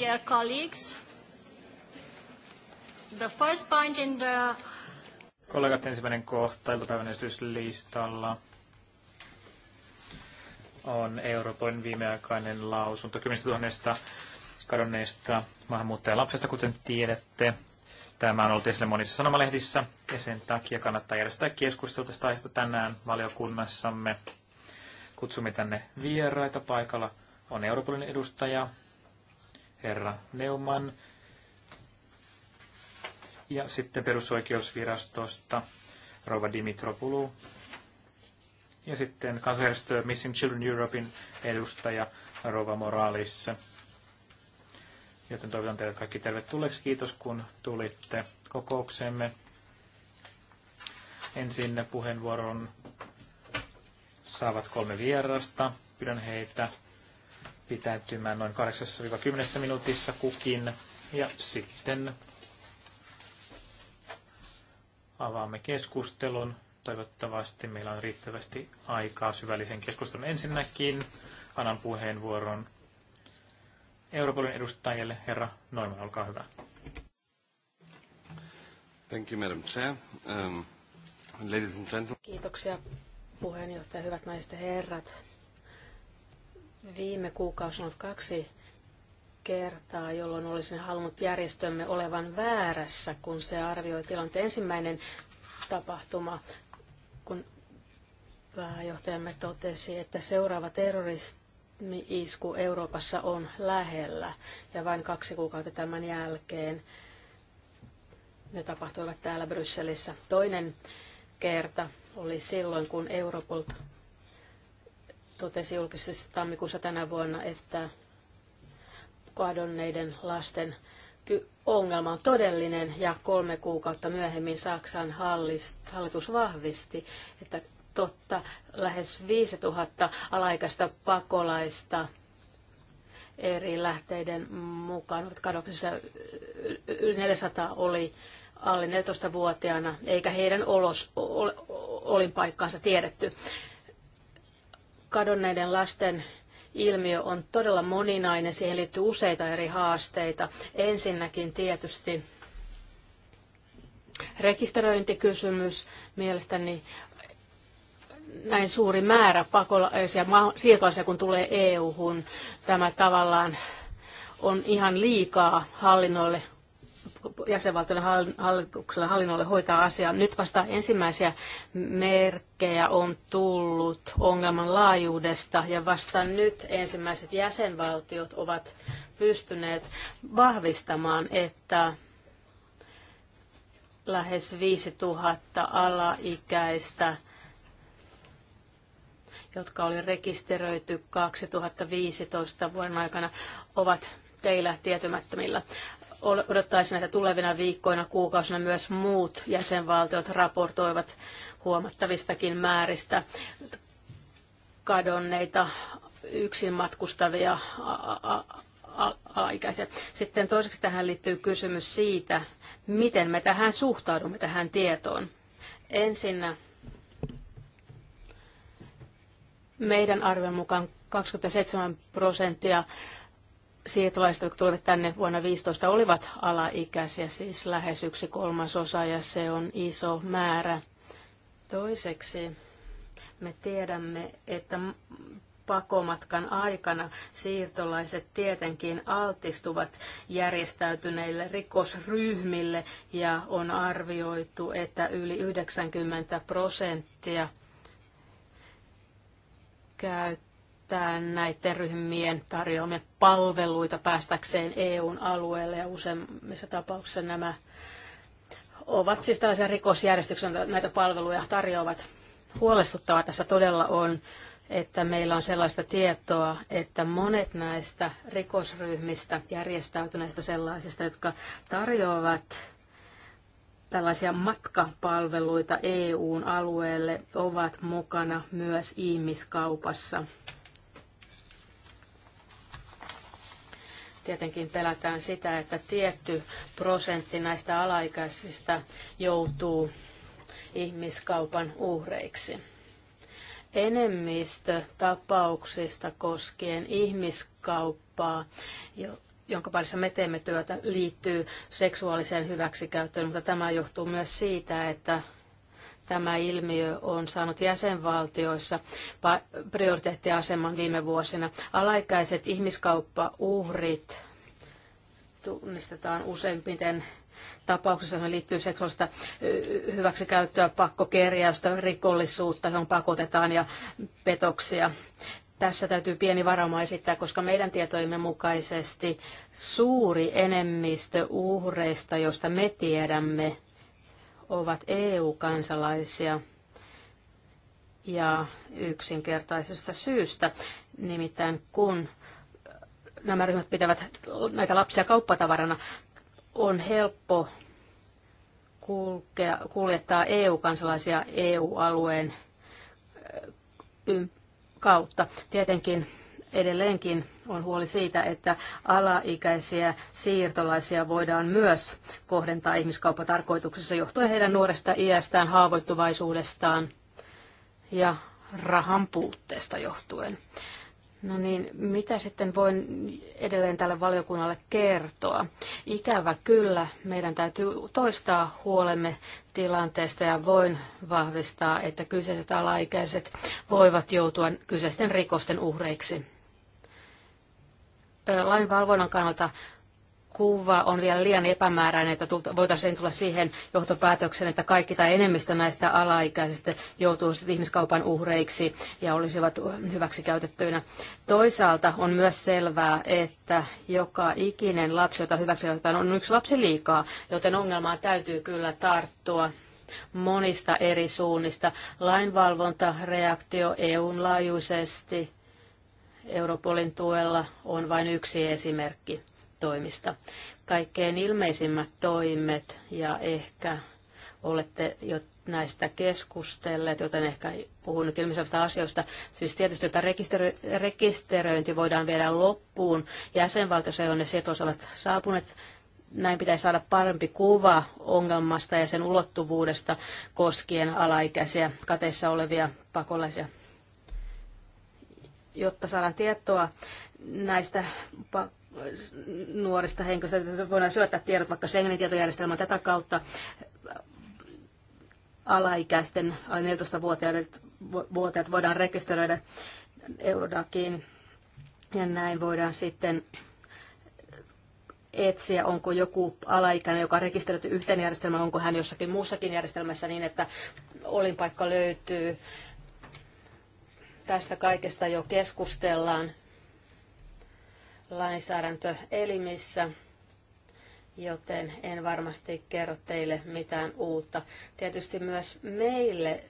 Dear colleagues, the first point in the... Kollegat, ensimmäinen kohta iltapäivän esityslistalla on Euroopan viimeaikainen lausunto 10 000 kadonneista maahanmuuttajalapsesta, kuten tiedätte. Tämä on ollut esillä monissa sanomalehdissä ja sen takia kannattaa järjestää keskustelua tästä aiheesta tänään valiokunnassamme. Kutsumme tänne vieraita. Paikalla on Euroopan edustaja herra Neumann. Ja sitten perusoikeusvirastosta rouva Dimitropulu. Ja sitten kansanjärjestö Missing Children Europein edustaja rouva Moraalis. Joten toivotan teille kaikki tervetulleeksi. Kiitos kun tulitte kokoukseemme. Ensin puheenvuoron saavat kolme vierasta. Pyydän heitä pitäytymään noin 8-10 minuutissa kukin. Ja sitten avaamme keskustelun. Toivottavasti meillä on riittävästi aikaa syvällisen keskustelun. Ensinnäkin annan puheenvuoron Euroopan edustajille. Herra Noiman, olkaa hyvä. Thank you, Madam Chair. Um, ladies and gentlemen. Kiitoksia puheenjohtaja, hyvät naiset ja herrat. Viime kuukausi on ollut kaksi kertaa, jolloin olisin halunnut järjestömme olevan väärässä, kun se arvioi tilanteen. Ensimmäinen tapahtuma, kun pääjohtajamme totesi, että seuraava terrorismi-isku Euroopassa on lähellä ja vain kaksi kuukautta tämän jälkeen ne tapahtuivat täällä Brysselissä. Toinen kerta oli silloin, kun Europol totesi julkisesti tammikuussa tänä vuonna, että kadonneiden lasten ongelma on todellinen ja kolme kuukautta myöhemmin Saksan hallitus vahvisti, että totta, lähes 5000 alaikaista pakolaista eri lähteiden mukaan, kadoksissa 400 oli alle 14-vuotiaana, eikä heidän olos, ol, olinpaikkaansa tiedetty kadonneiden lasten ilmiö on todella moninainen, siihen liittyy useita eri haasteita. Ensinnäkin tietysti rekisteröintikysymys. Mielestäni näin suuri määrä pakolaisia, siirtolaisia kun tulee EU-hun, tämä tavallaan on ihan liikaa hallinnoille jäsenvaltioiden hallituksella hallinnolle hoitaa asiaa. Nyt vasta ensimmäisiä merkkejä on tullut ongelman laajuudesta ja vasta nyt ensimmäiset jäsenvaltiot ovat pystyneet vahvistamaan, että lähes 5000 alaikäistä jotka oli rekisteröity 2015 vuoden aikana, ovat teillä tietymättömillä. Odottaisin, että tulevina viikkoina, kuukausina myös muut jäsenvaltiot raportoivat huomattavistakin määristä kadonneita yksin matkustavia alaikäisiä. Sitten toiseksi tähän liittyy kysymys siitä, miten me tähän suhtaudumme tähän tietoon. Ensinnä meidän arven mukaan 27 prosenttia siirtolaiset, jotka tulivat tänne vuonna 15, olivat alaikäisiä, siis lähes yksi kolmasosa, ja se on iso määrä. Toiseksi me tiedämme, että pakomatkan aikana siirtolaiset tietenkin altistuvat järjestäytyneille rikosryhmille ja on arvioitu, että yli 90 prosenttia käyttää käyttää näiden ryhmien tarjoamia palveluita päästäkseen EUn alueelle ja useimmissa tapauksissa nämä ovat siis tällaisia rikosjärjestyksen näitä palveluja tarjoavat. Huolestuttavaa tässä todella on, että meillä on sellaista tietoa, että monet näistä rikosryhmistä, järjestäytyneistä sellaisista, jotka tarjoavat tällaisia matkapalveluita EUn alueelle, ovat mukana myös ihmiskaupassa. Tietenkin pelätään sitä, että tietty prosentti näistä alaikäisistä joutuu ihmiskaupan uhreiksi. Enemmistö tapauksista koskien ihmiskauppaa, jonka parissa me teemme työtä, liittyy seksuaaliseen hyväksikäyttöön, mutta tämä johtuu myös siitä, että Tämä ilmiö on saanut jäsenvaltioissa prioriteettiaseman viime vuosina. Alaikäiset ihmiskauppauhrit tunnistetaan useimmiten tapauksessa, johon liittyy seksuaalista hyväksikäyttöä, pakkokerjausta, rikollisuutta, johon pakotetaan ja petoksia. Tässä täytyy pieni varauma esittää, koska meidän tietojemme mukaisesti suuri enemmistö uhreista, joista me tiedämme, ovat EU-kansalaisia ja yksinkertaisesta syystä. Nimittäin kun nämä ryhmät pitävät näitä lapsia kauppatavarana, on helppo kulkea, kuljettaa EU-kansalaisia EU-alueen kautta. Tietenkin Edelleenkin on huoli siitä, että alaikäisiä siirtolaisia voidaan myös kohdentaa ihmiskauppatarkoituksessa johtuen heidän nuoresta iästään, haavoittuvaisuudestaan ja rahan puutteesta johtuen. No niin, mitä sitten voin edelleen tälle valiokunnalle kertoa? Ikävä kyllä, meidän täytyy toistaa huolemme tilanteesta ja voin vahvistaa, että kyseiset alaikäiset voivat joutua kyseisten rikosten uhreiksi lainvalvonnan kannalta kuva on vielä liian epämääräinen, että voitaisiin tulla siihen johtopäätökseen, että kaikki tai enemmistö näistä alaikäisistä joutuisivat ihmiskaupan uhreiksi ja olisivat hyväksi käytettyinä. Toisaalta on myös selvää, että joka ikinen lapsi, jota hyväksi on yksi lapsi liikaa, joten ongelmaan täytyy kyllä tarttua monista eri suunnista. reaktio EUn laajuisesti – Europolin tuella on vain yksi esimerkki toimista. Kaikkein ilmeisimmät toimet, ja ehkä olette jo näistä keskustelleet, joten ehkä puhun nyt ilmiselvistä asioista. Siis tietysti että rekisterö- rekisteröinti voidaan viedä loppuun. Jäsenvaltiossa, jonne sitos ovat saapuneet, näin pitäisi saada parempi kuva ongelmasta ja sen ulottuvuudesta koskien alaikäisiä kateissa olevia pakolaisia jotta saadaan tietoa näistä nuorista henkilöistä, voidaan syöttää tiedot vaikka Schengenin tietojärjestelmään tätä kautta alaikäisten, alle 14-vuotiaat voidaan rekisteröidä Eurodakiin ja näin voidaan sitten etsiä, onko joku alaikäinen, joka on rekisteröity yhteen järjestelmään, onko hän jossakin muussakin järjestelmässä niin, että olinpaikka löytyy Tästä kaikesta jo keskustellaan lainsäädäntöelimissä, joten en varmasti kerro teille mitään uutta. Tietysti myös meille eh,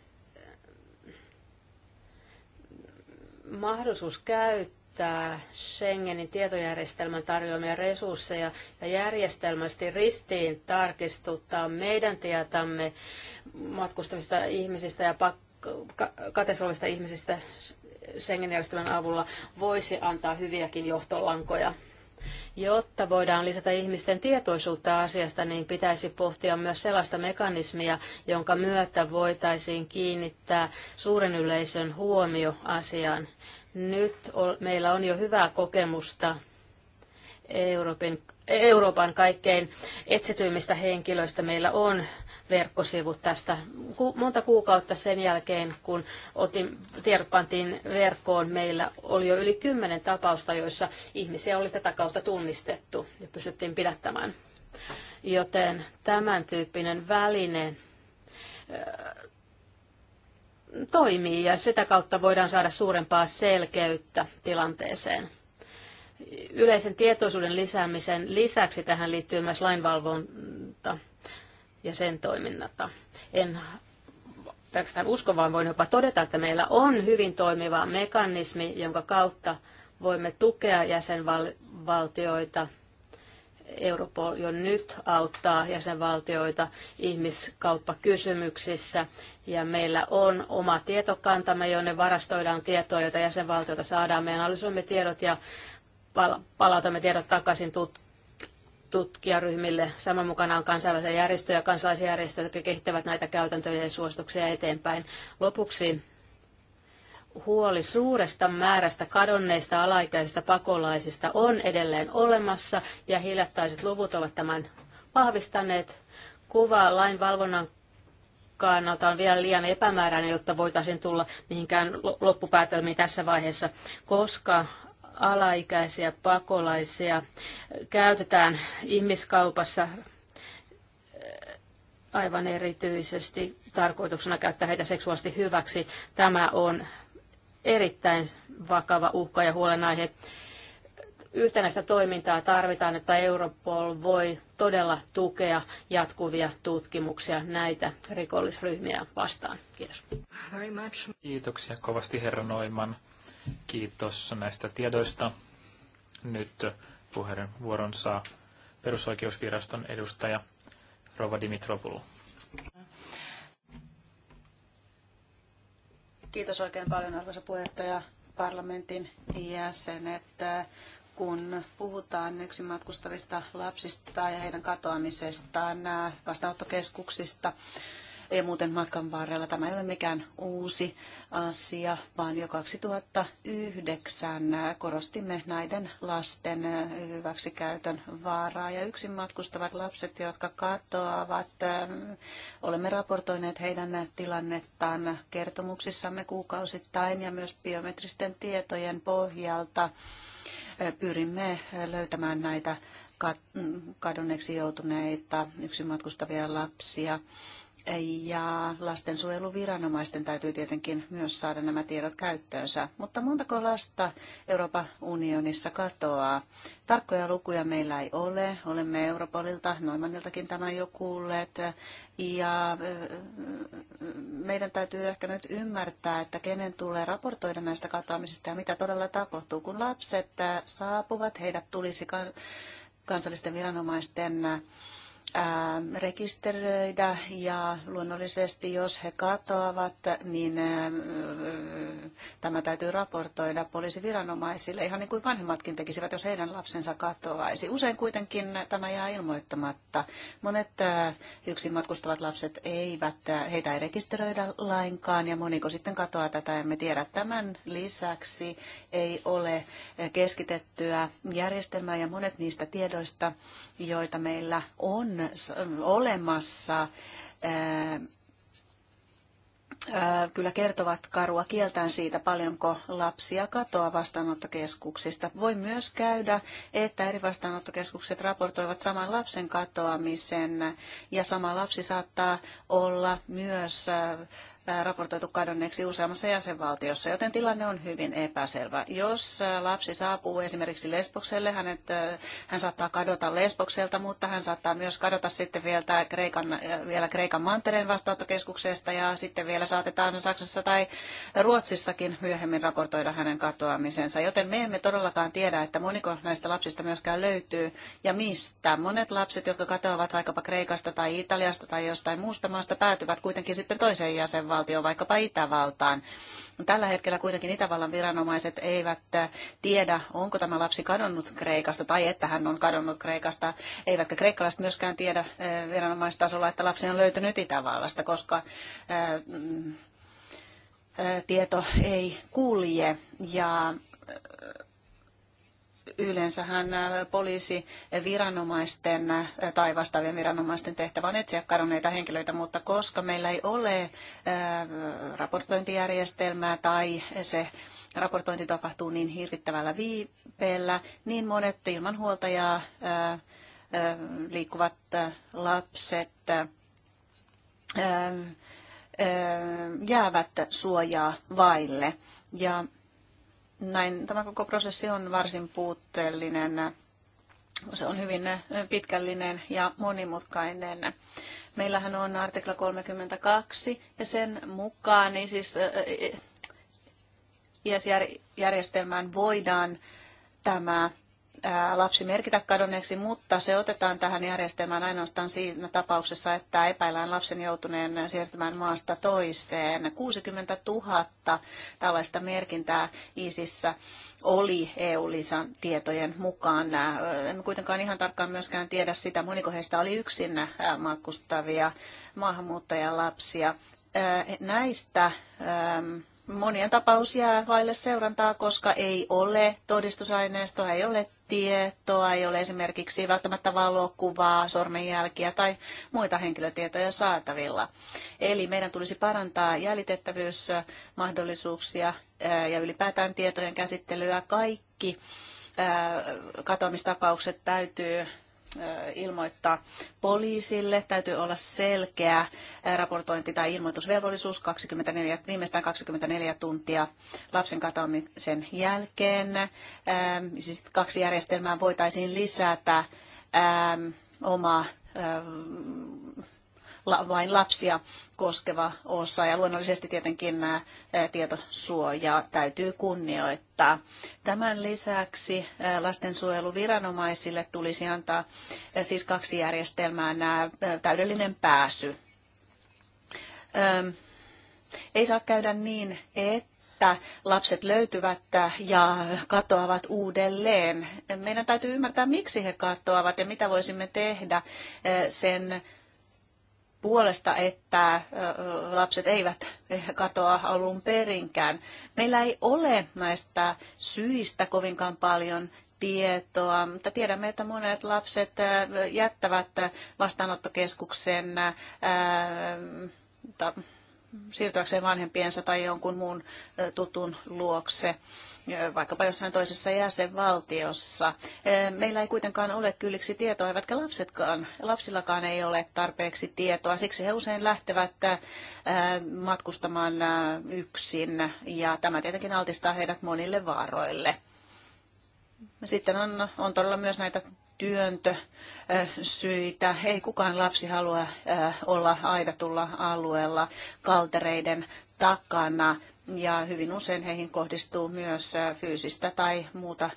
mahdollisuus käyttää Schengenin tietojärjestelmän tarjoamia resursseja ja järjestelmästi ristiin tarkistuttaa meidän tietämme matkustavista ihmisistä ja katesolista ihmisistä Schengen järjestelmän avulla voisi antaa hyviäkin johtolankoja. Jotta voidaan lisätä ihmisten tietoisuutta asiasta, niin pitäisi pohtia myös sellaista mekanismia, jonka myötä voitaisiin kiinnittää suuren yleisön huomio asiaan. Nyt meillä on jo hyvää kokemusta Euroopan, Euroopan kaikkein etsityimmistä henkilöistä. Meillä on verkkosivut tästä. monta kuukautta sen jälkeen, kun otin, tiedot pantiin verkkoon, meillä oli jo yli kymmenen tapausta, joissa ihmisiä oli tätä kautta tunnistettu ja pystyttiin pidättämään. Joten tämän tyyppinen väline toimii ja sitä kautta voidaan saada suurempaa selkeyttä tilanteeseen. Yleisen tietoisuuden lisäämisen lisäksi tähän liittyy myös lainvalvonta ja sen toiminnata. En pelkästään usko, vaan voin jopa todeta, että meillä on hyvin toimiva mekanismi, jonka kautta voimme tukea jäsenvaltioita. Europol jo nyt auttaa jäsenvaltioita ihmiskauppakysymyksissä ja meillä on oma tietokantamme, jonne varastoidaan tietoa, jota jäsenvaltioita saadaan. Me analysoimme tiedot ja palautamme tiedot takaisin tut- tutkijaryhmille. Saman mukana on kansainvälisiä järjestöjä ja kansalaisjärjestöjä, jotka kehittävät näitä käytäntöjä ja suosituksia eteenpäin. Lopuksi huoli suuresta määrästä kadonneista alaikäisistä pakolaisista on edelleen olemassa ja hiljattaiset luvut ovat tämän vahvistaneet. Kuva lainvalvonnan kannalta on vielä liian epämääräinen, jotta voitaisiin tulla mihinkään loppupäätelmiin tässä vaiheessa, koska alaikäisiä pakolaisia käytetään ihmiskaupassa aivan erityisesti tarkoituksena käyttää heitä seksuaalisesti hyväksi. Tämä on erittäin vakava uhka ja huolenaihe. Yhtenäistä toimintaa tarvitaan, että Europol voi todella tukea jatkuvia tutkimuksia näitä rikollisryhmiä vastaan. Kiitos. Kiitoksia kovasti herra Noiman Kiitos näistä tiedoista. Nyt puheenvuoron saa perusoikeusviraston edustaja Rova Dimitropoulou. Kiitos oikein paljon arvoisa puheenjohtaja parlamentin että Kun puhutaan yksin matkustavista lapsista ja heidän katoamisestaan vastaanottokeskuksista, ja muuten matkan varrella. Tämä ei ole mikään uusi asia, vaan jo 2009 korostimme näiden lasten hyväksikäytön vaaraa. Ja yksin matkustavat lapset, jotka katoavat, olemme raportoineet heidän tilannettaan kertomuksissamme kuukausittain ja myös biometristen tietojen pohjalta pyrimme löytämään näitä kadonneeksi joutuneita yksin matkustavia lapsia. Ja lastensuojeluviranomaisten täytyy tietenkin myös saada nämä tiedot käyttöönsä. Mutta montako lasta Euroopan unionissa katoaa? Tarkkoja lukuja meillä ei ole. Olemme Europolilta, Noimaniltakin tämän jo kuulleet. Ja meidän täytyy ehkä nyt ymmärtää, että kenen tulee raportoida näistä katoamisista ja mitä todella tapahtuu. Kun lapset saapuvat, heidät tulisi kansallisten viranomaisten Ähm, rekisteröidä ja luonnollisesti jos he katoavat, niin ähm, tämä täytyy raportoida poliisiviranomaisille, ihan niin kuin vanhemmatkin tekisivät, jos heidän lapsensa katoaisi. Usein kuitenkin tämä jää ilmoittamatta. Monet äh, yksin matkustavat lapset eivät, äh, heitä ei rekisteröidä lainkaan ja moniko sitten katoaa tätä, emme tiedä. Tämän lisäksi ei ole äh, keskitettyä järjestelmää ja monet niistä tiedoista, joita meillä on, olemassa, kyllä kertovat karua kieltään siitä, paljonko lapsia katoaa vastaanottokeskuksista. Voi myös käydä, että eri vastaanottokeskukset raportoivat saman lapsen katoamisen ja sama lapsi saattaa olla myös raportoitu kadonneeksi useammassa jäsenvaltiossa, joten tilanne on hyvin epäselvä. Jos lapsi saapuu esimerkiksi Lesbokselle, hänet, hän saattaa kadota Lesbokselta, mutta hän saattaa myös kadota sitten vielä Kreikan, vielä Kreikan mantereen vastaanottokeskuksesta ja sitten vielä saatetaan Saksassa tai Ruotsissakin myöhemmin raportoida hänen katoamisensa. Joten me emme todellakaan tiedä, että moniko näistä lapsista myöskään löytyy ja mistä. Monet lapset, jotka katoavat vaikkapa Kreikasta tai Italiasta tai jostain muusta maasta, päätyvät kuitenkin sitten toiseen jäsenvaltioon jäsenvaltioon, vaikkapa Itävaltaan. Tällä hetkellä kuitenkin Itävallan viranomaiset eivät tiedä, onko tämä lapsi kadonnut Kreikasta tai että hän on kadonnut Kreikasta. Eivätkä kreikkalaiset myöskään tiedä eh, viranomaistasolla, että lapsi on löytynyt Itävallasta, koska eh, mm, eh, tieto ei kulje. Ja yleensähän äh, poliisi viranomaisten äh, tai vastaavien viranomaisten tehtävä on etsiä kadonneita henkilöitä, mutta koska meillä ei ole äh, raportointijärjestelmää tai se raportointi tapahtuu niin hirvittävällä viipeellä, niin monet ilman huoltajaa liikkuvat lapset jäävät suojaa vaille. Ja näin tämä koko prosessi on varsin puutteellinen. Se on hyvin pitkällinen ja monimutkainen. Meillähän on artikla 32 ja sen mukaan niin siis eh, eh, eh, IS-järjestelmään voidaan tämä lapsi merkitä kadonneeksi, mutta se otetaan tähän järjestelmään ainoastaan siinä tapauksessa, että epäillään lapsen joutuneen siirtymään maasta toiseen. 60 000 tällaista merkintää ISISissä oli EU-lisan tietojen mukaan. Emme kuitenkaan ihan tarkkaan myöskään tiedä sitä, moniko heistä oli yksin matkustavia maahanmuuttajalapsia. Näistä monien tapaus jää vaille seurantaa, koska ei ole todistusaineistoa, ei ole tietoa, ei ole esimerkiksi välttämättä valokuvaa, sormenjälkiä tai muita henkilötietoja saatavilla. Eli meidän tulisi parantaa jäljitettävyysmahdollisuuksia ja ylipäätään tietojen käsittelyä. Kaikki katoamistapaukset täytyy ilmoittaa poliisille. Täytyy olla selkeä raportointi- tai ilmoitusvelvollisuus 24, viimeistään 24 tuntia lapsen katoamisen jälkeen. Siis kaksi järjestelmää voitaisiin lisätä oma vain lapsia koskeva osa ja luonnollisesti tietenkin nämä tietosuojaa täytyy kunnioittaa. Tämän lisäksi lastensuojeluviranomaisille tulisi antaa siis kaksi järjestelmää nämä täydellinen pääsy. Ei saa käydä niin, että että lapset löytyvät ja katoavat uudelleen. Meidän täytyy ymmärtää, miksi he katoavat ja mitä voisimme tehdä sen puolesta, että lapset eivät katoa alun perinkään. Meillä ei ole näistä syistä kovinkaan paljon tietoa, mutta tiedämme, että monet lapset jättävät vastaanottokeskuksen siirtyäkseen vanhempiensa tai jonkun muun tutun luokse vaikkapa jossain toisessa jäsenvaltiossa. Meillä ei kuitenkaan ole kylliksi tietoa, eivätkä lapsetkaan, lapsillakaan ei ole tarpeeksi tietoa. Siksi he usein lähtevät matkustamaan yksin ja tämä tietenkin altistaa heidät monille vaaroille. Sitten on, on todella myös näitä työntösyitä. Ei kukaan lapsi halua olla aidatulla alueella kaltereiden takana ja hyvin usein heihin kohdistuu myös äh, fyysistä tai muuta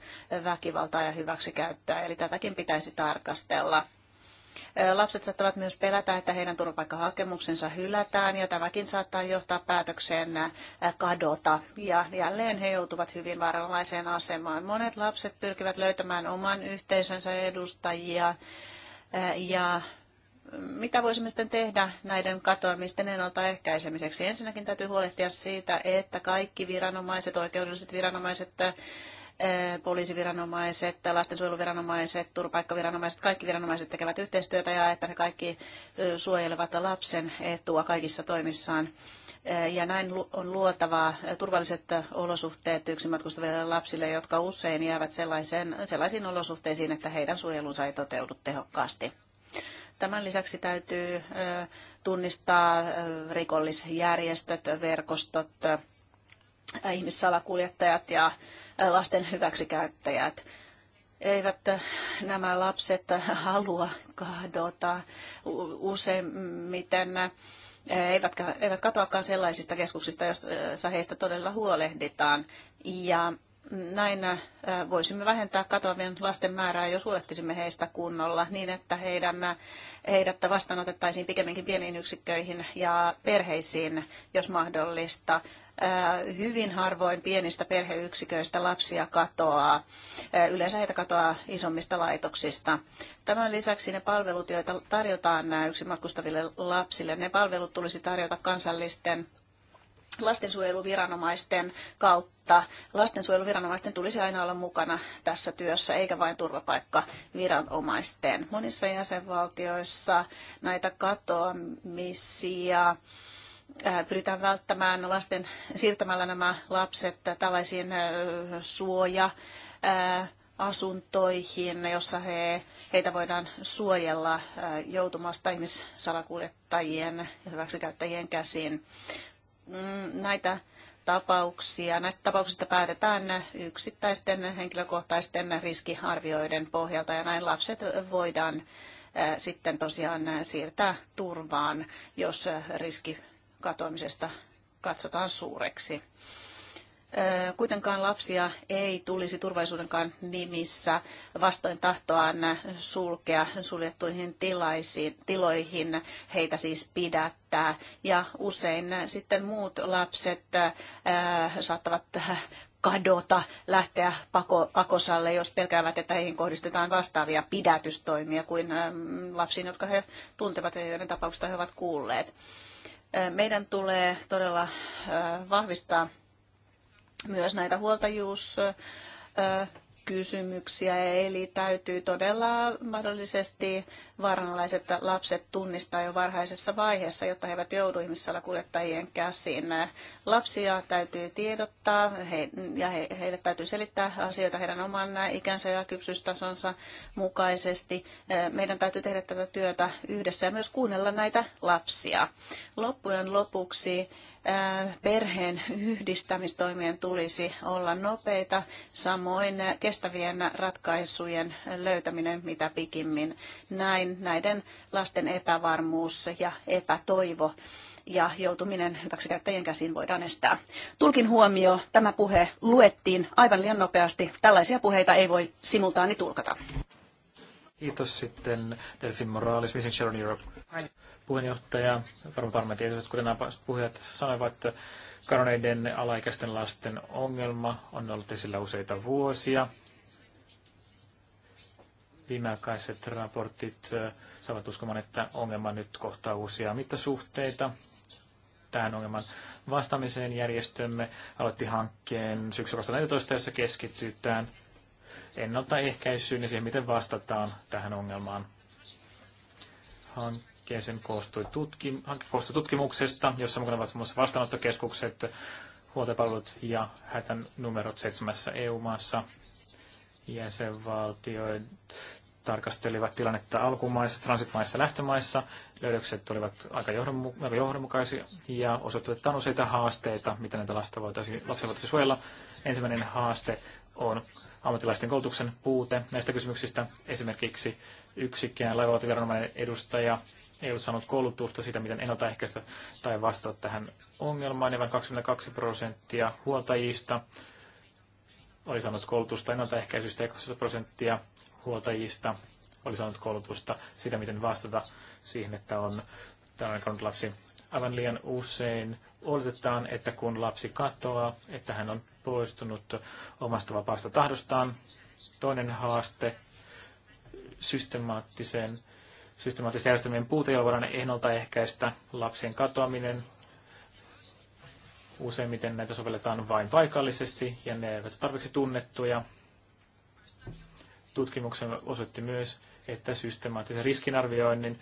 väkivaltaa ja hyväksikäyttöä, eli tätäkin pitäisi tarkastella. Äh, lapset saattavat myös pelätä, että heidän turvapaikkahakemuksensa hylätään ja tämäkin saattaa johtaa päätökseen äh, kadota. Ja jälleen he joutuvat hyvin vaarallaiseen asemaan. Monet lapset pyrkivät löytämään oman yhteisönsä edustajia ja mitä voisimme sitten tehdä näiden katoamisten ennaltaehkäisemiseksi? Ensinnäkin täytyy huolehtia siitä, että kaikki viranomaiset, oikeudelliset viranomaiset, eh, poliisiviranomaiset, lastensuojeluviranomaiset, turvapaikkaviranomaiset, kaikki viranomaiset tekevät yhteistyötä ja että ne kaikki eh, suojelevat lapsen etua kaikissa toimissaan. Eh, ja näin on luotavaa turvalliset olosuhteet yksin matkustaville lapsille, jotka usein jäävät sellaiseen, sellaisiin olosuhteisiin, että heidän suojelunsa ei toteudu tehokkaasti. Tämän lisäksi täytyy tunnistaa rikollisjärjestöt, verkostot, ihmissalakuljettajat ja lasten hyväksikäyttäjät. Eivät nämä lapset halua kadota useimmiten eivätkä, eivät katoakaan sellaisista keskuksista, joissa heistä todella huolehditaan. Ja näin äh, voisimme vähentää katoavien lasten määrää, jos huolehtisimme heistä kunnolla niin, että heidän, äh, heidät vastaanotettaisiin pikemminkin pieniin yksikköihin ja perheisiin, jos mahdollista äh, hyvin harvoin pienistä perheyksiköistä lapsia katoaa. Yleensä heitä katoaa isommista laitoksista. Tämän lisäksi ne palvelut, joita tarjotaan yksin matkustaville lapsille, ne palvelut tulisi tarjota kansallisten lastensuojeluviranomaisten kautta. Lastensuojeluviranomaisten tulisi aina olla mukana tässä työssä, eikä vain turvapaikkaviranomaisten. Monissa jäsenvaltioissa näitä katoamisia äh, pyritään välttämään lasten siirtämällä nämä lapset tällaisiin äh, suoja äh, asuntoihin, jossa he, heitä voidaan suojella joutumasta ihmissalakuljettajien ja hyväksikäyttäjien käsiin. Mm, näitä tapauksia. Näistä tapauksista päätetään yksittäisten henkilökohtaisten riskiarvioiden pohjalta ja näin lapset voidaan sitten tosiaan siirtää turvaan, jos riski katoamisesta katsotaan suureksi kuitenkaan lapsia ei tulisi turvallisuudenkaan nimissä vastoin tahtoaan sulkea suljettuihin tilaisiin, tiloihin, heitä siis pidättää. Ja usein sitten muut lapset saattavat kadota, lähteä pako, pakosalle, jos pelkäävät, että heihin kohdistetaan vastaavia pidätystoimia kuin lapsiin, jotka he tuntevat ja joiden tapauksista he ovat kuulleet. Meidän tulee todella vahvistaa myös näitä huoltajuus kysymyksiä, eli täytyy todella mahdollisesti vaaranalaiset lapset tunnistaa jo varhaisessa vaiheessa, jotta he eivät joudu ihmissalakuljettajien käsiin. Lapsia täytyy tiedottaa he, ja he, heille täytyy selittää asioita heidän oman ikänsä ja kypsystasonsa mukaisesti. Meidän täytyy tehdä tätä työtä yhdessä ja myös kuunnella näitä lapsia. Loppujen lopuksi perheen yhdistämistoimien tulisi olla nopeita, samoin kestävien ratkaisujen löytäminen mitä pikimmin. Näin näiden lasten epävarmuus ja epätoivo ja joutuminen hyväksikäyttäjien käsiin voidaan estää. Tulkin huomio, tämä puhe luettiin aivan liian nopeasti. Tällaisia puheita ei voi simultaani tulkata. Kiitos sitten Delfin Moraalis, Vision Sharon Europe puheenjohtaja, varmaan varmaan tietysti, kuten nämä puhujat sanoivat, karoneiden alaikäisten lasten ongelma on ollut esillä useita vuosia. Viimeaikaiset raportit saavat uskomaan, että ongelma nyt kohtaa uusia mittasuhteita. Tähän ongelman vastaamiseen järjestömme aloitti hankkeen syksy 2014, jossa keskitytään ennaltaehkäisyyn ja siihen, miten vastataan tähän ongelmaan. Hank- hankkeeseen koostui, tutkim, koostui tutkimuksesta, jossa mukana ovat muun muassa vastaanottokeskukset, huoltopalvelut ja hätän numerot seitsemässä EU-maassa. Jäsenvaltioid tarkastelivat tilannetta alkumaissa, transitmaissa ja lähtömaissa. Löydökset olivat aika, johdonmu- aika johdonmukaisia ja osoittivat, useita haasteita, miten näitä lasta voitaisiin, lapsia voitaisiin suojella. Ensimmäinen haaste on ammattilaisten koulutuksen puute näistä kysymyksistä. Esimerkiksi yksikään laivavaltiviranomainen edustaja ei ollut saanut koulutusta siitä, miten ennaltaehkäistä tai vastata tähän ongelmaan, ja vain 22 prosenttia huoltajista oli saanut koulutusta ennaltaehkäisystä, ja 20 prosenttia huoltajista oli saanut koulutusta siitä, miten vastata siihen, että on tällainen lapsi. Aivan liian usein oletetaan, että kun lapsi katoaa, että hän on poistunut omasta vapaasta tahdostaan. Toinen haaste systemaattiseen systemaattisten järjestelmien puute, jolla voidaan ennaltaehkäistä lapsien katoaminen. Useimmiten näitä sovelletaan vain paikallisesti ja ne eivät tarpeeksi tunnettuja. Tutkimuksen osoitti myös, että systemaattisen riskinarvioinnin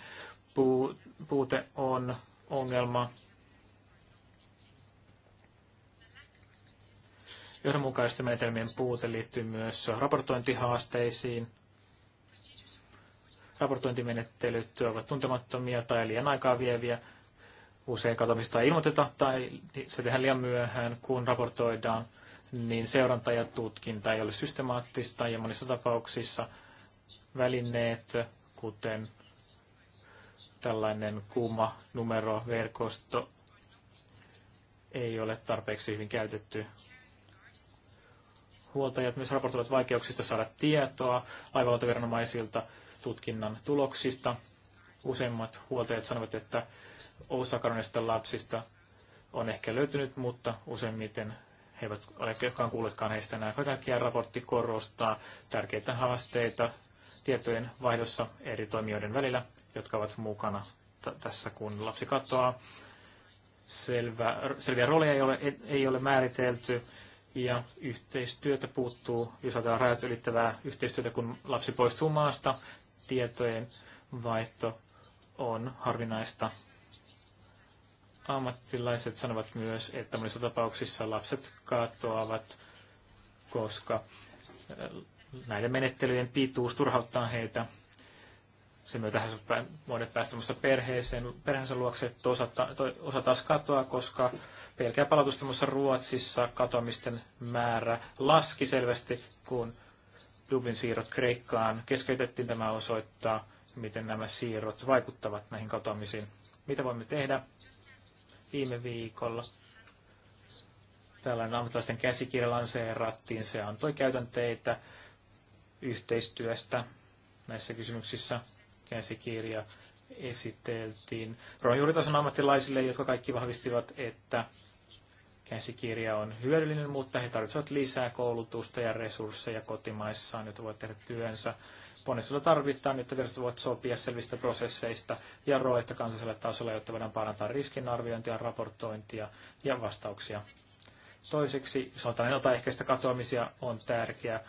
puute on ongelma. Johdonmukaisten menetelmien puute liittyy myös raportointihaasteisiin – raportointimenettelyt ovat tuntemattomia tai liian aikaa vieviä. Usein katoamista ei ilmoiteta tai se tehdään liian myöhään, kun raportoidaan, niin seuranta ja tutkinta ei ole systemaattista ja monissa tapauksissa välineet, kuten tällainen kuuma numeroverkosto, ei ole tarpeeksi hyvin käytetty huoltajat myös raportoivat vaikeuksista saada tietoa laivautoviranomaisilta tutkinnan tuloksista. Useimmat huoltajat sanovat, että osa lapsista on ehkä löytynyt, mutta useimmiten he eivät ole kukaan kuulleetkaan heistä enää. Kaiken raportti korostaa tärkeitä haasteita tietojen vaihdossa eri toimijoiden välillä, jotka ovat mukana tässä, kun lapsi katoaa. Selvä, selviä rooleja ei ole, ei ole määritelty ja yhteistyötä puuttuu, jos ajatellaan rajat ylittävää yhteistyötä, kun lapsi poistuu maasta tietojen vaihto on harvinaista. Ammattilaiset sanovat myös, että monissa tapauksissa lapset katoavat, koska äh, näiden menettelyjen pituus turhauttaa heitä. Sen myötä he voivat päästä perheeseen, perheensä luokse, osa, osa taas katoaa, koska pelkää palautusta Ruotsissa katoamisten määrä laski selvästi, kun Dublin siirrot Kreikkaan keskeytettiin. Tämä osoittaa, miten nämä siirrot vaikuttavat näihin katoamisiin. Mitä voimme tehdä? Viime viikolla tällainen ammattilaisten käsikirja lanseerattiin. Se antoi käytänteitä yhteistyöstä näissä kysymyksissä. Käsikirja esiteltiin ruohonjuuritason ammattilaisille, jotka kaikki vahvistivat, että käsikirja on hyödyllinen, mutta he tarvitsevat lisää koulutusta ja resursseja kotimaissaan, jotta voivat tehdä työnsä. Ponnisteluja tarvitaan, jotta virastot voivat sopia selvistä prosesseista ja rooleista kansalliselle tasolle, jotta voidaan parantaa riskinarviointia, raportointia ja vastauksia. Toiseksi, sanotaan ennaltaehkäistä katoamisia on tärkeää.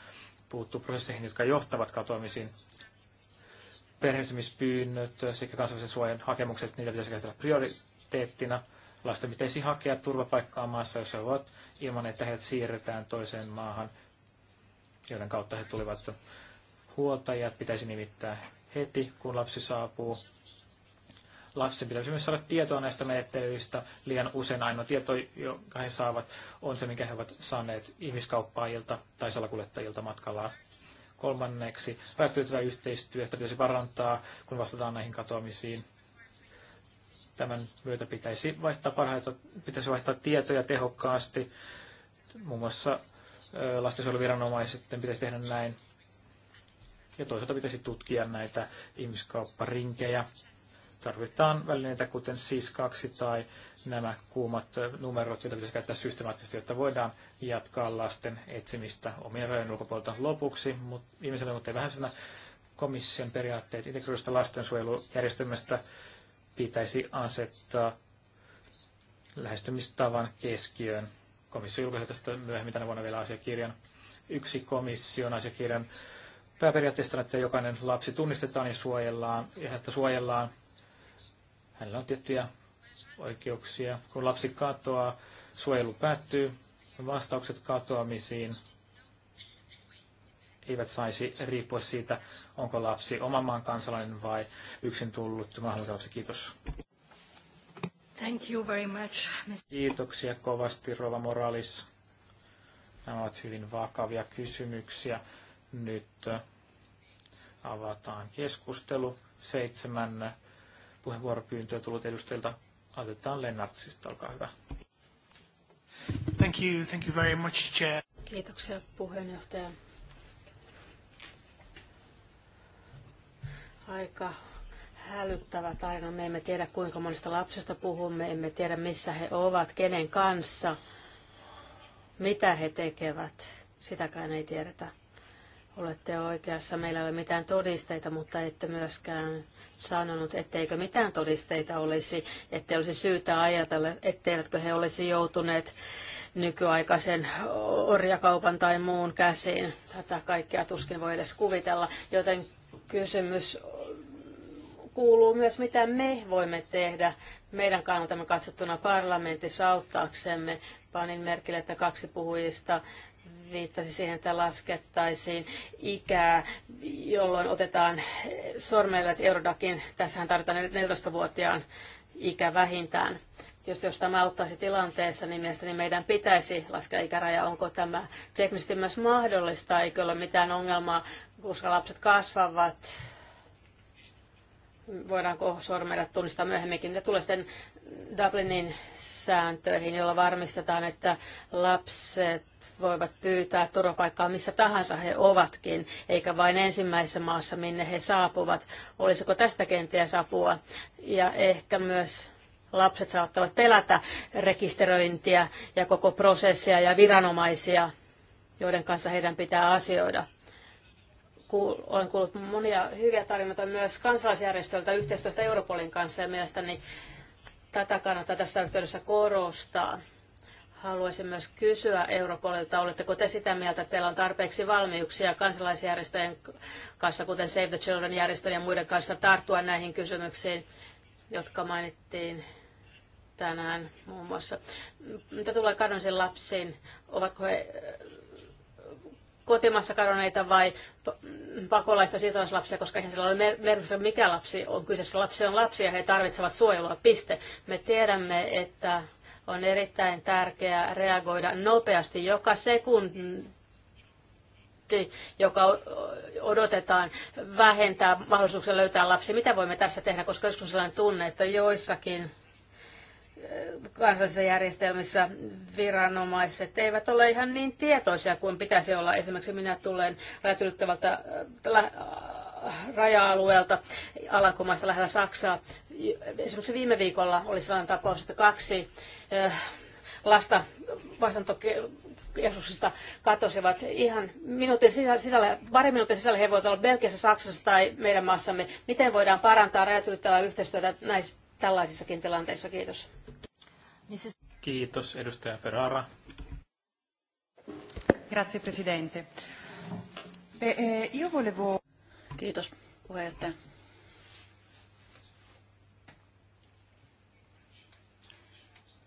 Puuttuu prosesseihin, jotka johtavat katoamisiin. Perheenyhdistämispyynnöt sekä kansainvälisen suojan hakemukset, niitä pitäisi käsitellä prioriteettina – lasten pitäisi hakea turvapaikkaa maassa, jossa ovat ilman, että heidät siirretään toiseen maahan, joiden kautta he tulivat huoltajat pitäisi nimittää heti, kun lapsi saapuu. Lapsen pitäisi myös saada tietoa näistä menettelyistä. Liian usein ainoa tieto, jonka he saavat, on se, minkä he ovat saaneet ihmiskauppaajilta tai salakuljettajilta matkalla. Kolmanneksi, rajattelytyvä yhteistyöstä pitäisi parantaa, kun vastataan näihin katoamisiin. Tämän myötä pitäisi vaihtaa, parhaita, pitäisi vaihtaa tietoja tehokkaasti. Muun muassa lastensuojeluviranomaiset pitäisi tehdä näin. Ja toisaalta pitäisi tutkia näitä ihmiskaupparinkejä. Tarvitaan välineitä kuten SIS-2 tai nämä kuumat numerot, joita pitäisi käyttää systemaattisesti, jotta voidaan jatkaa lasten etsimistä omien rajojen ulkopuolelta lopuksi. Mut, viimeisellä, mutta ei vähän komission periaatteet integroidusta lastensuojelujärjestelmästä pitäisi asettaa lähestymistavan keskiöön. Komissio julkaisi tästä myöhemmin tänä vuonna vielä asiakirjan. Yksi komission asiakirjan pääperiaatteista on, että jokainen lapsi tunnistetaan ja suojellaan, ja että suojellaan. Hänellä on tiettyjä oikeuksia. Kun lapsi katoaa, suojelu päättyy. Vastaukset katoamisiin eivät saisi riippua siitä, onko lapsi oman maan kansalainen vai yksin tullut maahanmuuttajapsi. Kiitos. Thank you very much. Kiitoksia kovasti, Rova Moralis. Nämä ovat hyvin vakavia kysymyksiä. Nyt äh, avataan keskustelu. Seitsemän äh, puheenvuoropyyntöä tullut edustajilta. Aloitetaan Lennartsista, olkaa hyvä. Thank you, thank you very much, Chair. Kiitoksia puheenjohtaja. aika hälyttävä tarina. Me emme tiedä, kuinka monista lapsista puhumme, emme tiedä, missä he ovat, kenen kanssa, mitä he tekevät. Sitäkään ei tiedetä. Olette oikeassa, meillä ei ole mitään todisteita, mutta ette myöskään sanonut, etteikö mitään todisteita olisi, ettei olisi syytä ajatella, etteivätkö he olisi joutuneet nykyaikaisen orjakaupan tai muun käsiin. Tätä kaikkea tuskin voi edes kuvitella, joten kysymys kuuluu myös, mitä me voimme tehdä meidän kannaltamme katsottuna parlamentissa auttaaksemme. Panin merkille, että kaksi puhujista viittasi siihen, että laskettaisiin ikää, jolloin otetaan että Eurodakin. Tässähän tarvitaan 14-vuotiaan ikä vähintään. Jos, jos tämä auttaisi tilanteessa, niin mielestäni meidän pitäisi laskea ikäraja. Onko tämä teknisesti myös mahdollista? Eikö ole mitään ongelmaa, koska lapset kasvavat voidaanko sormella tunnistaa myöhemminkin. Ne tulee sitten Dublinin sääntöihin, jolla varmistetaan, että lapset voivat pyytää turvapaikkaa missä tahansa he ovatkin, eikä vain ensimmäisessä maassa, minne he saapuvat. Olisiko tästä kenties apua? Ja ehkä myös lapset saattavat pelätä rekisteröintiä ja koko prosessia ja viranomaisia, joiden kanssa heidän pitää asioida kuul, olen kuullut monia hyviä tarinoita myös kansalaisjärjestöiltä yhteistyöstä Europolin kanssa ja mielestäni tätä kannattaa tässä yhteydessä korostaa. Haluaisin myös kysyä Europolilta, oletteko te sitä mieltä, että teillä on tarpeeksi valmiuksia kansalaisjärjestöjen kanssa, kuten Save the Children järjestön ja muiden kanssa, tarttua näihin kysymyksiin, jotka mainittiin tänään muun muassa. Mitä tulee kadonsiin lapsiin, ovatko he kotimassa kadonneita vai pakolaista siirtolaislapsia, koska eihän sillä ole merkitystä, mikä lapsi on kyseessä. Lapsi on lapsi ja he tarvitsevat suojelua, piste. Me tiedämme, että on erittäin tärkeää reagoida nopeasti joka sekunti joka odotetaan vähentää mahdollisuuksia löytää lapsi. Mitä voimme tässä tehdä, koska joskus sellainen tunne, että joissakin kansallisissa järjestelmissä viranomaiset eivät ole ihan niin tietoisia kuin pitäisi olla. Esimerkiksi minä tulen rajatylyttävältä äh, raja-alueelta Alankomaista lähellä Saksaa. Esimerkiksi viime viikolla oli sellainen tapaus, että kaksi äh, lasta vastaanottokeskuksista katosivat ihan minuutin sisällä, pari minuutin sisällä he voivat olla Belgiassa, Saksassa tai meidän maassamme. Miten voidaan parantaa rajatylyttävää yhteistyötä näissä tällaisissakin tilanteissa. Kiitos. Kiitos, edustaja Ferrara. Grazie, presidente. Eh, io volevo... Kiitos, puheenjohtaja.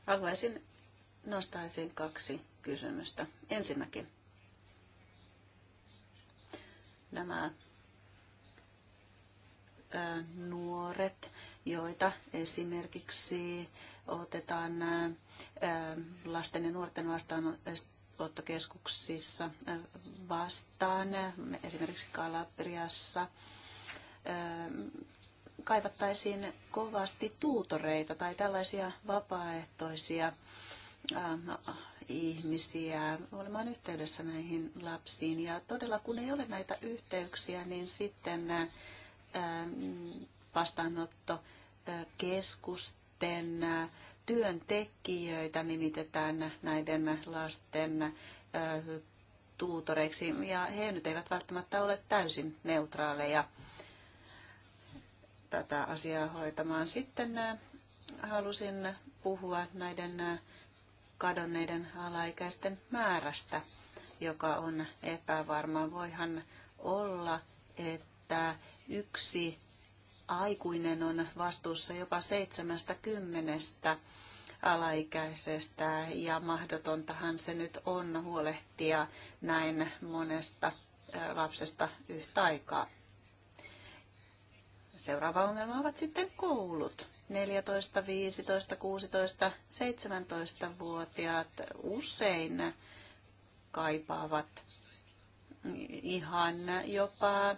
Haluaisin nostaisin kaksi kysymystä. Ensinnäkin nämä nuoret joita esimerkiksi otetaan lasten ja nuorten vastaanottokeskuksissa vastaan, esimerkiksi Kalabriassa, kaivattaisiin kovasti tuutoreita tai tällaisia vapaaehtoisia ihmisiä olemaan yhteydessä näihin lapsiin. Ja todella kun ei ole näitä yhteyksiä, niin sitten mm, vastaanotto keskusten työntekijöitä nimitetään näiden lasten tuutoreiksi, ja he nyt eivät välttämättä ole täysin neutraaleja tätä asiaa hoitamaan. Sitten halusin puhua näiden kadonneiden alaikäisten määrästä, joka on epävarma. Voihan olla, että yksi aikuinen on vastuussa jopa seitsemästä kymmenestä alaikäisestä ja mahdotontahan se nyt on huolehtia näin monesta lapsesta yhtä aikaa. Seuraava ongelma ovat sitten koulut. 14, 15, 16, 17-vuotiaat usein kaipaavat ihan jopa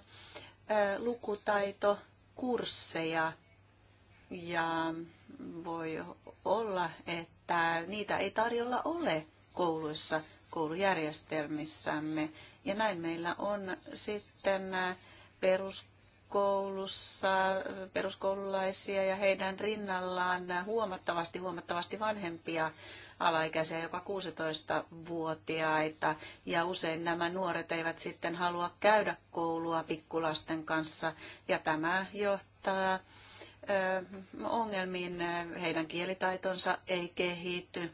lukutaito kursseja ja voi olla, että niitä ei tarjolla ole kouluissa, koulujärjestelmissämme. Ja näin meillä on sitten peruskoulussa peruskoululaisia ja heidän rinnallaan huomattavasti, huomattavasti vanhempia alaikäisiä, jopa 16-vuotiaita. Ja usein nämä nuoret eivät sitten halua käydä koulua pikkulasten kanssa. Ja tämä johtaa ongelmiin, heidän kielitaitonsa ei kehity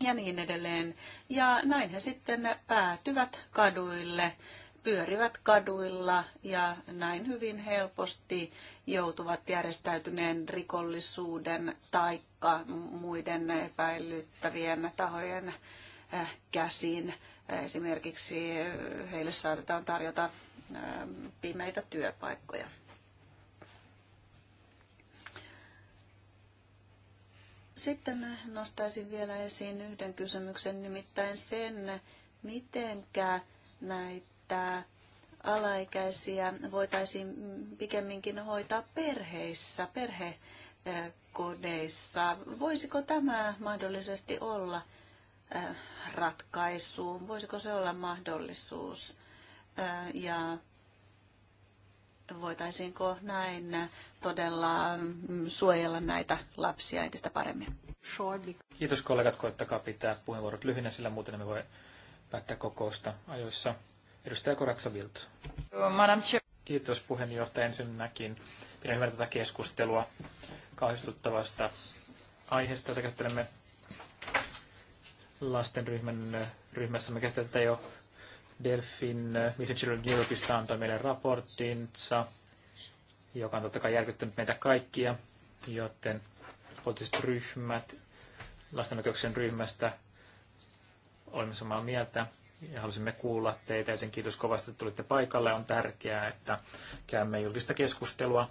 ja niin edelleen. Ja näin he sitten päätyvät kaduille pyörivät kaduilla ja näin hyvin helposti joutuvat järjestäytyneen rikollisuuden taikka muiden epäilyttävien tahojen äh, käsiin. Esimerkiksi heille saatetaan tarjota äh, pimeitä työpaikkoja. Sitten nostaisin vielä esiin yhden kysymyksen, nimittäin sen, mitenkä näitä että alaikäisiä voitaisiin pikemminkin hoitaa perheissä, perhekodeissa. Voisiko tämä mahdollisesti olla äh, ratkaisu? Voisiko se olla mahdollisuus? Äh, ja voitaisiinko näin todella mm, suojella näitä lapsia entistä paremmin? Kiitos kollegat, koittakaa pitää puheenvuorot lyhyinä, sillä muuten me voi päättää kokousta ajoissa. Edustaja Koratsavilt. Kiitos puheenjohtaja ensinnäkin. Pidän hyvää tätä keskustelua kauhistuttavasta aiheesta, jota käsittelemme lastenryhmän ryhmässä. Me käsitellään jo Delfin äh, Missing Children Europeista antoi meille raporttinsa, joka on totta kai järkyttänyt meitä kaikkia, joten poliittiset ryhmät lasten oikeuksien ryhmästä olemme samaa mieltä ja halusimme kuulla teitä, joten kiitos kovasti, että tulitte paikalle. On tärkeää, että käymme julkista keskustelua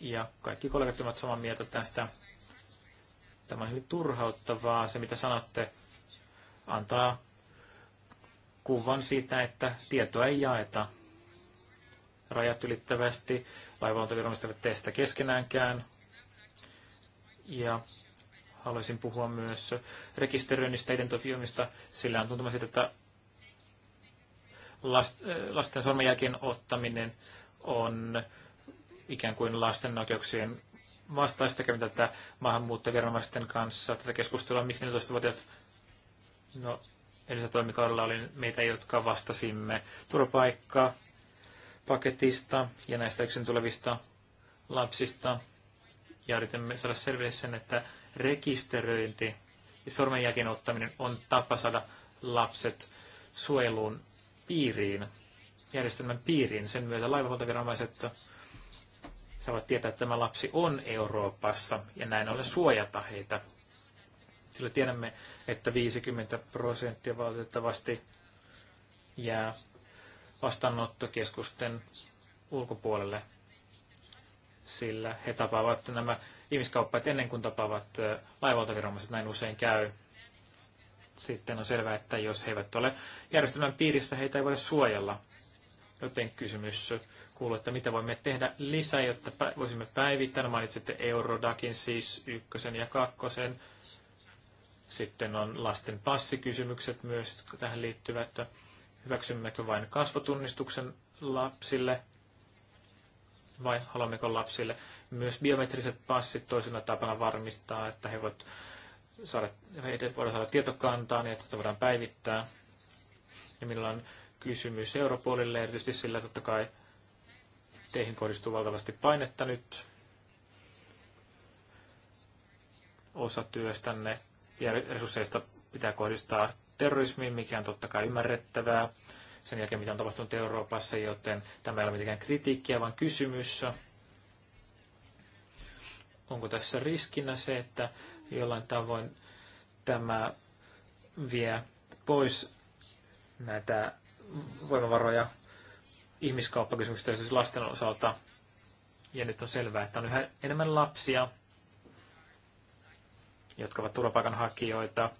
ja kaikki kollegat ovat samaa mieltä tästä. Tämä on hyvin turhauttavaa. Se, mitä sanotte, antaa kuvan siitä, että tietoa ei jaeta rajat ylittävästi. Laivaontaviranomaiset eivät tee sitä keskenäänkään. Ja haluaisin puhua myös rekisteröinnistä, identifioimista. Sillä on tuntuma siitä, että äh, lasten sormenjälkien ottaminen on ikään kuin lasten oikeuksien vastaista kävin tätä maahanmuuttoviranomaisten kanssa tätä keskustelua, miksi 14-vuotiaat, no edellisellä toimikaudella oli meitä, jotka vastasimme turvapaikkaa paketista ja näistä yksin tulevista lapsista. Ja yritimme saada selville sen, että rekisteröinti ja sormenjälkien ottaminen on tapa saada lapset suojeluun piiriin, järjestelmän piiriin. Sen myötä laivavaltaviranomaiset saavat tietää, että tämä lapsi on Euroopassa ja näin ollen suojata heitä. Sillä tiedämme, että 50 prosenttia valitettavasti jää vastaanottokeskusten ulkopuolelle, sillä he tapaavat nämä ihmiskauppaat ennen kuin tapaavat laivaltaviranomaiset, näin usein käy. Sitten on selvää, että jos he eivät ole järjestelmän piirissä, heitä ei voida suojella. Joten kysymys kuuluu, että mitä voimme tehdä lisää, jotta voisimme päivittää. No mainitsitte Eurodakin siis ykkösen ja kakkosen. Sitten on lasten passikysymykset myös, jotka tähän liittyvät. Hyväksymmekö vain kasvotunnistuksen lapsille vai haluammeko lapsille myös biometriset passit toisena tapana varmistaa, että he voivat saada, he voivat saada tietokantaa niin, että sitä voidaan päivittää. Ja minulla on kysymys Europolille, erityisesti sillä totta kai teihin kohdistuu valtavasti painetta nyt. Osa työstänne ja resursseista pitää kohdistaa terrorismiin, mikä on totta kai ymmärrettävää sen jälkeen, mitä on tapahtunut Euroopassa, joten tämä ei ole mitenkään kritiikkiä, vaan kysymys. Onko tässä riskinä se, että jollain tavoin tämä vie pois näitä voimavaroja ihmiskauppakysymyksistä siis lasten osalta. Ja nyt on selvää, että on yhä enemmän lapsia, jotka ovat turvapaikanhakijoita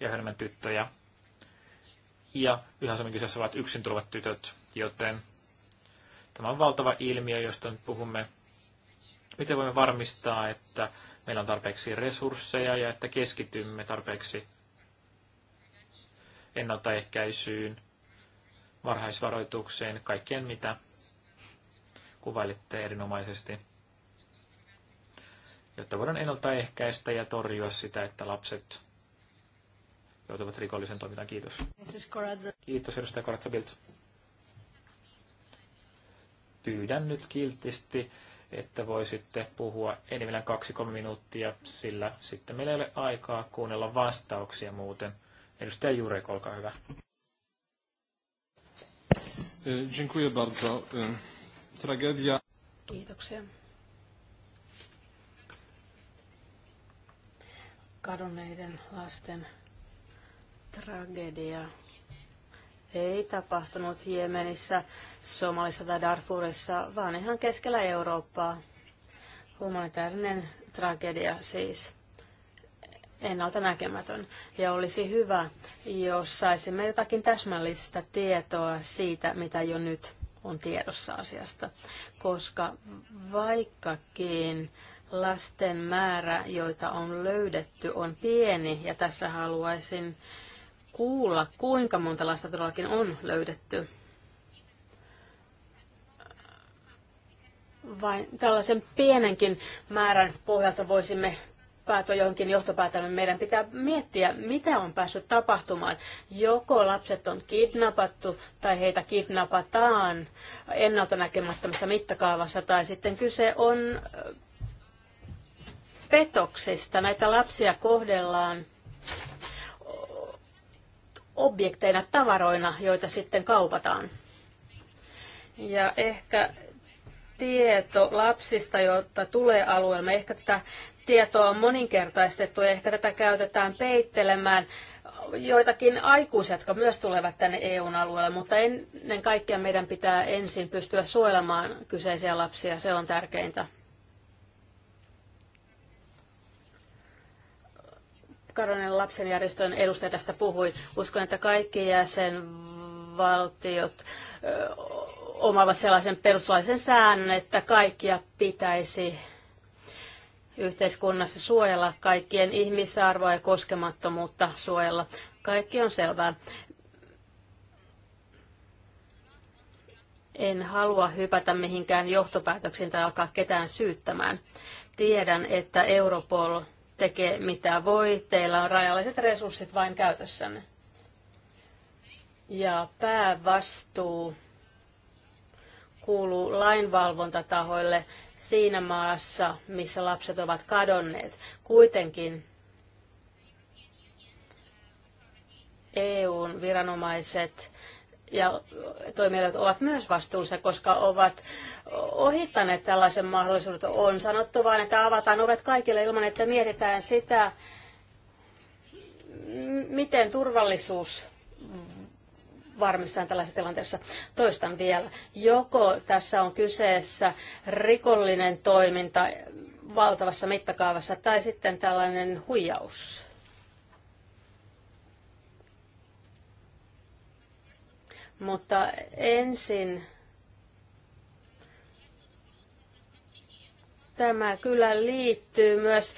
ja yhä enemmän tyttöjä. Ja yhä useammin kyseessä ovat yksin tytöt, joten tämä on valtava ilmiö, josta nyt puhumme Miten voimme varmistaa, että meillä on tarpeeksi resursseja ja että keskitymme tarpeeksi ennaltaehkäisyyn, varhaisvaroitukseen, kaikkien mitä kuvailitte erinomaisesti, jotta voidaan ennaltaehkäistä ja torjua sitä, että lapset joutuvat rikollisen toimintaan. Kiitos. Kiitos, edustaja Koratsa Pyydän nyt kiltisti että voisitte puhua enimmillään kaksi-kolme minuuttia, sillä sitten meillä ei ole aikaa kuunnella vastauksia muuten. Edustaja Jurek, olkaa hyvä. E, e, tragedia. Kiitoksia. Kadonneiden lasten tragedia ei tapahtunut Jemenissä, Somalissa tai Darfurissa, vaan ihan keskellä Eurooppaa. Humanitaarinen tragedia siis ennalta näkemätön. Ja olisi hyvä, jos saisimme jotakin täsmällistä tietoa siitä, mitä jo nyt on tiedossa asiasta. Koska vaikkakin lasten määrä, joita on löydetty, on pieni, ja tässä haluaisin kuulla, kuinka monta lasta todellakin on löydetty. Vain tällaisen pienenkin määrän pohjalta voisimme päätyä johonkin johtopäätelmään. Meidän pitää miettiä, mitä on päässyt tapahtumaan. Joko lapset on kidnappattu tai heitä kidnapataan ennalta näkemättömässä mittakaavassa, tai sitten kyse on äh, petoksista. Näitä lapsia kohdellaan objekteina, tavaroina, joita sitten kaupataan. Ja ehkä tieto lapsista, jotta tulee alueelle, ehkä tätä tietoa on moninkertaistettu ja ehkä tätä käytetään peittelemään joitakin aikuisia, jotka myös tulevat tänne EUn alueelle, mutta ennen kaikkea meidän pitää ensin pystyä suojelemaan kyseisiä lapsia, se on tärkeintä. Karonen lapsenjärjestön edustaja tästä puhui. Uskon, että kaikki jäsenvaltiot omaavat sellaisen perustuslaisen säännön, että kaikkia pitäisi yhteiskunnassa suojella, kaikkien ihmisarvoa ja koskemattomuutta suojella. Kaikki on selvää. En halua hypätä mihinkään johtopäätöksiin tai alkaa ketään syyttämään. Tiedän, että Europol tekee mitä voi, teillä on rajalliset resurssit vain käytössänne. Ja päävastuu kuuluu lainvalvontatahoille siinä maassa, missä lapset ovat kadonneet. Kuitenkin EUn viranomaiset ja toimijat ovat myös vastuullisia, koska ovat ohittaneet tällaisen mahdollisuuden. On sanottu vain, että avataan ovet kaikille ilman, että mietitään sitä, miten turvallisuus varmistetaan tällaisessa tilanteessa. Toistan vielä. Joko tässä on kyseessä rikollinen toiminta valtavassa mittakaavassa tai sitten tällainen huijaus Mutta ensin tämä kyllä liittyy myös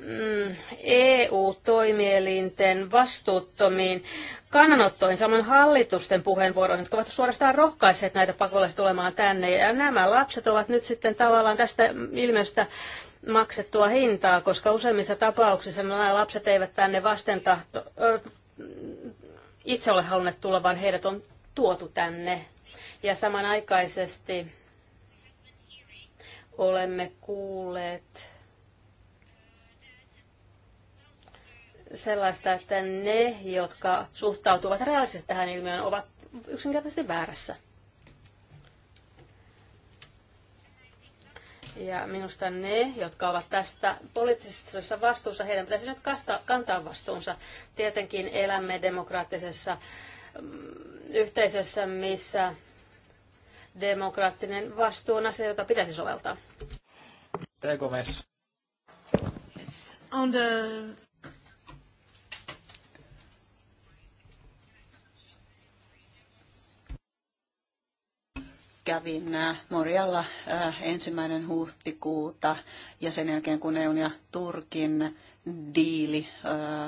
mm, EU-toimielinten vastuuttomiin kannanottoihin, samoin hallitusten puheenvuoroihin, jotka ovat suorastaan rohkaiseet näitä pakolaisia tulemaan tänne. Ja nämä lapset ovat nyt sitten tavallaan tästä ilmiöstä maksettua hintaa, koska useimmissa tapauksissa nämä lapset eivät tänne vastentahto, itse ole halunneet tulla, vaan heidät on tuotu tänne. Ja samanaikaisesti olemme kuulleet sellaista, että ne, jotka suhtautuvat realistisesti tähän ilmiöön, ovat yksinkertaisesti väärässä. Ja minusta ne, jotka ovat tästä poliittisessa vastuussa, heidän pitäisi nyt kantaa vastuunsa. Tietenkin elämme demokraattisessa Mm, yhteisössä, missä demokraattinen vastuu on asia, jota pitäisi soveltaa. Tegomes. On the... kävin äh, Morjalla äh, ensimmäinen huhtikuuta ja sen jälkeen kun EUn ja Turkin diili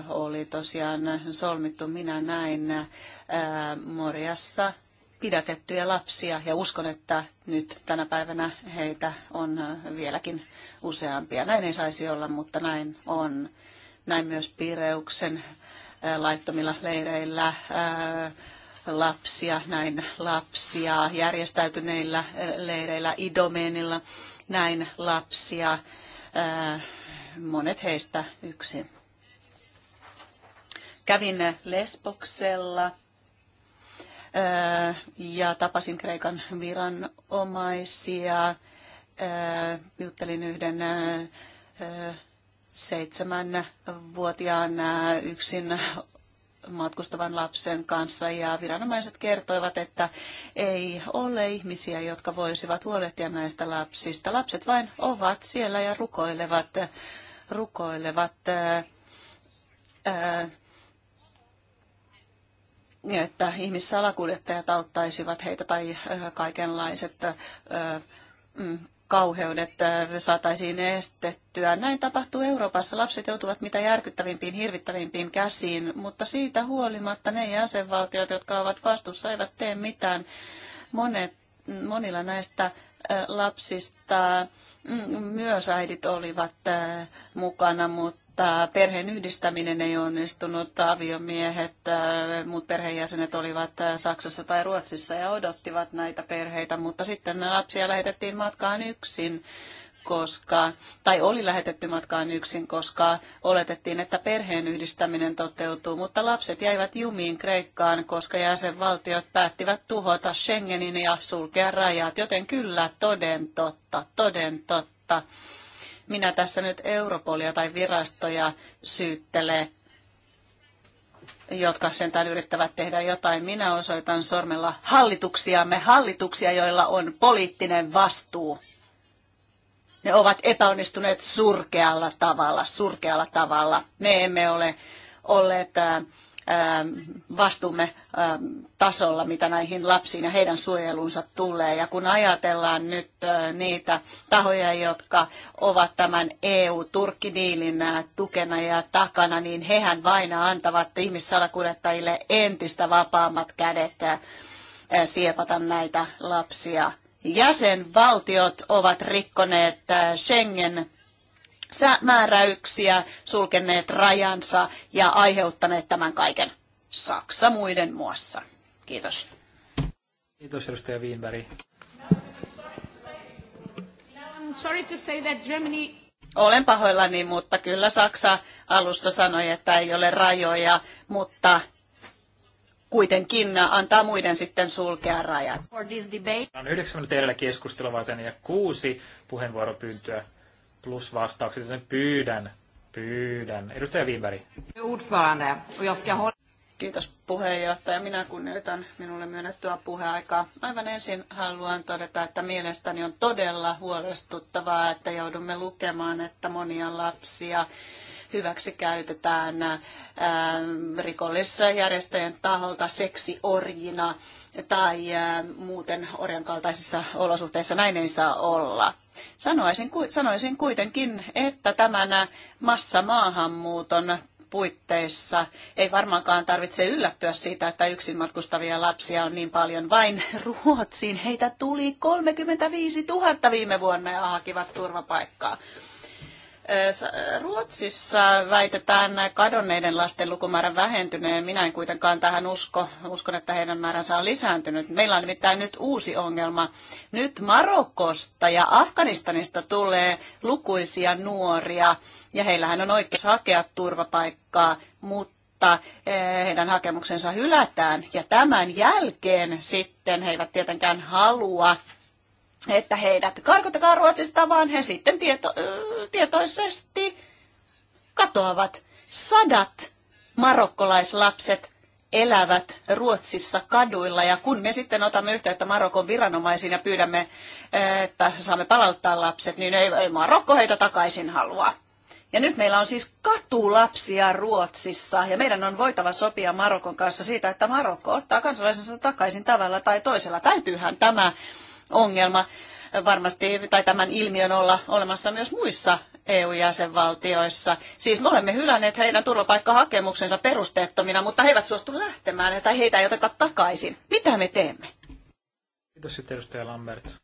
oli tosiaan solmittu. Minä näin Moriassa pidätettyjä lapsia ja uskon, että nyt tänä päivänä heitä on vieläkin useampia. Näin ei saisi olla, mutta näin on. Näin myös Pireuksen laittomilla leireillä lapsia, näin lapsia järjestäytyneillä leireillä, Idomeenilla näin lapsia monet heistä yksin. Kävin Lesboksella äh, ja tapasin Kreikan viranomaisia. Äh, juttelin yhden äh, vuotiaan yksin matkustavan lapsen kanssa ja viranomaiset kertoivat, että ei ole ihmisiä, jotka voisivat huolehtia näistä lapsista. Lapset vain ovat siellä ja rukoilevat rukoilevat niin, että ihmissalakuljettajat auttaisivat heitä tai kaikenlaiset mm, kauheudet saataisiin estettyä. Näin tapahtuu Euroopassa. Lapset joutuvat mitä järkyttävimpiin, hirvittävimpiin käsiin, mutta siitä huolimatta ne jäsenvaltiot, jotka ovat vastuussa, eivät tee mitään. Monet, monilla näistä lapsista myös äidit olivat äh, mukana, mutta perheen yhdistäminen ei onnistunut. Aviomiehet, äh, muut perheenjäsenet olivat äh, Saksassa tai Ruotsissa ja odottivat näitä perheitä, mutta sitten lapsia lähetettiin matkaan yksin koska, tai oli lähetetty matkaan yksin, koska oletettiin, että perheen yhdistäminen toteutuu, mutta lapset jäivät jumiin Kreikkaan, koska jäsenvaltiot päättivät tuhota Schengenin ja sulkea rajat, joten kyllä, toden totta, toden totta. Minä tässä nyt Europolia tai virastoja syyttele, jotka sentään yrittävät tehdä jotain. Minä osoitan sormella hallituksiamme, hallituksia, joilla on poliittinen vastuu ne ovat epäonnistuneet surkealla tavalla, surkealla tavalla. Me emme ole olleet vastuumme tasolla, mitä näihin lapsiin ja heidän suojelunsa tulee. Ja kun ajatellaan nyt niitä tahoja, jotka ovat tämän eu turkki tukena ja takana, niin hehän vain antavat ihmissalakuljettajille entistä vapaammat kädet siepata näitä lapsia jäsenvaltiot ovat rikkoneet äh, Schengen määräyksiä, sulkeneet rajansa ja aiheuttaneet tämän kaiken Saksa muiden muassa. Kiitos. Kiitos edustaja Wienberg. Germany... Olen pahoillani, mutta kyllä Saksa alussa sanoi, että ei ole rajoja, mutta kuitenkin antaa muiden sitten sulkea rajat. On yhdeksän minuuttia keskustelua varten ja kuusi puheenvuoropyyntöä plus vastaukset, joten pyydän, pyydän. Edustaja Viimäri. Kiitos puheenjohtaja. Minä kunnioitan minulle myönnettyä puheaikaa. Aivan ensin haluan todeta, että mielestäni on todella huolestuttavaa, että joudumme lukemaan, että monia lapsia hyväksi käytetään rikollisjärjestöjen taholta seksiorjina tai muuten orjan kaltaisissa olosuhteissa. Näin ei saa olla. Sanoisin, sanoisin kuitenkin, että tämän massamaahanmuuton puitteissa ei varmaankaan tarvitse yllättyä siitä, että yksin matkustavia lapsia on niin paljon. Vain Ruotsiin heitä tuli 35 000 viime vuonna ja hakivat turvapaikkaa. Ruotsissa väitetään kadonneiden lasten lukumäärän vähentyneen. Minä en kuitenkaan tähän usko. Uskon, että heidän määränsä on lisääntynyt. Meillä on nimittäin nyt uusi ongelma. Nyt Marokosta ja Afganistanista tulee lukuisia nuoria ja heillähän on oikeus hakea turvapaikkaa, mutta mutta heidän hakemuksensa hylätään. Ja tämän jälkeen sitten he eivät tietenkään halua että heidät karkotetaan Ruotsista, vaan he sitten tieto, tietoisesti katoavat. Sadat marokkolaislapset elävät Ruotsissa kaduilla ja kun me sitten otamme yhteyttä Marokon viranomaisiin ja pyydämme, että saamme palauttaa lapset, niin ei, ei Marokko heitä takaisin halua. Ja nyt meillä on siis katulapsia Ruotsissa ja meidän on voitava sopia Marokon kanssa siitä, että Marokko ottaa kansalaisensa takaisin tavalla tai toisella. Täytyyhän tämä ongelma varmasti tai tämän ilmiön olla olemassa myös muissa EU-jäsenvaltioissa. Siis me olemme hylänneet heidän turvapaikkahakemuksensa perusteettomina, mutta he eivät suostu lähtemään tai heitä ei oteta takaisin. Mitä me teemme? Kiitos sitten edustaja Lambert.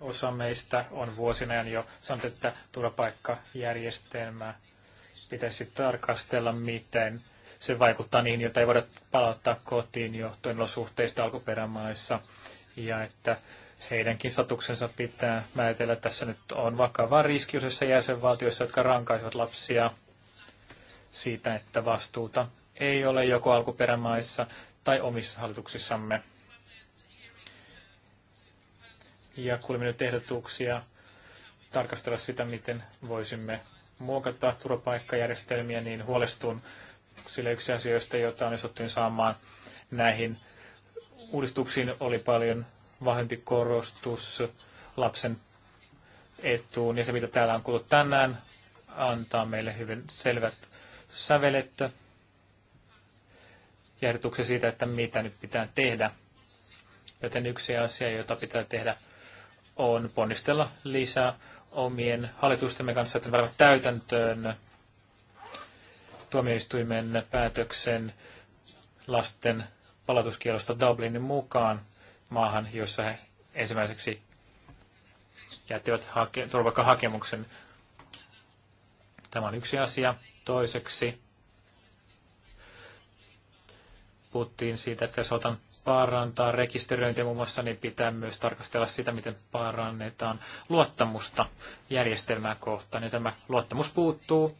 Osa meistä on vuosina ajan jo sanonut, että turvapaikkajärjestelmää pitäisi tarkastella, miten se vaikuttaa niihin, joita ei voida palauttaa kotiin johtuen olosuhteista alkuperämaissa ja että heidänkin statuksensa pitää määritellä. Tässä nyt on vakava riski useissa jäsenvaltioissa, jotka rankaisivat lapsia siitä, että vastuuta ei ole joko alkuperämaissa tai omissa hallituksissamme. Ja kuulimme nyt ehdotuksia tarkastella sitä, miten voisimme muokata turvapaikkajärjestelmiä, niin huolestun sille yksi asioista, jota on saamaan näihin uudistuksiin oli paljon vahvempi korostus lapsen etuun, ja se mitä täällä on kuullut tänään, antaa meille hyvin selvät sävelet ja siitä, että mitä nyt pitää tehdä. Joten yksi asia, jota pitää tehdä, on ponnistella lisää omien hallitustemme kanssa, että varmaan täytäntöön tuomioistuimen päätöksen lasten palautuskielosta Dublinin mukaan maahan, jossa he ensimmäiseksi jättivät hake- turvapaikkahakemuksen. Tämä on yksi asia. Toiseksi puhuttiin siitä, että jos otan parantaa rekisteröintiä muun muassa, niin pitää myös tarkastella sitä, miten parannetaan luottamusta järjestelmää kohtaan. Ja tämä luottamus puuttuu,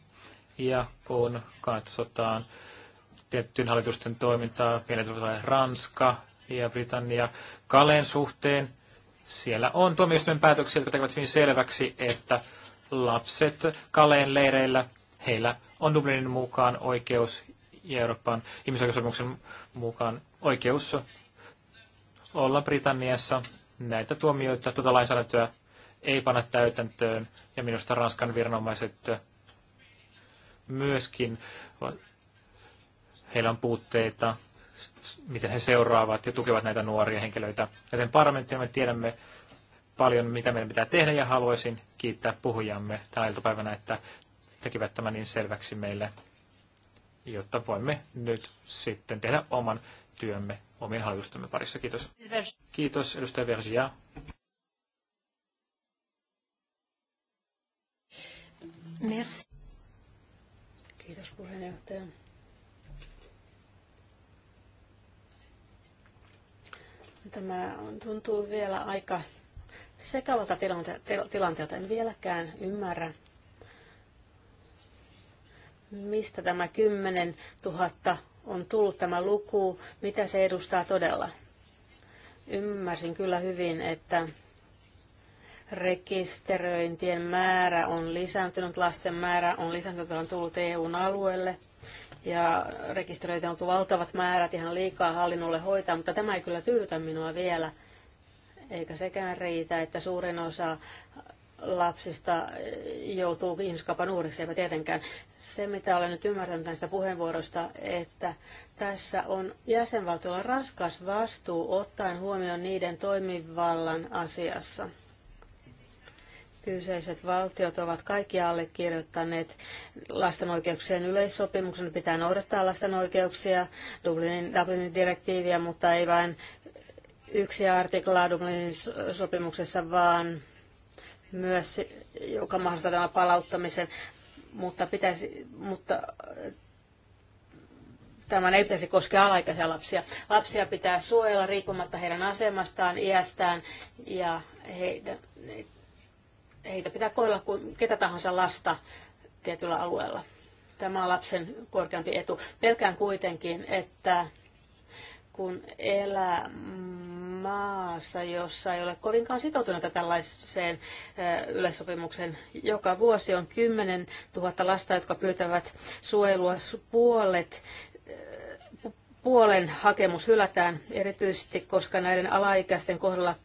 ja kun katsotaan tiettyjen hallitusten toimintaa, pienet Ranska ja Britannia Kalen suhteen. Siellä on tuomioistuimen päätöksiä, jotka tekevät hyvin selväksi, että lapset Kaleen leireillä, heillä on Dublinin mukaan oikeus ja Euroopan ihmisoikeussopimuksen mukaan oikeus olla Britanniassa. Näitä tuomioita, tuota lainsäädäntöä ei panna täytäntöön, ja minusta Ranskan viranomaiset myöskin heillä on puutteita, miten he seuraavat ja tukevat näitä nuoria henkilöitä. Joten parlamenttia me tiedämme paljon, mitä meidän pitää tehdä, ja haluaisin kiittää puhujamme tänä iltapäivänä, että tekivät tämän niin selväksi meille, jotta voimme nyt sitten tehdä oman työmme omien hallitustamme parissa. Kiitos. Kiitos, edustaja Vergia. Merci. Kiitos puheenjohtaja. Tämä tuntuu vielä aika sekavalta tilanteelta. En vieläkään ymmärrä, mistä tämä 10 000 on tullut tämä luku, mitä se edustaa todella. Ymmärsin kyllä hyvin, että rekisteröintien määrä on lisääntynyt, lasten määrä on lisääntynyt, joka on tullut EUn alueelle. Ja rekisteröitä on tullut valtavat määrät ihan liikaa hallinnolle hoitaa, mutta tämä ei kyllä tyydytä minua vielä. Eikä sekään riitä, että suurin osa lapsista joutuu ihmiskaupan uhriksi, eipä tietenkään. Se, mitä olen nyt ymmärtänyt näistä puheenvuoroista, että tässä on jäsenvaltiolla raskas vastuu ottaen huomioon niiden toimivallan asiassa. Kyseiset valtiot ovat kaikki allekirjoittaneet lasten oikeuksien yleissopimuksen. Pitää noudattaa lasten oikeuksia, Dublinin, Dublinin direktiiviä, mutta ei vain yksi artikla Dublinin sopimuksessa, vaan myös, joka mahdollistaa tämän palauttamisen, mutta, pitäisi, mutta tämän ei pitäisi koskea alaikäisiä lapsia. Lapsia pitää suojella riippumatta heidän asemastaan, iästään ja heidän, heitä pitää kohdella kuin ketä tahansa lasta tietyllä alueella. Tämä on lapsen korkeampi etu. Pelkään kuitenkin, että kun elää maassa, jossa ei ole kovinkaan sitoutuneita tällaiseen yleissopimukseen, Joka vuosi on 10 000 lasta, jotka pyytävät suojelua puolet puolen hakemus hylätään erityisesti, koska näiden alaikäisten kohdalla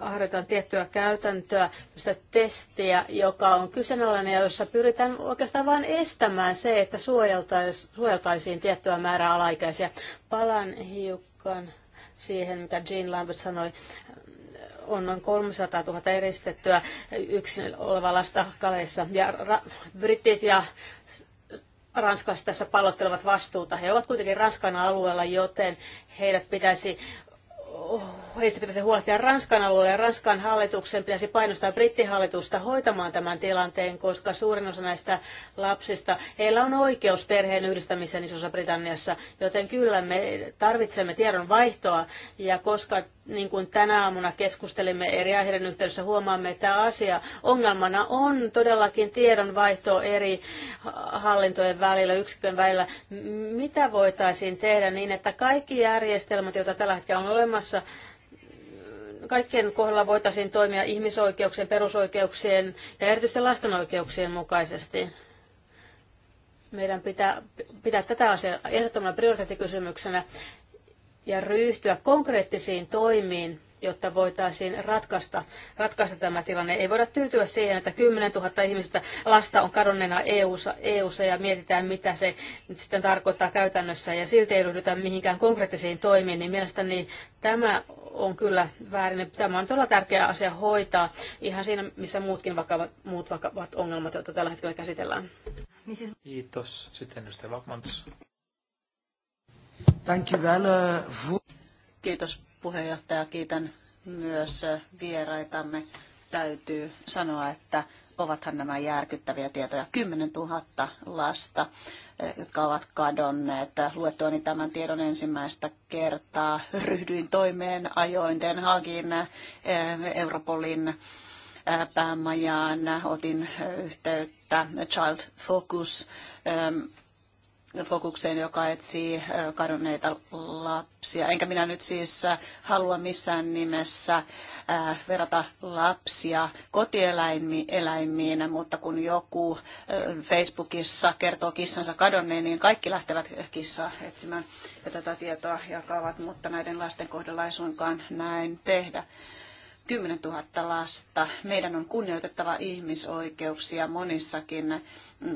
harjoitetaan tiettyä käytäntöä, sitä testiä, joka on kyseenalainen ja jossa pyritään oikeastaan vain estämään se, että suojeltaisiin, suojeltaisiin tiettyä määrää alaikäisiä. Palan hiukan siihen, mitä Jean Lambert sanoi on noin 300 000 eristettyä yksin olevaa lasta kaleissa. Ja ra- britit ja ranskalaiset tässä pallottelevat vastuuta. He ovat kuitenkin Ranskan alueella, joten heidät pitäisi Oh, heistä pitäisi huolehtia Ranskan alueella ja Ranskan hallituksen pitäisi painostaa brittihallitusta hoitamaan tämän tilanteen, koska suurin osa näistä lapsista, heillä on oikeus perheen yhdistämiseen Isossa Britanniassa, joten kyllä me tarvitsemme tiedon vaihtoa ja koska niin kuin tänä aamuna keskustelimme eri aiheiden yhteydessä, huomaamme, että asia ongelmana on todellakin tiedonvaihto eri hallintojen välillä, yksikön välillä. Mitä voitaisiin tehdä niin, että kaikki järjestelmät, joita tällä hetkellä on olemassa, kaikkien kohdalla voitaisiin toimia ihmisoikeuksien, perusoikeuksien ja erityisesti lasten oikeuksien mukaisesti. Meidän pitää pitää tätä asiaa ehdottomana prioriteettikysymyksenä ja ryhtyä konkreettisiin toimiin, jotta voitaisiin ratkaista, ratkaista tämä tilanne. Ei voida tyytyä siihen, että 10 000 ihmistä lasta on kadonneena EU-ssa, EU-ssa ja mietitään, mitä se nyt sitten tarkoittaa käytännössä ja silti ei ryhdytä mihinkään konkreettisiin toimiin, niin mielestäni tämä on kyllä väärin. Tämä on todella tärkeä asia hoitaa ihan siinä, missä muutkin vakavat, muut vakavat ongelmat, joita tällä hetkellä käsitellään. Niin siis- Kiitos. Sitten edustaja Vakmans. Eh, Kiitos puheenjohtaja. Kiitän myös eh, vieraitamme. Täytyy sanoa, että ovathan nämä järkyttäviä tietoja. 10 000 lasta, eh, jotka ovat kadonneet. Luettuani tämän tiedon ensimmäistä kertaa ryhdyin toimeen ajoin Den Haagin Europolin päämajaan. Otin yhteyttä Child Focus fokukseen, joka etsii kadonneita lapsia. Enkä minä nyt siis halua missään nimessä verrata lapsia kotieläimiin, mutta kun joku Facebookissa kertoo kissansa kadonneen, niin kaikki lähtevät kissaa etsimään ja tätä tietoa jakavat, mutta näiden lasten kohdalla ei suinkaan näin tehdä. 10 000 lasta. Meidän on kunnioitettava ihmisoikeuksia monissakin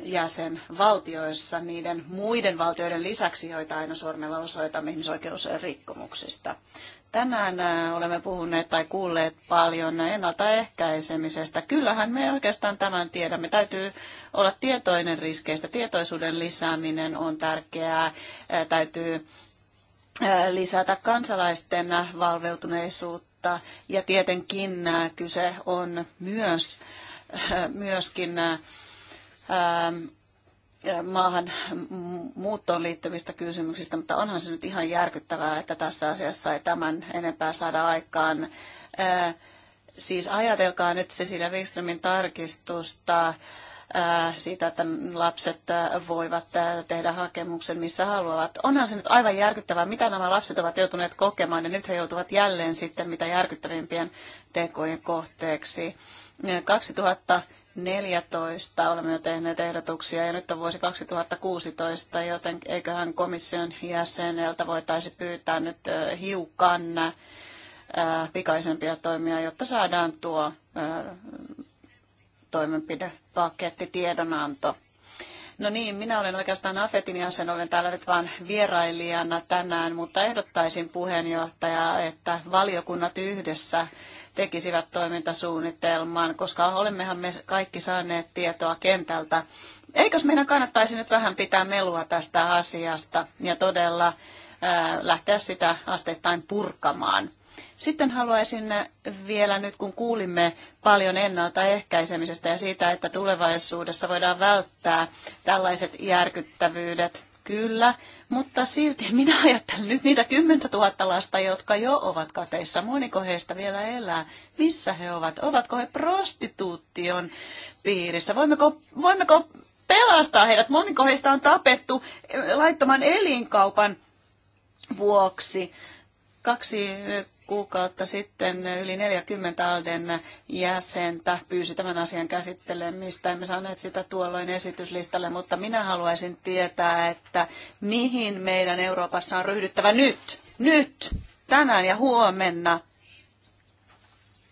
jäsenvaltioissa niiden muiden valtioiden lisäksi, joita aina sormella osoitamme ihmisoikeusrikkomuksista. Tänään olemme puhuneet tai kuulleet paljon ennaltaehkäisemisestä. Kyllähän me oikeastaan tämän tiedämme. Täytyy olla tietoinen riskeistä. Tietoisuuden lisääminen on tärkeää. Täytyy lisätä kansalaisten valveutuneisuutta. Ja tietenkin kyse on myös, myöskin Ähm, maahan muuttoon liittyvistä kysymyksistä, mutta onhan se nyt ihan järkyttävää, että tässä asiassa ei tämän enempää saada aikaan. Äh, siis ajatelkaa nyt Cecilia Wikströmin tarkistusta äh, siitä, että lapset äh, voivat tehdä hakemuksen missä haluavat. Onhan se nyt aivan järkyttävää, mitä nämä lapset ovat joutuneet kokemaan ja nyt he joutuvat jälleen sitten mitä järkyttävimpien tekojen kohteeksi. 2000 2014 olemme jo tehneet ehdotuksia ja nyt on vuosi 2016, joten eiköhän komission jäseneltä voitaisi pyytää nyt hiukan pikaisempia toimia, jotta saadaan tuo toimenpidepaketti, tiedonanto. No niin, minä olen oikeastaan Afetin jäsen, olen täällä nyt vain vierailijana tänään, mutta ehdottaisin puheenjohtajaa, että valiokunnat yhdessä tekisivät toimintasuunnitelman, koska olemmehan me kaikki saaneet tietoa kentältä. Eikös meidän kannattaisi nyt vähän pitää melua tästä asiasta ja todella lähteä sitä asteittain purkamaan? Sitten haluaisin vielä nyt, kun kuulimme paljon ennaltaehkäisemisestä ja siitä, että tulevaisuudessa voidaan välttää tällaiset järkyttävyydet. Kyllä, mutta silti minä ajattelen nyt niitä kymmentä tuhatta lasta, jotka jo ovat kateissa. Moniko heistä vielä elää? Missä he ovat? Ovatko he prostituution piirissä? Voimmeko, voimmeko pelastaa heidät? Moniko heistä on tapettu eh, laittoman elinkaupan vuoksi? Kaksi eh, kuukautta sitten yli 40 Alden jäsentä pyysi tämän asian käsittelemistä. Emme saaneet sitä tuolloin esityslistalle, mutta minä haluaisin tietää, että mihin meidän Euroopassa on ryhdyttävä nyt, nyt, tänään ja huomenna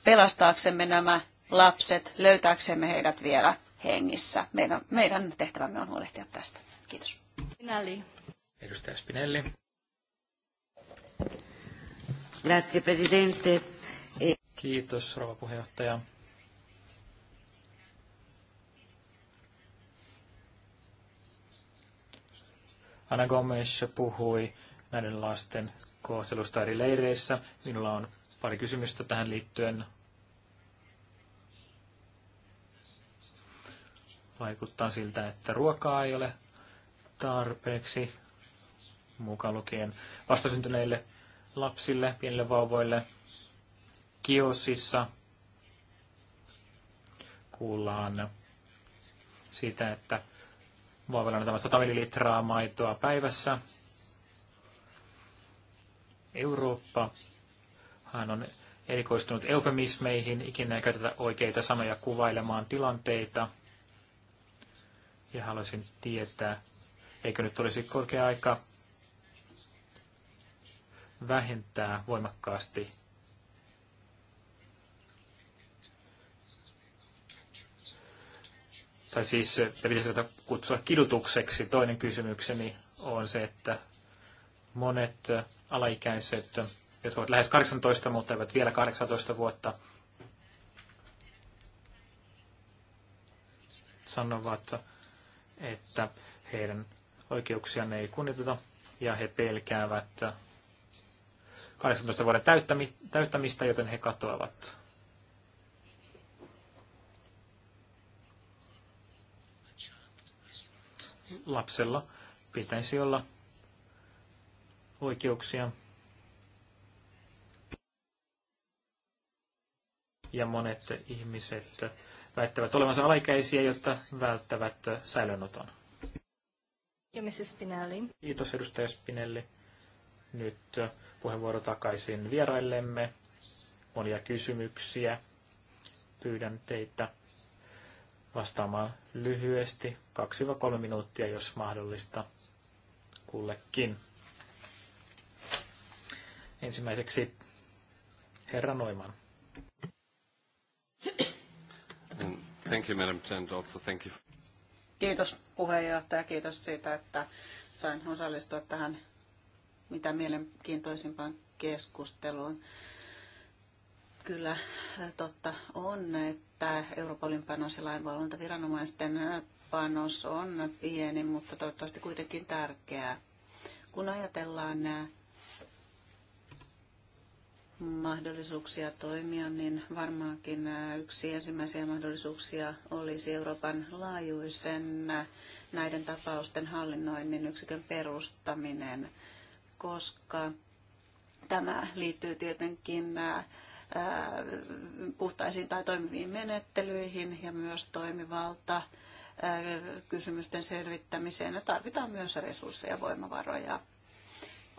pelastaaksemme nämä lapset, löytääksemme heidät vielä hengissä. Meidän, meidän tehtävämme on huolehtia tästä. Kiitos. Spinelli. Edustaja Spinelli. Grazie, presidente. E- Kiitos, rouva puheenjohtaja. Anna Gomes puhui näiden lasten kohtelusta eri leireissä. Minulla on pari kysymystä tähän liittyen. Vaikuttaa siltä, että ruokaa ei ole tarpeeksi mukaan lukien vastasyntyneille lapsille, pienille vauvoille. Kiosissa kuullaan siitä, että vauvilla on 100 mililitraa maitoa päivässä. Eurooppa hän on erikoistunut eufemismeihin, ikinä ei käytetä oikeita sanoja kuvailemaan tilanteita. Ja haluaisin tietää, eikö nyt olisi korkea aika vähentää voimakkaasti tai siis pitäisi tätä kutsua kidutukseksi. Toinen kysymykseni on se, että monet alaikäiset, jotka ovat lähes 18, mutta eivät vielä 18 vuotta, sanovat, että heidän oikeuksiaan ei kunnioiteta ja he pelkäävät 18 vuoden täyttämistä, joten he katoavat. Lapsella pitäisi olla oikeuksia. Ja monet ihmiset väittävät olevansa alaikäisiä, jotta välttävät säilönoton. Spinelli. Kiitos edustaja Spinelli. Nyt puheenvuoro takaisin vieraillemme. Monia kysymyksiä. Pyydän teitä vastaamaan lyhyesti, 2-3 minuuttia, jos mahdollista, kullekin. Ensimmäiseksi herra Noiman. Thank you, Madam Chair, also thank you. Kiitos puheenjohtaja, kiitos siitä, että sain osallistua tähän mitä mielenkiintoisimpaan keskusteluun. Kyllä totta on, että Euroopan panos ja lainvalvontaviranomaisten panos on pieni, mutta toivottavasti kuitenkin tärkeää. Kun ajatellaan nämä mahdollisuuksia toimia, niin varmaankin yksi ensimmäisiä mahdollisuuksia olisi Euroopan laajuisen näiden tapausten hallinnoinnin yksikön perustaminen – koska tämä liittyy tietenkin puhtaisiin tai toimiviin menettelyihin ja myös toimivalta kysymysten selvittämiseen ja tarvitaan myös resursseja ja voimavaroja.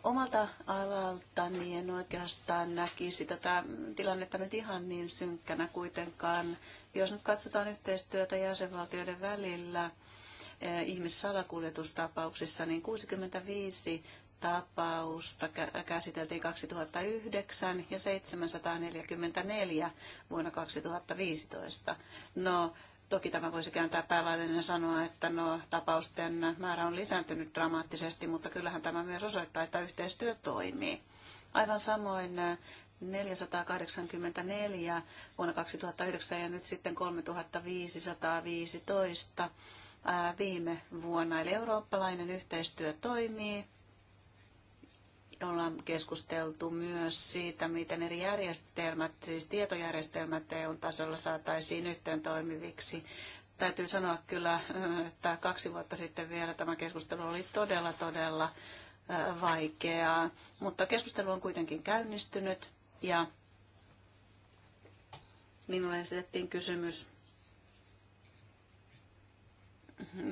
Omalta alaltani en oikeastaan näkisi tätä tilannetta nyt ihan niin synkkänä kuitenkaan. Jos nyt katsotaan yhteistyötä jäsenvaltioiden välillä ihmissalakuljetustapauksissa, niin 65 tapausta käsiteltiin 2009 ja 744 vuonna 2015. No, toki tämä voisi kääntää päälailleen ja sanoa, että no, tapausten määrä on lisääntynyt dramaattisesti, mutta kyllähän tämä myös osoittaa, että yhteistyö toimii. Aivan samoin 484 äh, vuonna 2009 ja nyt sitten 3515 äh, viime vuonna. Eli eurooppalainen yhteistyö toimii ollaan keskusteltu myös siitä, miten eri järjestelmät, siis tietojärjestelmät eu tasolla saataisiin yhteen toimiviksi. Täytyy sanoa kyllä, että kaksi vuotta sitten vielä tämä keskustelu oli todella, todella vaikeaa, mutta keskustelu on kuitenkin käynnistynyt ja minulle esitettiin kysymys.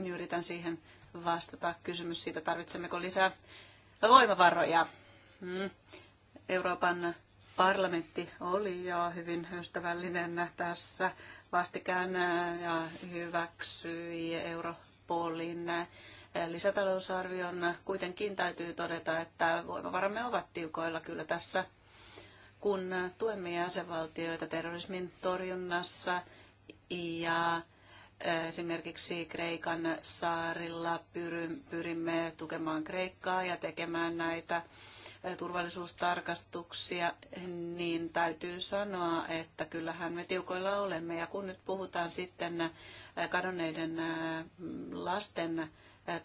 Yritän siihen vastata. Kysymys siitä, tarvitsemmeko lisää voimavaroja. Mm. Euroopan parlamentti oli jo hyvin ystävällinen tässä vastikään äh, ja hyväksyi Europolin äh, lisätalousarvion. Kuitenkin täytyy todeta, että voimavaramme ovat tiukoilla kyllä tässä, kun tuemme jäsenvaltioita terrorismin torjunnassa ja äh, esimerkiksi Kreikan saarilla pyrimme tukemaan Kreikkaa ja tekemään näitä turvallisuustarkastuksia, niin täytyy sanoa, että kyllähän me tiukoilla olemme. Ja kun nyt puhutaan sitten äh, kadonneiden äh, lasten äh,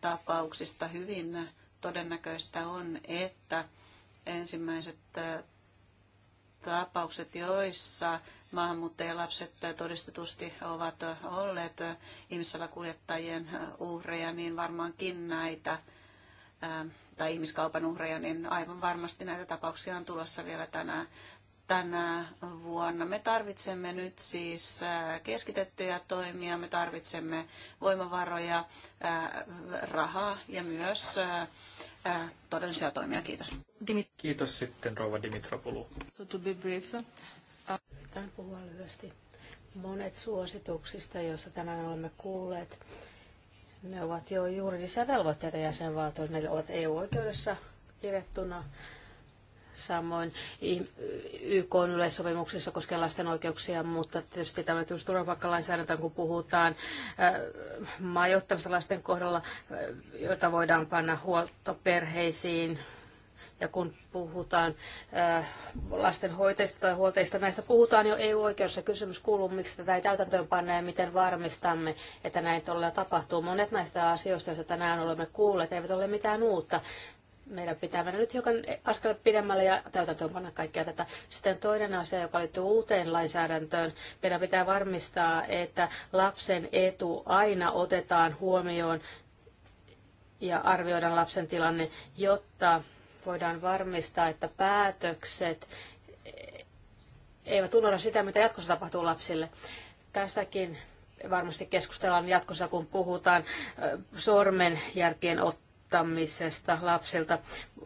tapauksista, hyvin todennäköistä on, että ensimmäiset tapaukset, joissa maahanmuuttajalapset todistetusti ovat olleet ihmissalakuljettajien uhreja, niin varmaankin näitä tai ihmiskaupan uhreja, niin aivan varmasti näitä tapauksia on tulossa vielä tänä, tänä vuonna. Me tarvitsemme nyt siis keskitettyjä toimia, me tarvitsemme voimavaroja, rahaa ja myös todellisia toimia. Kiitos. Kiitos sitten rouva Dimitropoulou. So to be brief. Uh, Tämän puhua lyhyesti. Monet suosituksista, joista tänään olemme kuulleet, ne ovat jo juridisia velvoitteita jäsenvaltioille, ne ovat EU-oikeudessa kirjattuna. Samoin YK on yleissopimuksissa koskee lasten oikeuksia, mutta tietysti tämä on turvapaikkalainsäädäntö, kun puhutaan äh, majoittamista lasten kohdalla, äh, joita voidaan panna huoltoperheisiin, ja kun puhutaan äh, lastenhoitajista tai huolteista, näistä puhutaan jo EU-oikeudessa. Kysymys kuuluu, miksi tätä ei täytäntöönpanna ja miten varmistamme, että näin todella tapahtuu. Monet näistä asioista, joista tänään olemme kuulleet, eivät ole mitään uutta meidän pitää mennä nyt hiukan askel pidemmälle ja täytäntöönpanna kaikkea tätä. Sitten toinen asia, joka liittyy uuteen lainsäädäntöön, meidän pitää varmistaa, että lapsen etu aina otetaan huomioon ja arvioidaan lapsen tilanne, jotta voidaan varmistaa, että päätökset eivät unohda sitä, mitä jatkossa tapahtuu lapsille. Tästäkin varmasti keskustellaan jatkossa, kun puhutaan sormenjälkien ottamista ottamisesta lapsilta.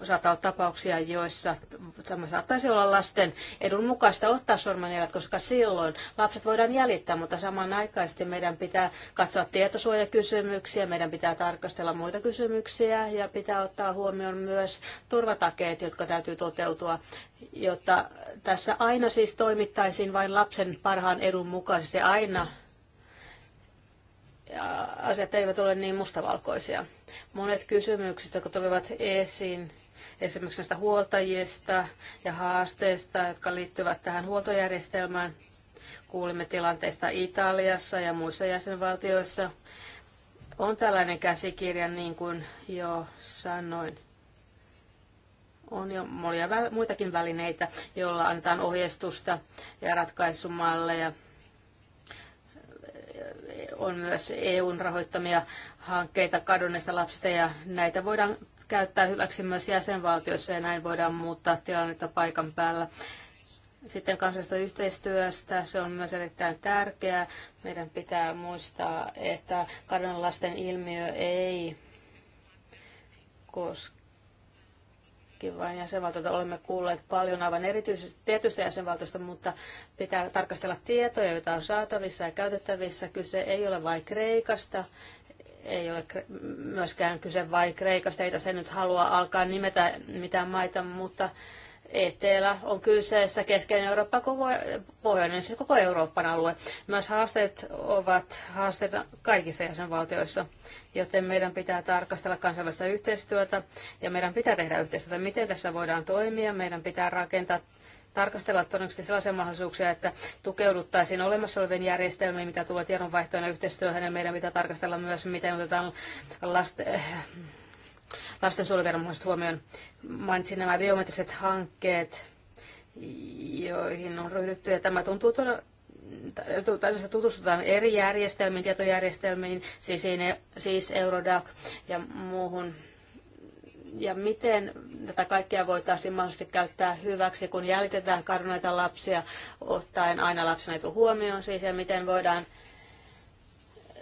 Saattaa olla tapauksia, joissa saattaisi olla lasten edun mukaista ottaa sormenjäljet, koska silloin lapset voidaan jäljittää, mutta samanaikaisesti meidän pitää katsoa tietosuojakysymyksiä, meidän pitää tarkastella muita kysymyksiä ja pitää ottaa huomioon myös turvatakeet, jotka täytyy toteutua, jotta tässä aina siis toimittaisiin vain lapsen parhaan edun mukaisesti aina asiat eivät ole niin mustavalkoisia. Monet kysymykset, jotka tulivat esiin, esimerkiksi näistä huoltajista ja haasteista, jotka liittyvät tähän huoltojärjestelmään. Kuulimme tilanteista Italiassa ja muissa jäsenvaltioissa. On tällainen käsikirja, niin kuin jo sanoin. On jo monia muitakin välineitä, joilla annetaan ohjeistusta ja ratkaisumalleja on myös EUn rahoittamia hankkeita kadonneista lapsista ja näitä voidaan käyttää hyväksi myös jäsenvaltioissa ja näin voidaan muuttaa tilannetta paikan päällä. Sitten kansallisesta yhteistyöstä, se on myös erittäin tärkeää. Meidän pitää muistaa, että kadon lasten ilmiö ei koske kaikki vain jäsenvaltioita olemme kuulleet paljon aivan erityisesti tietystä jäsenvaltiosta, mutta pitää tarkastella tietoja, joita on saatavissa ja käytettävissä. Kyse ei ole vain Kreikasta, ei ole myöskään kyse vain Kreikasta. Ei tässä nyt halua alkaa nimetä mitään maita, mutta Etelä on kyseessä, keskeinen Eurooppa, koko pohjoinen, siis koko Euroopan alue. Myös haasteet ovat haasteita kaikissa jäsenvaltioissa, joten meidän pitää tarkastella kansainvälistä yhteistyötä ja meidän pitää tehdä yhteistyötä. Miten tässä voidaan toimia? Meidän pitää rakentaa tarkastella todennäköisesti sellaisia mahdollisuuksia, että tukeuduttaisiin olemassa olevien järjestelmiin, mitä tulee tiedonvaihtoon ja yhteistyöhön, ja meidän pitää tarkastella myös, miten otetaan lasten, lastensuojeluviranomaiset huomioon. Mainitsin nämä biometriset hankkeet, joihin on ryhdytty, ja tämä tuntuu todella tässä tutustutaan eri järjestelmiin, tietojärjestelmiin, siis, siis Eurodac ja muuhun. Ja miten tätä kaikkea voitaisiin mahdollisesti käyttää hyväksi, kun jäljitetään karnoita lapsia, ottaen aina lapsen etu huomioon siis, ja miten voidaan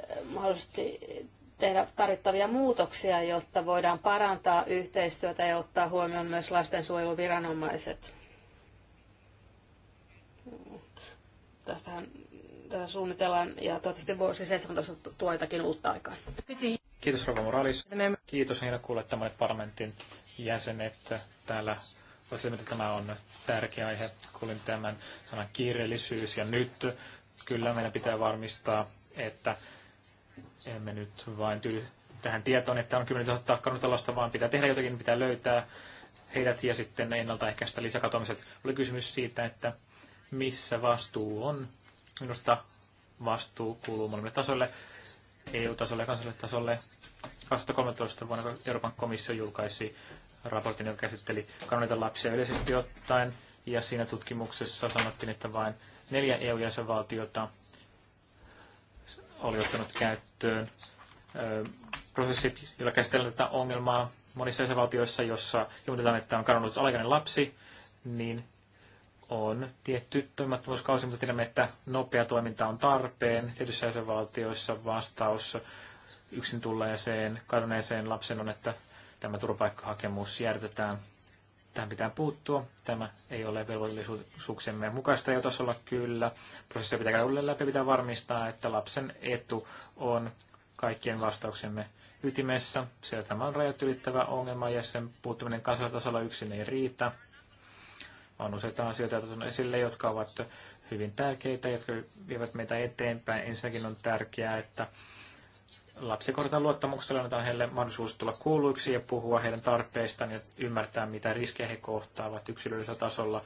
eh, mahdollisesti tehdä tarvittavia muutoksia, jotta voidaan parantaa yhteistyötä ja ottaa huomioon myös lastensuojeluviranomaiset. Tästähän tätä suunnitellaan ja toivottavasti vuosi 17 tuo jotakin uutta aikaa. Kiitos Rova Moralis. Kiitos niille kuulettamalle parlamentin jäsenet täällä. Vasemmin, tämä on tärkeä aihe. Kuulin tämän sanan kiireellisyys ja nyt kyllä meidän pitää varmistaa, että emme nyt vain tyydy tähän tietoon, että on 10 000 kannatalosta, vaan pitää tehdä jotakin, pitää löytää heidät ja sitten ennaltaehkäistä lisäkatoamiset. Oli kysymys siitä, että missä vastuu on. Minusta vastuu kuuluu molemmille tasoille, EU-tasolle ja kansalliselle tasolle. 2013 vuonna Euroopan komissio julkaisi raportin, joka käsitteli kannatella lapsia yleisesti ottaen, ja siinä tutkimuksessa sanottiin, että vain neljä EU-jäsenvaltiota oli ottanut käyttöön prosessit, joilla käsitellään tätä ongelmaa monissa jäsenvaltioissa, jossa ilmoitetaan, että on kadonnut alaikäinen lapsi, niin on tietty toimimattomuuskausi, mutta tiedämme, että nopea toiminta on tarpeen. Tietyissä jäsenvaltioissa vastaus yksin tulleeseen kadonneeseen lapsen on, että tämä turvapaikkahakemus järjestetään Tähän pitää puuttua. Tämä ei ole velvollisuuksemme mukaista jo tasolla kyllä. prosessi pitää käydä uudelleen läpi, pitää varmistaa, että lapsen etu on kaikkien vastauksemme ytimessä. Sieltä tämä on rajat ylittävä ongelma ja sen puuttuminen kansallisella yksin ei riitä. On useita asioita, joita on esille, jotka ovat hyvin tärkeitä, jotka vievät meitä eteenpäin. Ensinnäkin on tärkeää, että lapsikortan luottamuksella annetaan heille mahdollisuus tulla kuulluiksi ja puhua heidän tarpeistaan ja ymmärtää, mitä riskejä he kohtaavat yksilöllisellä tasolla.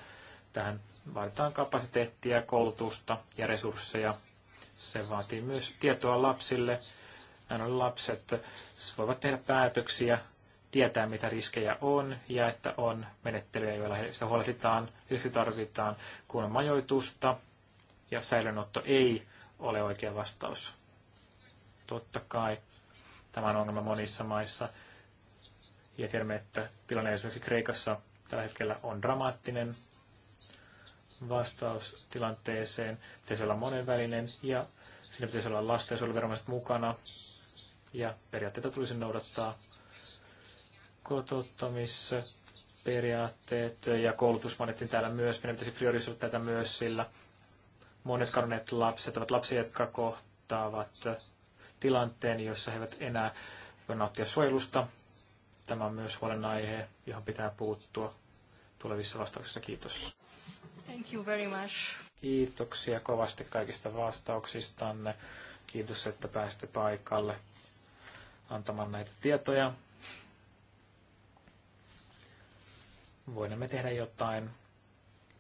Tähän vaaditaan kapasiteettia, koulutusta ja resursseja. Se vaatii myös tietoa lapsille. Nämä lapset voivat tehdä päätöksiä, tietää mitä riskejä on ja että on menettelyjä, joilla sitä huolehditaan. Lisäksi tarvitaan kunnon majoitusta ja säilönotto ei ole oikea vastaus Totta kai tämä on ongelma monissa maissa. Ja tiedämme, että tilanne esimerkiksi Kreikassa tällä hetkellä on dramaattinen vastaus tilanteeseen. Pitäisi olla monenvälinen ja siinä pitäisi olla lastensuojeluviranomaiset mukana. Ja periaatteita tulisi noudattaa kotouttamisperiaatteet ja koulutus mainittiin täällä myös. Meidän pitäisi priorisoida tätä myös, sillä monet kadonneet lapset ovat lapsia, jotka kohtaavat tilanteen, jossa he eivät enää voi nauttia suojelusta. Tämä on myös huolenaihe, johon pitää puuttua tulevissa vastauksissa. Kiitos. Thank you very much. Kiitoksia kovasti kaikista vastauksistanne. Kiitos, että pääsitte paikalle antamaan näitä tietoja. Voimme tehdä jotain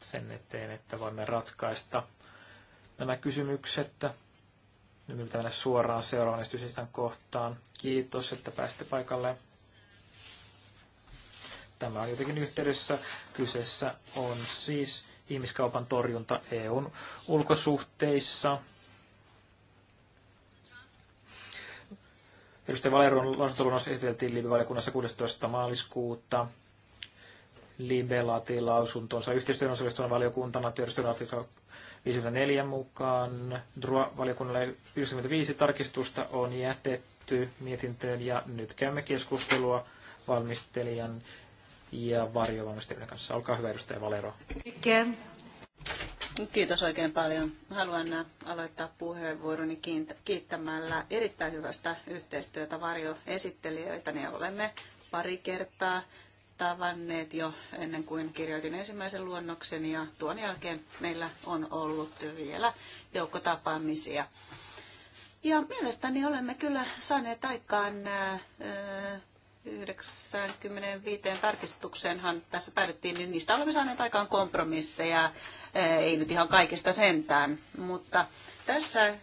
sen eteen, että voimme ratkaista nämä kysymykset. Nyt pitää mennä suoraan seuraavan esityslistan kohtaan. Kiitos, että pääsitte paikalle. Tämä on jotenkin yhteydessä. Kyseessä on siis ihmiskaupan torjunta EUn ulkosuhteissa. Edustaja Valeron lausuntolunnos esiteltiin Libe-valiokunnassa 16. maaliskuuta. Libe laatii lausuntonsa yhteistyön osallistuvan valiokuntana työstön 54 mukaan. DRUA-valiokunnalle 95 tarkistusta on jätetty mietintöön ja nyt käymme keskustelua valmistelijan ja varjovalmistelijan kanssa. Olkaa hyvä, edustaja Valero. Kiitos oikein paljon. Haluan aloittaa puheenvuoroni kiittämällä erittäin hyvästä yhteistyötä varjoesittelijöitä. Ne olemme pari kertaa tavanneet jo ennen kuin kirjoitin ensimmäisen luonnoksen ja tuon jälkeen meillä on ollut vielä joukko tapaamisia. Ja mielestäni olemme kyllä saaneet aikaan 95 tarkistukseenhan tässä päädyttiin, niin niistä olemme saaneet aikaan kompromisseja, ei nyt ihan kaikista sentään, mutta tässä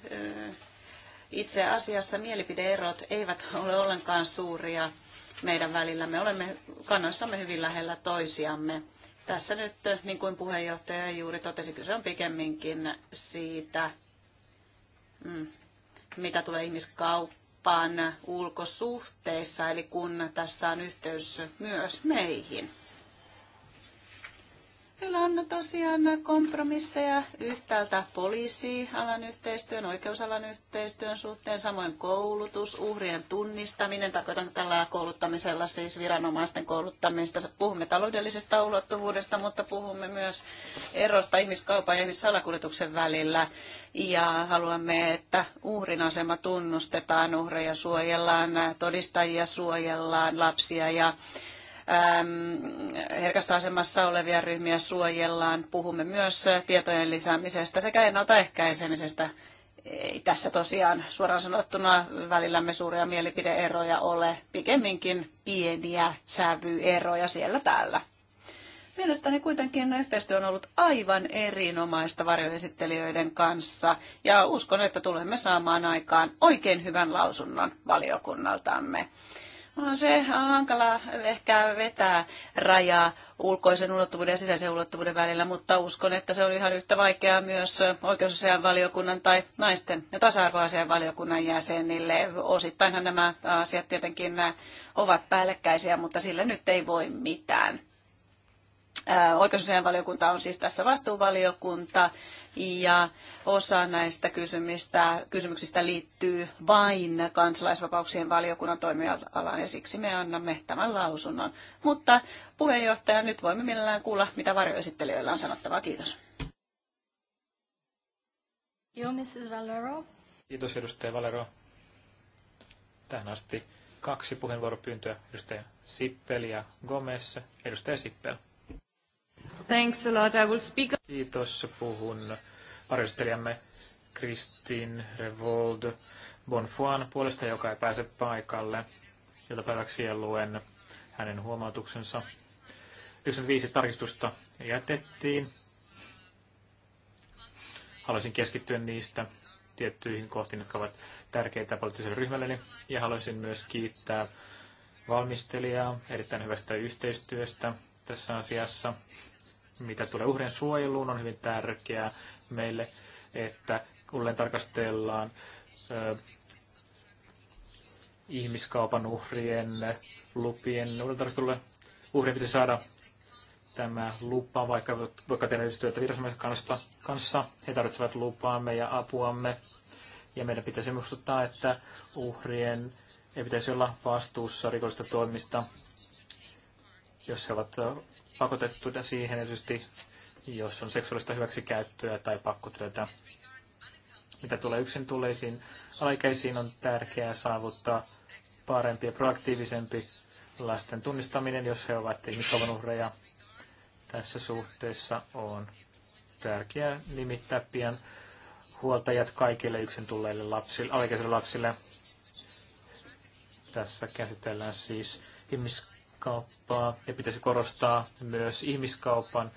itse asiassa mielipideerot eivät ole ollenkaan suuria meidän välillä. Me olemme kannassamme hyvin lähellä toisiamme. Tässä nyt, eh, niin kuin puheenjohtaja juuri totesi, kyse on pikemminkin siitä, mm, mitä tulee ihmiskauppaan ulkosuhteissa, eli kun tässä on yhteys myös meihin. Meillä on tosiaan kompromisseja yhtäältä poliisialan yhteistyön, oikeusalan yhteistyön suhteen, samoin koulutus, uhrien tunnistaminen, tarkoitan tällä kouluttamisella siis viranomaisten kouluttamista. Puhumme taloudellisesta ulottuvuudesta, mutta puhumme myös erosta ihmiskaupan ja ihmissalakuljetuksen välillä ja haluamme, että uhrin asema tunnustetaan, uhreja suojellaan, todistajia suojellaan, lapsia ja herkässä asemassa olevia ryhmiä suojellaan. Puhumme myös tietojen lisäämisestä sekä ennaltaehkäisemisestä. Ei tässä tosiaan suoraan sanottuna välillämme suuria mielipideeroja ole, pikemminkin pieniä sävyeroja siellä täällä. Mielestäni kuitenkin yhteistyö on ollut aivan erinomaista varjoesittelijöiden kanssa ja uskon, että tulemme saamaan aikaan oikein hyvän lausunnon valiokunnaltamme on se hankala ehkä vetää rajaa ulkoisen ulottuvuuden ja sisäisen ulottuvuuden välillä, mutta uskon, että se on ihan yhtä vaikeaa myös oikeusasian valiokunnan tai naisten ja tasa-arvoasian valiokunnan jäsenille. Osittainhan nämä asiat tietenkin ovat päällekkäisiä, mutta sille nyt ei voi mitään. Oikeusasian valiokunta on siis tässä vastuuvaliokunta ja osa näistä kysymistä, kysymyksistä liittyy vain kansalaisvapauksien valiokunnan toimialaan ja siksi me annamme tämän lausunnon. Mutta puheenjohtaja, nyt voimme mielellään kuulla, mitä varjoesittelijöillä on sanottavaa. Kiitos. Joo, Mrs. Valero. Kiitos, edustaja Valero. Tähän asti kaksi puheenvuoropyyntöä, edustaja Sippel ja Gomez. Edustaja Sippel. Thanks a lot. I will speak... Kiitos. Puhun arvostelijamme Kristin Revold Bonfoan puolesta, joka ei pääse paikalle. Iltapäiväksi luen hänen huomautuksensa. 95 tarkistusta jätettiin. Haluaisin keskittyä niistä tiettyihin kohtiin, jotka ovat tärkeitä poliittiselle ryhmälleni. Ja haluaisin myös kiittää valmistelijaa erittäin hyvästä yhteistyöstä tässä asiassa. Mitä tulee uhrien suojeluun, on hyvin tärkeää meille, että kun tarkastellaan ö, ihmiskaupan uhrien lupien uudelleen uhrien pitäisi saada tämä lupa, vaikka, vaikka tehdä yhteistyötä viranomaisen kanssa, kanssa. He tarvitsevat lupaamme ja apuamme. Ja meidän pitäisi muistuttaa, että uhrien ei pitäisi olla vastuussa rikollisista toimista, jos he ovat pakotettuja siihen esimerkiksi, jos on seksuaalista hyväksikäyttöä tai pakkotyötä. Mitä tulee yksin tulleisiin alaikäisiin, on tärkeää saavuttaa parempi ja proaktiivisempi lasten tunnistaminen, jos he ovat ihmiskaupan uhreja. Tässä suhteessa on tärkeää nimittää pian huoltajat kaikille yksin tulleille lapsille, alaikäisille lapsille. Tässä käsitellään siis ihmiskaupan ihmiskauppaa ja pitäisi korostaa myös ihmiskaupan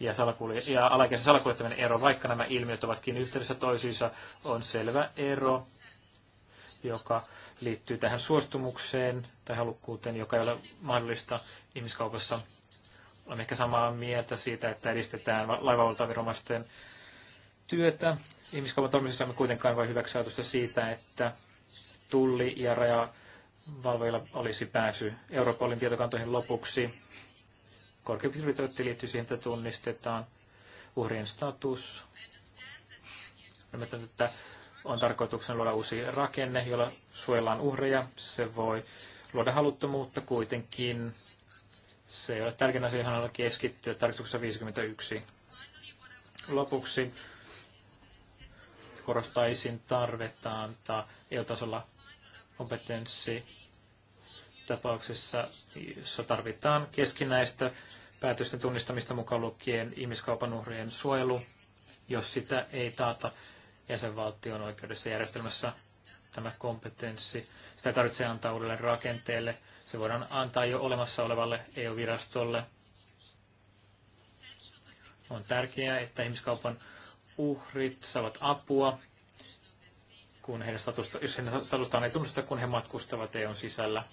ja, salakul- ja alaikäisen salakuljettaminen ero, vaikka nämä ilmiöt ovatkin yhteydessä toisiinsa, on selvä ero, joka liittyy tähän suostumukseen tai halukkuuteen, joka ei ole mahdollista ihmiskaupassa. On ehkä samaa mieltä siitä, että edistetään laivavaltaviromaisten työtä. Ihmiskaupan toimisessa me kuitenkaan voi hyväksyä siitä, että tulli- ja raja valvojilla olisi pääsy Europolin tietokantoihin lopuksi. Korkeampi liittyy siihen, että tunnistetaan uhrien status. Ymmärtänyt, että on tarkoituksena luoda uusi rakenne, jolla suojellaan uhreja. Se voi luoda haluttomuutta kuitenkin. Se ei ole tärkeänä, asia, johon keskittyä tarkoituksessa 51. Lopuksi korostaisin tarvetta antaa EU-tasolla kompetenssi tapauksessa, jossa tarvitaan keskinäistä päätösten tunnistamista mukaan lukien ihmiskaupan uhrien suojelu, jos sitä ei taata jäsenvaltion oikeudessa järjestelmässä tämä kompetenssi. Sitä tarvitsee antaa uudelle rakenteelle. Se voidaan antaa jo olemassa olevalle EU-virastolle. On tärkeää, että ihmiskaupan uhrit saavat apua kun heidän statusta, jos heidän statustaan ei tunnusta, kun he matkustavat EUn sisällä.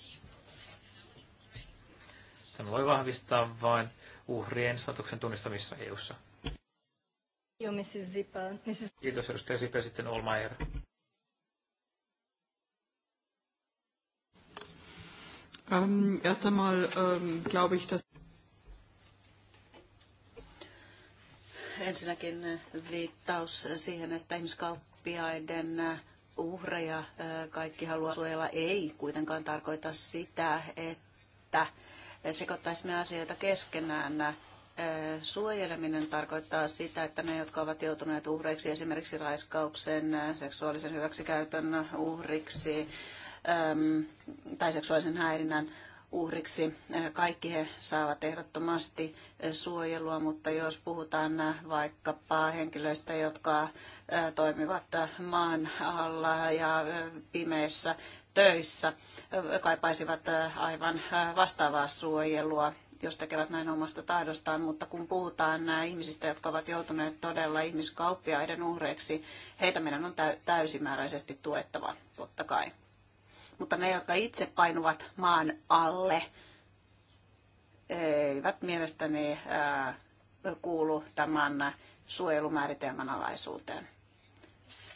Tämä voi vahvistaa vain uhrien statuksen tunnistamissa EUssa. Joo, Kiitos edustaja Zipa sitten Olmaier. Um, um, ich, dass ensinnäkin äh, viittaus siihen, että ihmiskauppiaiden äh, uhreja kaikki haluaa suojella, ei kuitenkaan tarkoita sitä, että sekoittaisimme asioita keskenään. Suojeleminen tarkoittaa sitä, että ne, jotka ovat joutuneet uhreiksi esimerkiksi raiskauksen, seksuaalisen hyväksikäytön uhriksi tai seksuaalisen häirinnän uhriksi. Äh, kaikki he saavat ehdottomasti äh, suojelua, mutta jos puhutaan äh, vaikkapa henkilöistä, jotka toimivat maan alla ja pimeissä töissä, kaipaisivat aivan vastaavaa suojelua jos tekevät näin omasta tahdostaan, mutta kun puhutaan nämä ihmisistä, jotka ovat joutuneet todella ihmiskauppiaiden uhreiksi, heitä meidän on täysimääräisesti tuettava, totta kai mutta ne, jotka itse painuvat maan alle, eivät mielestäni kuulu tämän suojelumääritelmän alaisuuteen.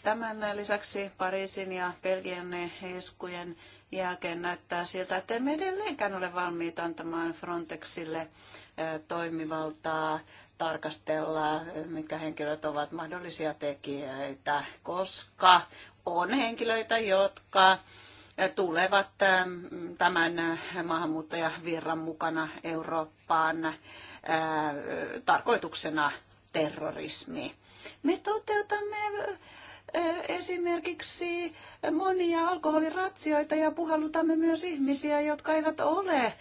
Tämän lisäksi Pariisin ja Belgian heiskujen jälkeen näyttää siltä, että emme edelleenkään ole valmiita antamaan Frontexille toimivaltaa tarkastella, mitkä henkilöt ovat mahdollisia tekijöitä, koska on henkilöitä, jotka tulevat ähm, tämän maahanmuuttajavirran mukana Eurooppaan äh, tarkoituksena terrorismi. Me toteutamme esimerkiksi monia alkoholiratsioita ja puhallutamme myös ihmisiä, jotka eivät ole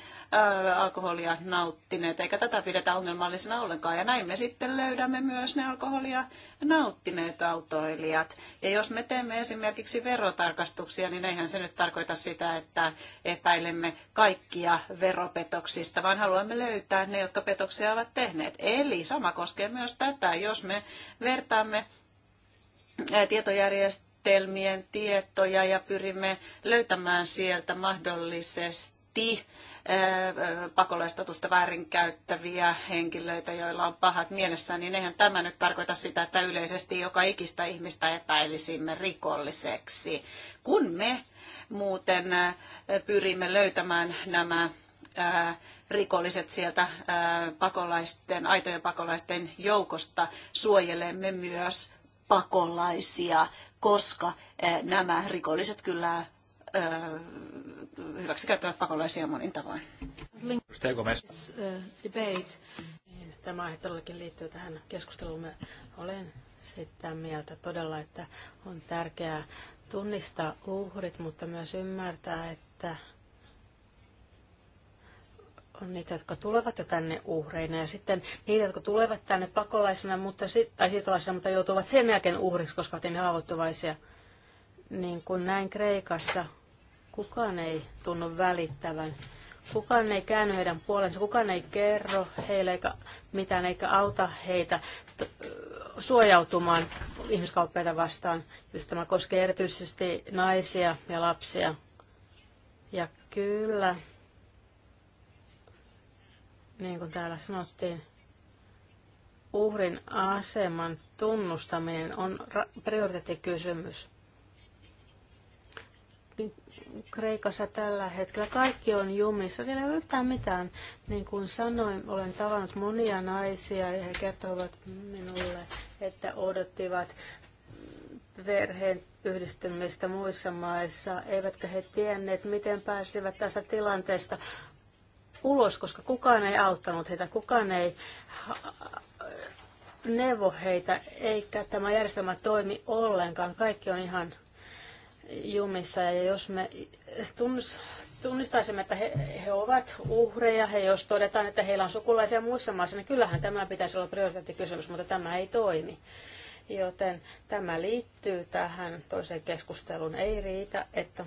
alkoholia nauttineet, eikä tätä pidetä ongelmallisena ollenkaan. Ja näin me sitten löydämme myös ne alkoholia nauttineet autoilijat. Ja jos me teemme esimerkiksi verotarkastuksia, niin eihän se nyt tarkoita sitä, että epäilemme kaikkia veropetoksista, vaan haluamme löytää ne, jotka petoksia ovat tehneet. Eli sama koskee myös tätä, jos me vertaamme tietojärjestelmien tietoja ja pyrimme löytämään sieltä mahdollisesti pakolaistatusta väärinkäyttäviä henkilöitä, joilla on pahat mielessään, niin eihän tämä nyt tarkoita sitä, että yleisesti joka ikistä ihmistä epäilisimme rikolliseksi. Kun me muuten pyrimme löytämään nämä rikolliset sieltä pakolaisten, aitojen pakolaisten joukosta suojelemme myös pakolaisia, koska eh, nämä rikolliset kyllä eh, hyväksikäyttävät pakolaisia monin tavoin. Uh, niin, tämä aihe todellakin liittyy tähän keskusteluun. Mä olen sitä mieltä todella, että on tärkeää tunnistaa uhrit, mutta myös ymmärtää, että on niitä, jotka tulevat jo tänne uhreina ja sitten niitä, jotka tulevat tänne pakolaisina mutta, tai siirtolaisina, mutta joutuvat sen jälkeen uhriksi, koska ovat niin haavoittuvaisia. Niin kuin näin Kreikassa, kukaan ei tunnu välittävän. Kukaan ei käänny heidän puolensa, kukaan ei kerro heille eikä mitään, eikä auta heitä suojautumaan ihmiskauppeita vastaan. Just tämä koskee erityisesti naisia ja lapsia. Ja kyllä, niin kuin täällä sanottiin, uhrin aseman tunnustaminen on prioriteettikysymys. Kreikassa tällä hetkellä kaikki on jumissa, siellä ei ole yhtään mitään. Niin kuin sanoin, olen tavannut monia naisia ja he kertovat minulle, että odottivat verheen yhdistymistä muissa maissa, eivätkä he tienneet, miten pääsivät tästä tilanteesta ulos, koska kukaan ei auttanut heitä, kukaan ei neuvo heitä, eikä tämä järjestelmä toimi ollenkaan. Kaikki on ihan jumissa ja jos me tunnus, tunnistaisimme, että he, he ovat uhreja, he, jos todetaan, että heillä on sukulaisia muissa maissa, niin kyllähän tämä pitäisi olla prioriteettikysymys, mutta tämä ei toimi. Joten tämä liittyy tähän toiseen keskusteluun. Ei riitä, että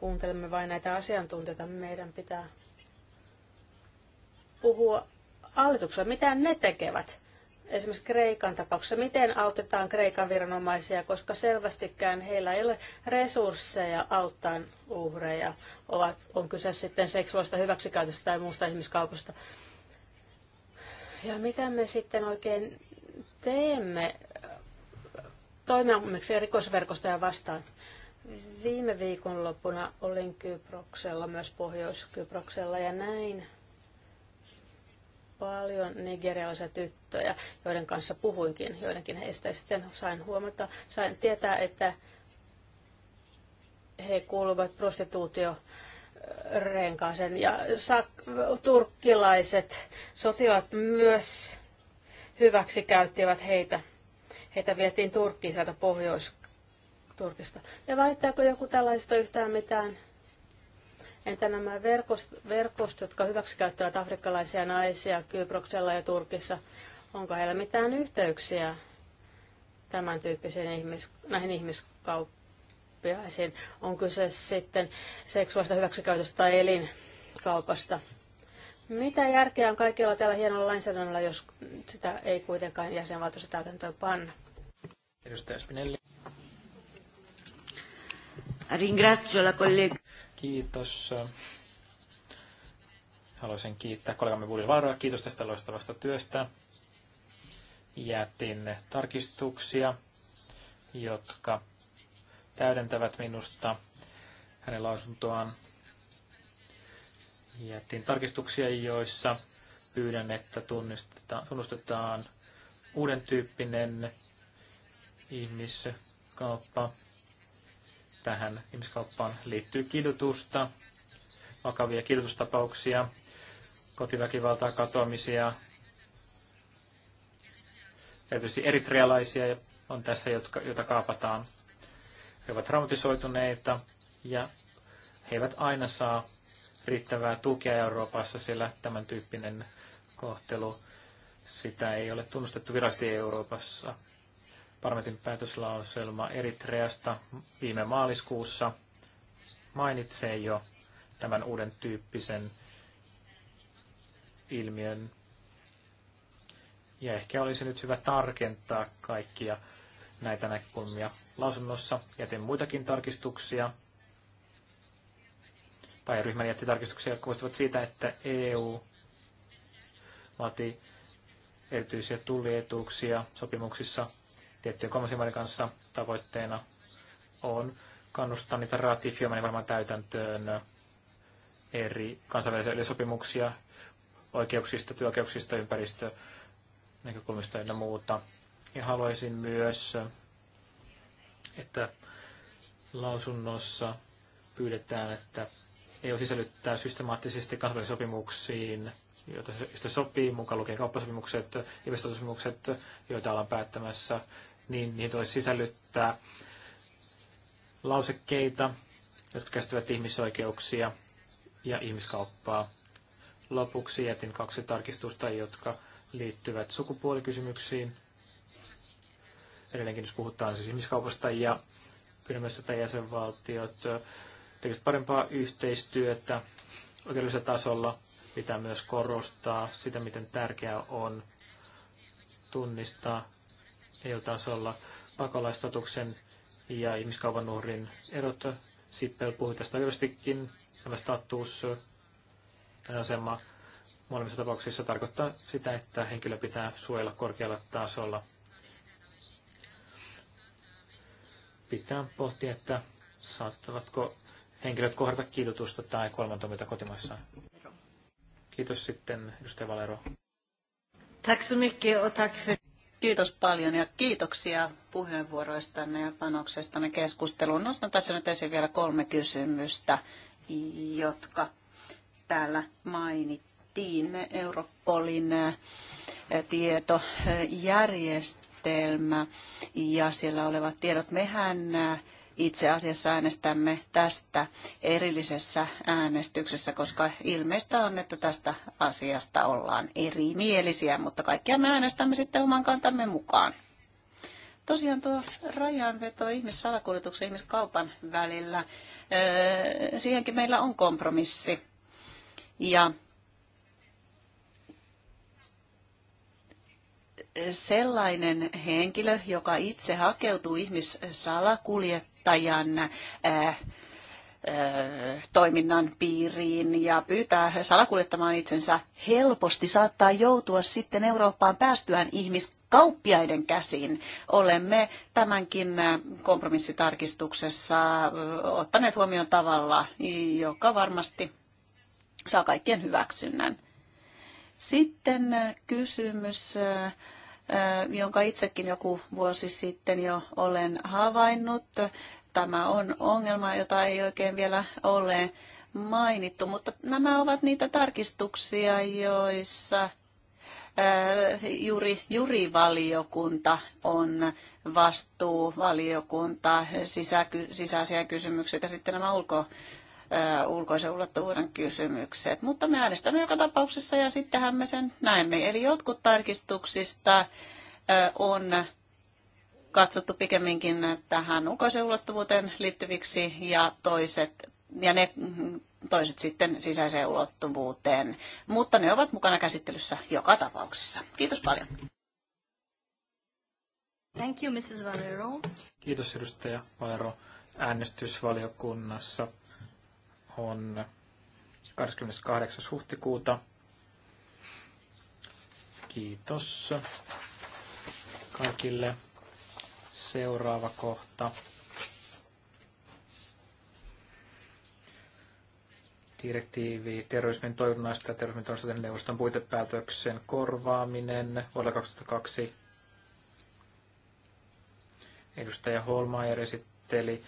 kuuntelemme vain näitä asiantuntijoita, meidän pitää puhua hallituksella, mitä ne tekevät. Esimerkiksi Kreikan tapauksessa, miten autetaan Kreikan viranomaisia, koska selvästikään heillä ei ole resursseja auttaa uhreja, ovat, on kyse sitten seksuaalista hyväksikäytöstä tai muusta ihmiskaupasta. Ja mitä me sitten oikein teemme toimimmeksi rikosverkostoja vastaan? Viime viikonloppuna olin Kyproksella, myös Pohjois-Kyproksella ja näin paljon nigerialaisia tyttöjä, joiden kanssa puhuinkin, joidenkin heistä sitten sain huomata, sain tietää, että he kuuluvat prostituutio renkaaseen ja sak- turkkilaiset sotilaat myös hyväksi käyttivät heitä. Heitä vietiin Turkkiin sieltä pohjois Turkista. Ja väittääkö joku tällaista yhtään mitään? Entä nämä verkost, verkostot, jotka hyväksikäyttävät afrikkalaisia naisia Kyproksella ja Turkissa? Onko heillä mitään yhteyksiä tämän tyyppisiin ihmis, näihin ihmiskauppiaisiin? On kyse sitten seksuaalista hyväksikäytöstä tai elinkaupasta? Mitä järkeä on kaikilla tällä hienolla lainsäädännöllä, jos sitä ei kuitenkaan jäsenvaltiossa täytäntöön panna? Edustaja Spinelli. Ringrazio la collega. Kiitos. Haluaisin kiittää kollegamme Budil Varoa. Kiitos tästä loistavasta työstä. Jätin tarkistuksia, jotka täydentävät minusta hänen lausuntoaan. Jätin tarkistuksia, joissa pyydän, että tunnustetaan uuden tyyppinen ihmiskauppa tähän ihmiskauppaan liittyy kidutusta, vakavia kidutustapauksia, kotiväkivaltaa, katoamisia, erityisesti eritrealaisia on tässä, jotka, joita kaapataan. He ovat traumatisoituneita ja he eivät aina saa riittävää tukea Euroopassa, sillä tämän tyyppinen kohtelu, sitä ei ole tunnustettu virallisesti Euroopassa. Parlamentin päätöslauselma Eritreasta viime maaliskuussa mainitsee jo tämän uuden tyyppisen ilmiön. Ja ehkä olisi nyt hyvä tarkentaa kaikkia näitä näkökulmia lausunnossa. Jätin muitakin tarkistuksia, tai ryhmän jätti tarkistuksia, jotka koostuvat siitä, että EU vaatii erityisiä tullietuuksia sopimuksissa tiettyjen kolmansien maiden kanssa. Tavoitteena on kannustaa niitä ratifioimaan varmaan täytäntöön eri kansainvälisiä sopimuksia oikeuksista, työoikeuksista, ympäristö, näkökulmista ja muuta. Ja haluaisin myös, että lausunnossa pyydetään, että EU sisällyttää systemaattisesti kansainvälisiin sopimuksiin, joita se sopii, mukaan lukien kauppasopimukset, investointisopimukset, joita ollaan päättämässä, niin niitä voi sisällyttää lausekkeita, jotka käsittävät ihmisoikeuksia ja ihmiskauppaa. Lopuksi jätin kaksi tarkistusta, jotka liittyvät sukupuolikysymyksiin. Edelleenkin, jos puhutaan siis ihmiskaupasta ja pyrmässä tai jäsenvaltiot tekevät parempaa yhteistyötä oikeudellisella tasolla, pitää myös korostaa sitä, miten tärkeää on tunnistaa EU-tasolla pakolaistatuksen ja ihmiskaupan uhrin erot. Sippel puhui tästä yleisestikin. Tämä status, asema molemmissa tapauksissa tarkoittaa sitä, että henkilö pitää suojella korkealla tasolla. Pitää pohtia, että saattavatko henkilöt kohdata kiidutusta tai kuolemantuomioita kotimaissa. Kiitos sitten, edustaja Valero. Tack så mycket och tack för... Kiitos paljon ja kiitoksia puheenvuoroistanne ja panoksestanne keskusteluun. Nostan tässä nyt esiin vielä kolme kysymystä, jotka täällä mainittiin. Europolin eh, tietojärjestelmä ja siellä olevat tiedot. Mehän eh, itse asiassa äänestämme tästä erillisessä äänestyksessä, koska ilmeistä on, että tästä asiasta ollaan erimielisiä, mutta kaikkia me äänestämme sitten oman kantamme mukaan. Tosiaan tuo rajanveto ihmissalakuljetuksen ja ihmiskaupan välillä, öö, siihenkin meillä on kompromissi. Ja sellainen henkilö, joka itse hakeutuu ihmissalakuljettajaksi, kuluttajan äh, äh, toiminnan piiriin ja pyytää salakuljettamaan itsensä helposti saattaa joutua sitten Eurooppaan päästyään ihmiskauppiaiden käsiin. Olemme tämänkin äh, kompromissitarkistuksessa ottaneet huomioon tavalla, joka varmasti saa kaikkien hyväksynnän. Sitten kysymys jonka itsekin joku vuosi sitten jo olen havainnut. Tämä on ongelma, jota ei oikein vielä ole mainittu, mutta nämä ovat niitä tarkistuksia, joissa juuri jurivaliokunta on vastuuvaliokunta, kysymyksiä ja sitten nämä ulko, ulkoisen ulottuvuuden kysymykset. Mutta me äänestämme joka tapauksessa ja sittenhän me sen näemme. Eli jotkut tarkistuksista on katsottu pikemminkin tähän ulkoisen ulottuvuuteen liittyviksi ja toiset, ja ne toiset sitten sisäiseen ulottuvuuteen. Mutta ne ovat mukana käsittelyssä joka tapauksessa. Kiitos paljon. Thank you, Mrs. Valero. Kiitos edustaja Valero äänestysvaliokunnassa on 28. huhtikuuta. Kiitos kaikille. Seuraava kohta. direktiivi terrorismin toiminnasta ja terrorismin toiminnasta neuvoston puitepäätöksen korvaaminen vuonna 2002. Edustaja Holmaier esitteli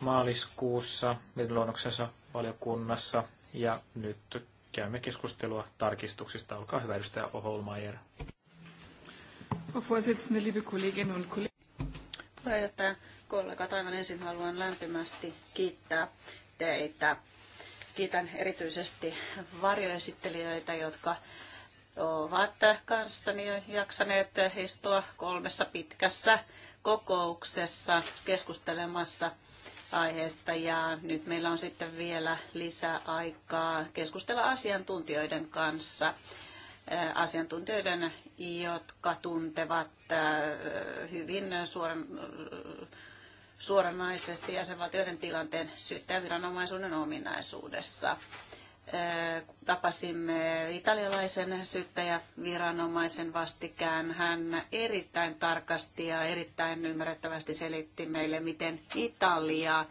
maaliskuussa luonnoksensa valiokunnassa ja nyt käymme keskustelua tarkistuksista. Olkaa hyvä, edustaja Oholmaier. Puheenjohtaja, kollegat, aivan ensin haluan lämpimästi kiittää teitä. Kiitän erityisesti varjoesittelijöitä, jotka ovat kanssani jaksaneet istua kolmessa pitkässä kokouksessa keskustelemassa aiheesta ja nyt meillä on sitten vielä lisää aikaa keskustella asiantuntijoiden kanssa. Äh, asiantuntijoiden, jotka tuntevat äh, hyvin suoran, suoranaisesti jäsenvaltioiden tilanteen syyttäjäviranomaisuuden ominaisuudessa tapasimme italialaisen syyttäjäviranomaisen vastikään. Hän erittäin tarkasti ja erittäin ymmärrettävästi selitti meille, miten Italia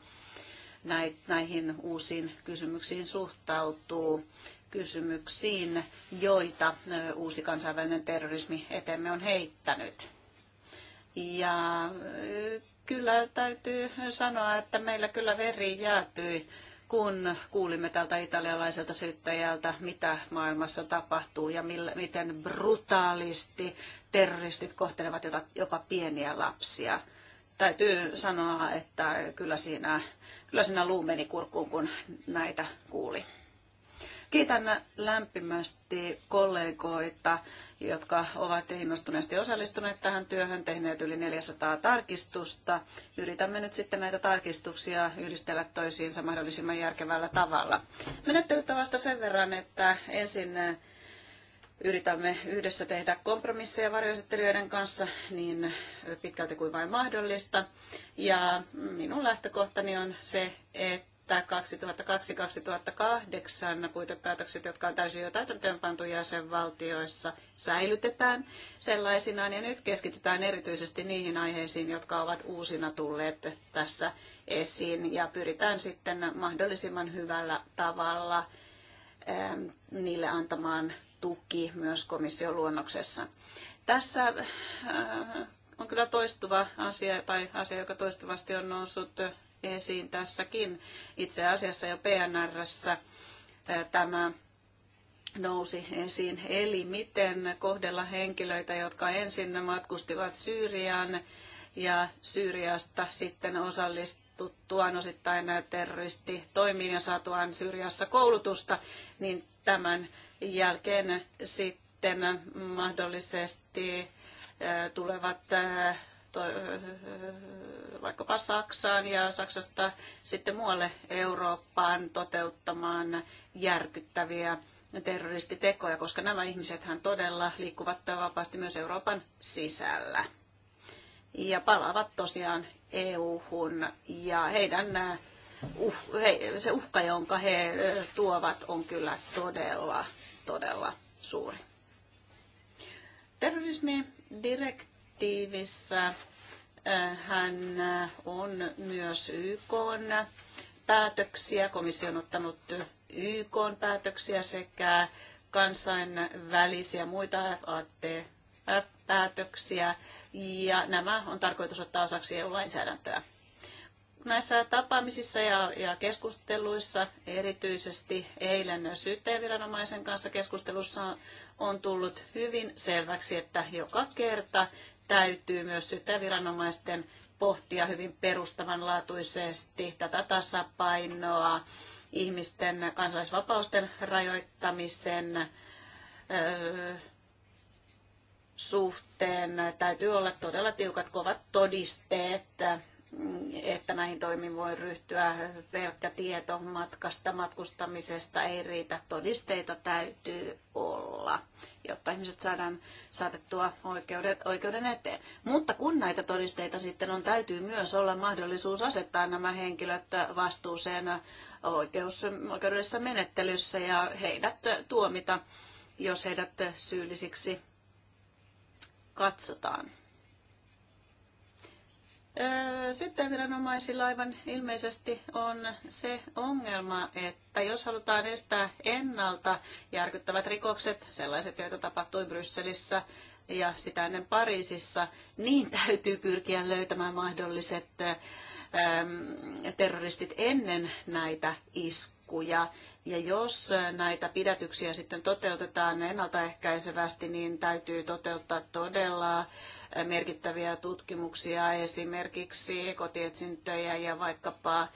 näihin uusiin kysymyksiin suhtautuu kysymyksiin, joita uusi kansainvälinen terrorismi eteemme on heittänyt. Ja kyllä täytyy sanoa, että meillä kyllä veri jäätyi kun kuulimme tältä italialaiselta syyttäjältä, mitä maailmassa tapahtuu ja millä, miten brutaalisti terroristit kohtelevat jopa pieniä lapsia. Täytyy sanoa, että kyllä siinä, kyllä siinä luu meni kurkkuun, kun näitä kuuli. Kiitän lämpimästi kollegoita, jotka ovat innostuneesti osallistuneet tähän työhön, tehneet yli 400 tarkistusta. Yritämme nyt sitten näitä tarkistuksia yhdistellä toisiinsa mahdollisimman järkevällä tavalla. vasta sen verran, että ensin eh, yritämme yhdessä tehdä kompromisseja varjoesittelijöiden kanssa niin pitkälti kuin vain mahdollista. Ja minun lähtökohtani on se, että että 2002-2008 puitepäätökset, jotka on täysin jo täytäntöönpantu jäsenvaltioissa, säilytetään sellaisinaan. Ja nyt keskitytään erityisesti niihin aiheisiin, jotka ovat uusina tulleet tässä esiin. Ja pyritään sitten mahdollisimman hyvällä tavalla ähm, niille antamaan tuki myös komission luonnoksessa. Tässä äh, on kyllä toistuva asia tai asia, joka toistuvasti on noussut esiin tässäkin. Itse asiassa jo PNRssä tämä nousi esiin. Eli miten kohdella henkilöitä, jotka ensin matkustivat Syyriaan ja Syyriasta sitten osallistuttuaan osittain toimiin ja saatuaan Syyriassa koulutusta, niin tämän jälkeen sitten mahdollisesti tulevat to, vaikkapa Saksaan ja Saksasta sitten muualle Eurooppaan toteuttamaan järkyttäviä terroristitekoja, koska nämä ihmisethän todella liikkuvat vapaasti myös Euroopan sisällä. Ja palaavat tosiaan EU-hun ja heidän uh, he, se uhka, jonka he tuovat, on kyllä todella, todella suuri. Terrorismi direkt direktiivissä äh, hän äh, on myös YK päätöksiä. Komissio on ottanut YK päätöksiä sekä kansainvälisiä muita FATF-päätöksiä ja nämä on tarkoitus ottaa osaksi EU-lainsäädäntöä. Näissä tapaamisissa ja, ja keskusteluissa, erityisesti eilen syyttäjäviranomaisen kanssa keskustelussa on tullut hyvin selväksi, että joka kerta täytyy myös syyttäjäviranomaisten pohtia hyvin perustavanlaatuisesti tätä tasapainoa ihmisten kansalaisvapausten rajoittamisen suhteen. Täytyy olla todella tiukat kovat todisteet että näihin toimiin voi ryhtyä. Pelkkä tieto matkasta, matkustamisesta ei riitä. Todisteita täytyy olla, jotta ihmiset saadaan saatettua oikeuden, oikeuden eteen. Mutta kun näitä todisteita sitten on, täytyy myös olla mahdollisuus asettaa nämä henkilöt vastuuseen oikeus, oikeudellisessa menettelyssä ja heidät tuomita, jos heidät syyllisiksi katsotaan. Syyttäjäviranomaisilla aivan ilmeisesti on se ongelma, että jos halutaan estää ennalta järkyttävät rikokset, sellaiset, joita tapahtui Brysselissä ja sitä ennen Pariisissa, niin täytyy pyrkiä löytämään mahdolliset terroristit ennen näitä iskuja. Ja jos näitä pidätyksiä sitten toteutetaan ennaltaehkäisevästi, niin täytyy toteuttaa todella merkittäviä tutkimuksia, esimerkiksi kotietsintöjä ja vaikkapa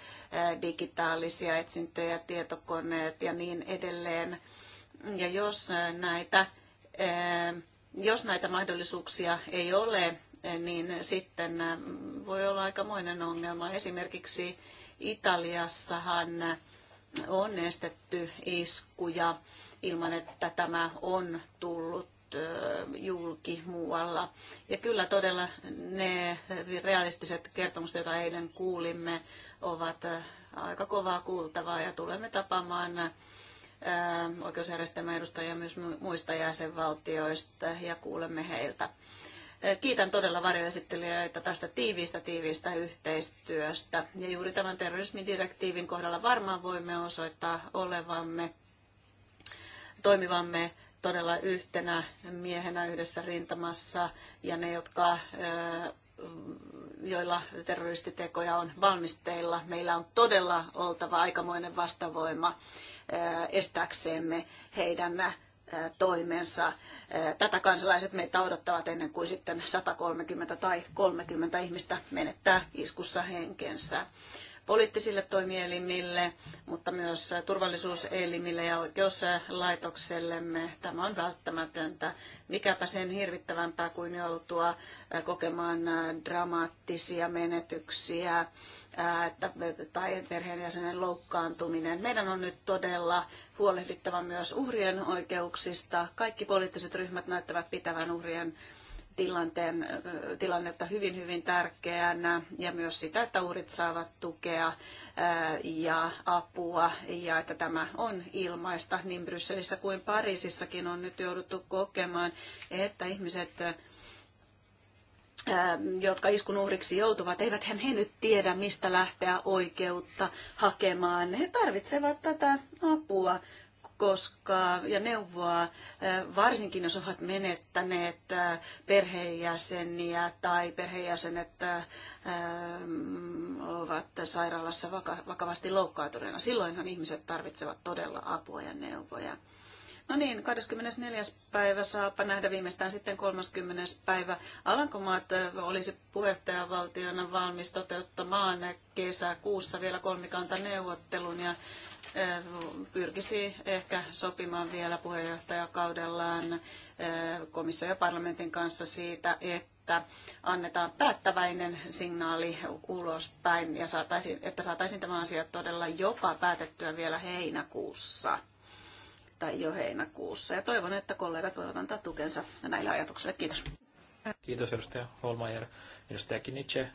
digitaalisia etsintöjä, tietokoneet ja niin edelleen. Ja jos näitä, jos näitä mahdollisuuksia ei ole, niin sitten voi olla aikamoinen ongelma. Esimerkiksi Italiassahan on estetty iskuja ilman, että tämä on tullut julki muualla. Ja kyllä todella ne realistiset kertomukset, joita eilen kuulimme, ovat aika kovaa kuultavaa ja tulemme tapaamaan oikeusjärjestelmän edustajia myös muista jäsenvaltioista ja kuulemme heiltä. Kiitän todella varjoesittelijöitä tästä tiiviistä, tiiviistä yhteistyöstä. Ja juuri tämän terrorismidirektiivin kohdalla varmaan voimme osoittaa olevamme, toimivamme todella yhtenä miehenä yhdessä rintamassa ja ne, jotka joilla terroristitekoja on valmisteilla. Meillä on todella oltava aikamoinen vastavoima estääksemme heidän toimensa. Tätä kansalaiset meitä odottavat ennen kuin sitten 130 tai 30 ihmistä menettää iskussa henkensä poliittisille toimielimille, mutta myös turvallisuuselimille ja oikeuslaitoksellemme. Tämä on välttämätöntä. Mikäpä sen hirvittävämpää kuin joutua äh, kokemaan äh, dramaattisia menetyksiä äh, tai perheenjäsenen loukkaantuminen. Meidän on nyt todella huolehdittava myös uhrien oikeuksista. Kaikki poliittiset ryhmät näyttävät pitävän uhrien tilanteen, tilannetta hyvin, hyvin tärkeänä ja myös sitä, että uhrit saavat tukea ja apua ja että tämä on ilmaista. Niin Brysselissä kuin Pariisissakin on nyt jouduttu kokemaan, että ihmiset jotka iskun uhriksi joutuvat, eivät he nyt tiedä, mistä lähteä oikeutta hakemaan. He tarvitsevat tätä apua koska, ja neuvoa, varsinkin jos ovat menettäneet perheenjäseniä tai perheenjäsenet ovat sairaalassa vakavasti loukkaantuneena. Silloinhan ihmiset tarvitsevat todella apua ja neuvoja. No niin, 24. päivä saapa nähdä viimeistään sitten 30. päivä. Alankomaat olisi puheenjohtajavaltiona valmis toteuttamaan kesäkuussa vielä kolmikantaneuvottelun ja Eh, pyrkisi ehkä sopimaan vielä puheenjohtajakaudellaan eh, komission ja parlamentin kanssa siitä, että annetaan päättäväinen signaali ulospäin ja saataisiin, että saataisiin tämä asia todella jopa päätettyä vielä heinäkuussa tai jo heinäkuussa. Ja toivon, että kollegat voivat antaa tukensa näille ajatuksille. Kiitos. Kiitos edustaja Holmajer. Edustaja Kinitse,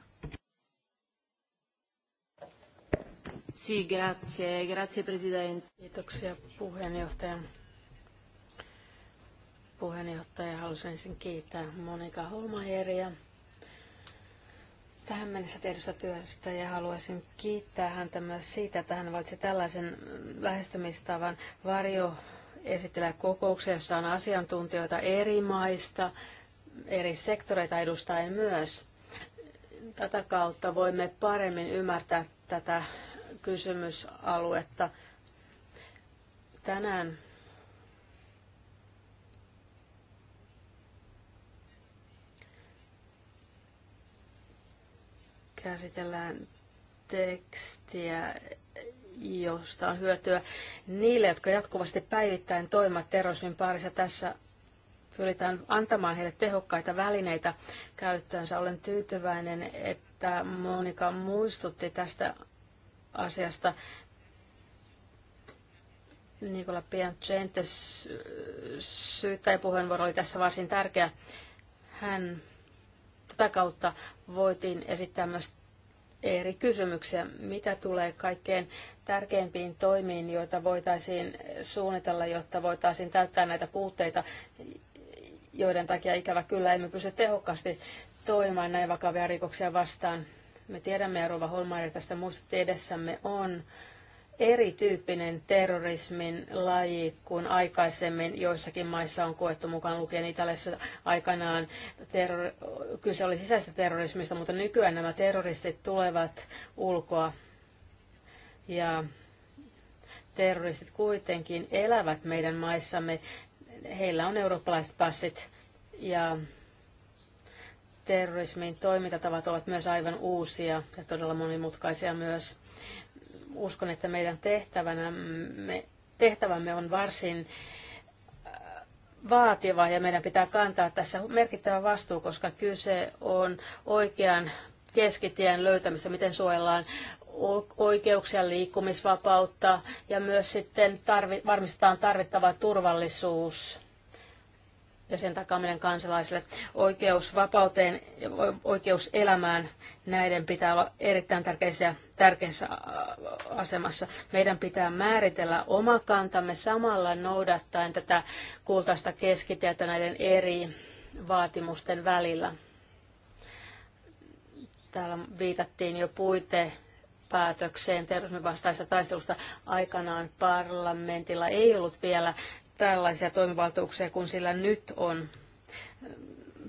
Si, grazie, grazie presidente. Kiitoksia puheenjohtaja. Puheenjohtaja, haluaisin ensin kiittää Monika Holmajeria tähän mennessä tehdystä työstä ja haluaisin kiittää häntä myös siitä, että hän valitsi tällaisen lähestymistavan varjo esitellä kokouksia, jossa on asiantuntijoita eri maista, eri sektoreita edustaen myös. Tätä kautta voimme paremmin ymmärtää tätä kysymysaluetta. Tänään käsitellään tekstiä, josta on hyötyä niille, jotka jatkuvasti päivittäin toimivat terrorismin parissa. Tässä pyritään antamaan heille tehokkaita välineitä käyttöönsä. Olen tyytyväinen, että Monika muistutti tästä asiasta. Nikola Piacente syyttäjäpuheenvuoro oli tässä varsin tärkeä. Hän tätä kautta voitiin esittää myös eri kysymyksiä, mitä tulee kaikkein tärkeimpiin toimiin, joita voitaisiin suunnitella, jotta voitaisiin täyttää näitä puutteita, joiden takia ikävä kyllä emme pysty tehokkaasti toimimaan näin vakavia rikoksia vastaan. Me tiedämme, ja Rova Holmaier tästä muistutti edessämme, on erityyppinen terrorismin laji kuin aikaisemmin joissakin maissa on koettu mukaan lukien Italiassa aikanaan. Terror, kyse oli sisäistä terrorismista, mutta nykyään nämä terroristit tulevat ulkoa ja terroristit kuitenkin elävät meidän maissamme. Heillä on eurooppalaiset passit ja terrorismin toimintatavat ovat myös aivan uusia ja todella monimutkaisia myös. Uskon, että meidän tehtävänämme, tehtävämme on varsin äh, vaativa ja meidän pitää kantaa tässä merkittävä vastuu, koska kyse on oikean keskitien löytämistä, miten suojellaan oikeuksia, liikkumisvapautta ja myös sitten tarvi, varmistetaan tarvittava turvallisuus ja sen takaaminen kansalaisille. Oikeus vapauteen ja oikeus elämään, näiden pitää olla erittäin tärkeissä, tärkeässä asemassa. Meidän pitää määritellä oma kantamme samalla noudattaen tätä kultaista keskitietä näiden eri vaatimusten välillä. Täällä viitattiin jo puite päätökseen terrorismin vastaista taistelusta aikanaan parlamentilla ei ollut vielä tällaisia toimivaltuuksia kuin sillä nyt on eh,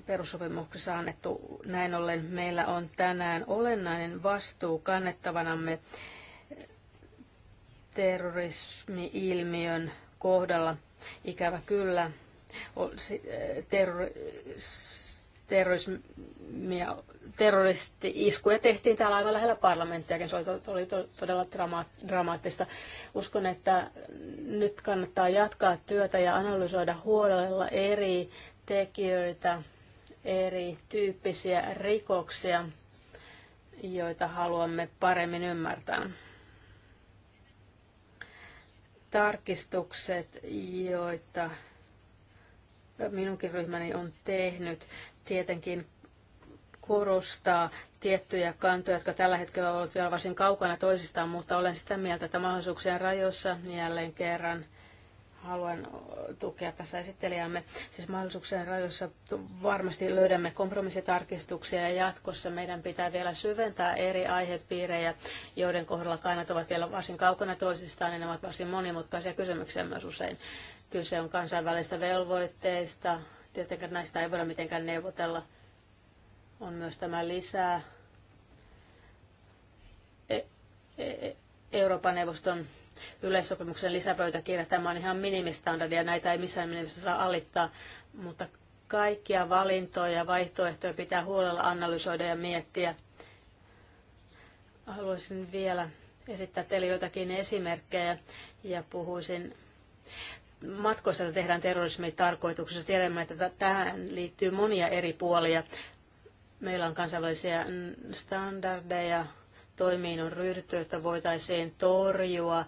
perussopimuksessa annettu. Näin ollen meillä on tänään olennainen vastuu kannettavanamme eh, terrorismi-ilmiön kohdalla. Ikävä kyllä, eh, terrorismia terroristi-iskuja tehtiin täällä aivan lähellä parlamenttiakin. Se oli, todella dramaattista. Uskon, että nyt kannattaa jatkaa työtä ja analysoida huolella eri tekijöitä, eri tyyppisiä rikoksia, joita haluamme paremmin ymmärtää. Tarkistukset, joita minunkin ryhmäni on tehnyt, tietenkin korostaa tiettyjä kantoja, jotka tällä hetkellä ovat vielä varsin kaukana toisistaan, mutta olen sitä mieltä, että mahdollisuuksien rajoissa niin jälleen kerran haluan tukea tässä esittelijämme. Siis mahdollisuuksien rajoissa varmasti löydämme kompromissitarkistuksia ja jatkossa meidän pitää vielä syventää eri aihepiirejä, joiden kohdalla kannat ovat vielä varsin kaukana toisistaan ja ne ovat varsin monimutkaisia kysymyksiä myös usein. Kyse on kansainvälistä velvoitteista, tietenkään näistä ei voida mitenkään neuvotella on myös tämä lisää e- e- e- Euroopan neuvoston yleissopimuksen lisäpöytäkirja. Tämä on ihan minimistandardia, näitä ei missään nimessä saa alittaa, mutta kaikkia valintoja ja vaihtoehtoja pitää huolella analysoida ja miettiä. Haluaisin vielä esittää teille joitakin esimerkkejä ja puhuisin matkoista, joita tehdään tarkoituksessa. Tiedämme, että tähän liittyy monia eri puolia. Meillä on kansainvälisiä standardeja, toimiin on ryhdytty, että voitaisiin torjua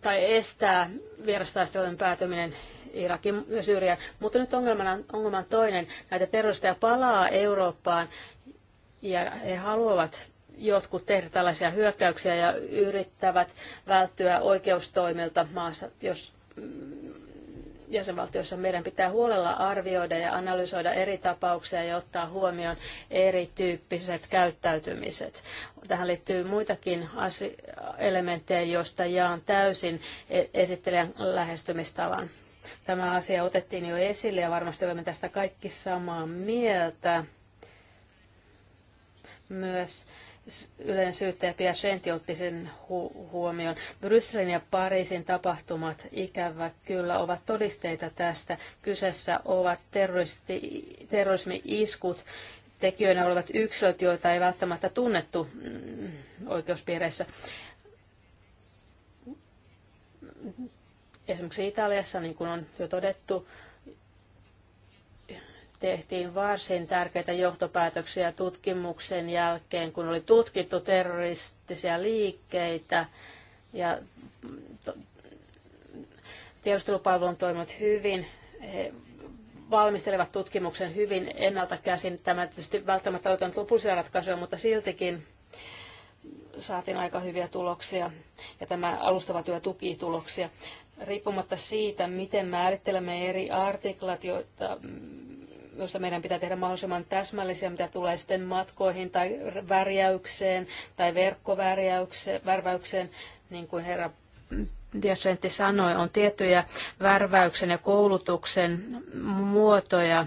tai estää vierastaistelujen päätyminen Irakin ja Syyrian. Mutta nyt ongelmana on, ongelma on toinen. Näitä terroristeja palaa Eurooppaan ja he haluavat jotkut tehdä tällaisia hyökkäyksiä ja yrittävät välttyä oikeustoimilta maassa, jos jäsenvaltioissa meidän pitää huolella arvioida ja analysoida eri tapauksia ja ottaa huomioon erityyppiset käyttäytymiset. Tähän liittyy muitakin elementtejä, joista jaan täysin e- esittelijän lähestymistavan. Tämä asia otettiin jo esille ja varmasti olemme tästä kaikki samaa mieltä. Myös yleinen syyttäjä Piacenti otti sen hu- huomioon. Brysselin ja Pariisin tapahtumat ikävä kyllä ovat todisteita tästä. Kyseessä ovat terroristi- terrorismi-iskut, tekijöinä olevat yksilöt, joita ei välttämättä tunnettu mm, oikeuspiireissä. Esimerkiksi Italiassa, niin kuin on jo todettu, tehtiin varsin tärkeitä johtopäätöksiä tutkimuksen jälkeen, kun oli tutkittu terroristisia liikkeitä ja tiedustelupalvelun toimivat hyvin. He valmistelevat tutkimuksen hyvin ennalta käsin. Tämä tietysti välttämättä ole lopullisia ratkaisuja, mutta siltikin saatiin aika hyviä tuloksia ja tämä alustava työ tuki tuloksia. Riippumatta siitä, miten määrittelemme eri artiklat, joita josta meidän pitää tehdä mahdollisimman täsmällisiä, mitä tulee sitten matkoihin tai värjäykseen tai verkkovärväykseen, niin kuin herra Diasentti sanoi, on tiettyjä värväyksen ja koulutuksen muotoja,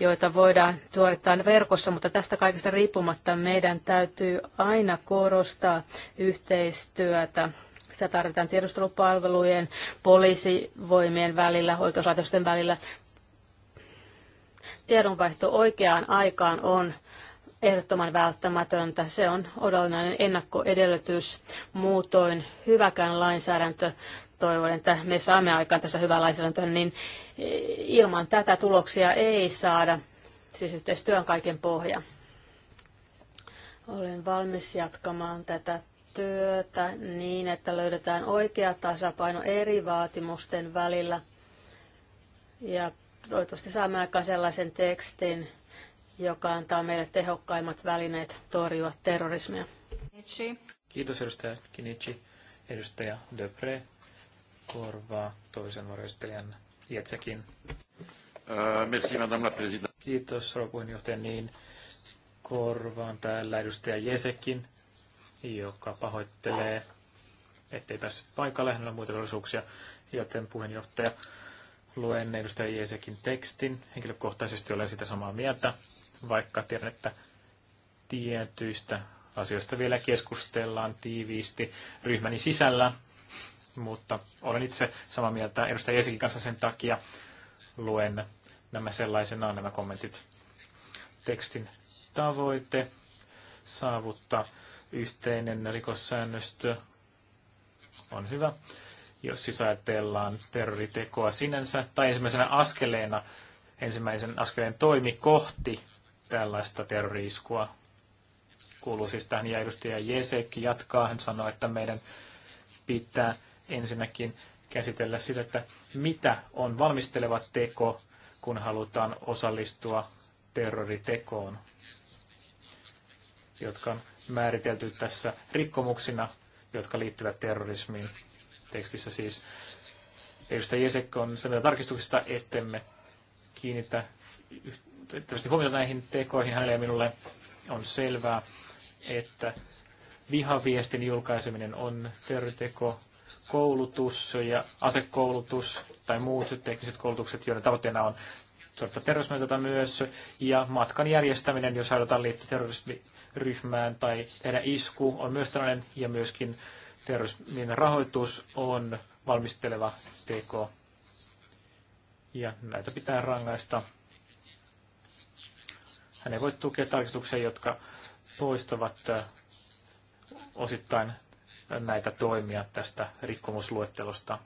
joita voidaan suorittaa verkossa, mutta tästä kaikesta riippumatta meidän täytyy aina korostaa yhteistyötä sitä tarvitaan tiedustelupalvelujen, poliisivoimien välillä, oikeuslaitosten välillä tiedonvaihto oikeaan aikaan on ehdottoman välttämätöntä. Se on odollinen ennakkoedellytys. Muutoin hyväkään lainsäädäntö, toivon, että me saamme aikaan tässä hyvää lainsäädäntöä, niin ilman tätä tuloksia ei saada. Siis yhteistyön kaiken pohja. Olen valmis jatkamaan tätä työtä niin, että löydetään oikea tasapaino eri vaatimusten välillä ja toivottavasti saamme aikaan sellaisen tekstin, joka antaa meille tehokkaimmat välineet torjua terrorismia. Kiitos edustaja Kinichi. Edustaja Depre korvaa toisen varjostelijan Jetsäkin. Äh, merci, madame la présidente. Kiitos, rouva puheenjohtaja. Niin, korvaan täällä edustaja Jesekin, joka pahoittelee, ettei päässyt paikalle. Hänellä on muita velvollisuuksia, joten puheenjohtaja Luen edustaja Jesekin tekstin. Henkilökohtaisesti olen sitä samaa mieltä, vaikka tiedän, että tietyistä asioista vielä keskustellaan tiiviisti ryhmäni sisällä, mutta olen itse samaa mieltä edustaja Jesekin kanssa sen takia luen nämä sellaisenaan nämä kommentit. Tekstin tavoite saavuttaa yhteinen rikossäännöstö on hyvä jos siis ajatellaan terroritekoa sinänsä, tai ensimmäisenä askeleena, ensimmäisen askeleen toimi kohti tällaista terroriiskua. Kuuluu siis tähän, ja edustaja Jesek jatkaa, hän sanoi, että meidän pitää ensinnäkin käsitellä sitä, että mitä on valmisteleva teko, kun halutaan osallistua terroritekoon, jotka on määritelty tässä rikkomuksina, jotka liittyvät terrorismiin tekstissä siis. Edustaja Jesek on sen tarkistuksesta, ettemme kiinnitä yhtävästi huomiota näihin tekoihin hänelle ja minulle. On selvää, että vihaviestin julkaiseminen on terroriteko, koulutus ja asekoulutus tai muut tekniset koulutukset, joiden tavoitteena on suorittaa terrorismia myös, ja matkan järjestäminen, jos halutaan liittyä terrorismiryhmään tai tehdä isku, on myös tällainen, ja myöskin terrorismin rahoitus on valmisteleva teko ja näitä pitää rangaista. Hän ei voi tukea tarkistuksia, jotka poistavat äh, osittain näitä toimia tästä rikkomusluettelosta.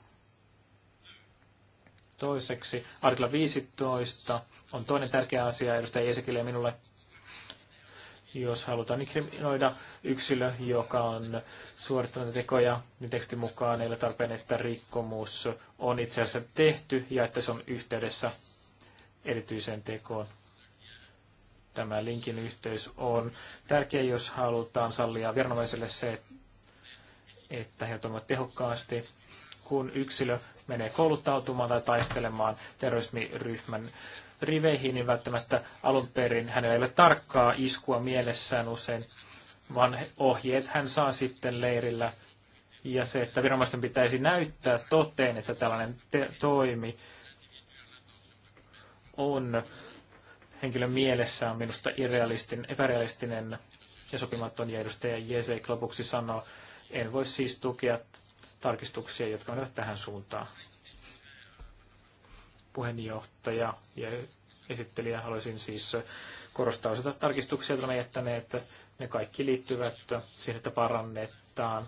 Toiseksi, artikla 15 on toinen tärkeä asia edustaja Jesekille ja minulle jos halutaan inkriminoida yksilö, joka on suorittanut tekoja, niin tekstin mukaan ei ole tarpeen, että rikkomus on itse asiassa tehty ja että se on yhteydessä erityiseen tekoon. Tämä linkin yhteys on tärkeä, jos halutaan sallia viranomaiselle se, että he toimivat tehokkaasti, kun yksilö menee kouluttautumaan tai taistelemaan terrorismiryhmän riveihin, niin välttämättä alun perin hänellä ei ole tarkkaa iskua mielessään usein, vaan ohjeet hän saa sitten leirillä. Ja se, että viranomaisten pitäisi näyttää toteen, että tällainen te- toimi on henkilön mielessä on minusta irrealistinen, epärealistinen ja sopimaton. Ja edustaja Jesek lopuksi sanoo, en voi siis tukea tarkistuksia, jotka menevät tähän suuntaan puheenjohtaja ja esittelijä. Haluaisin siis korostaa osata tarkistuksia, joita me jättäneet. Ne kaikki liittyvät siihen, että parannetaan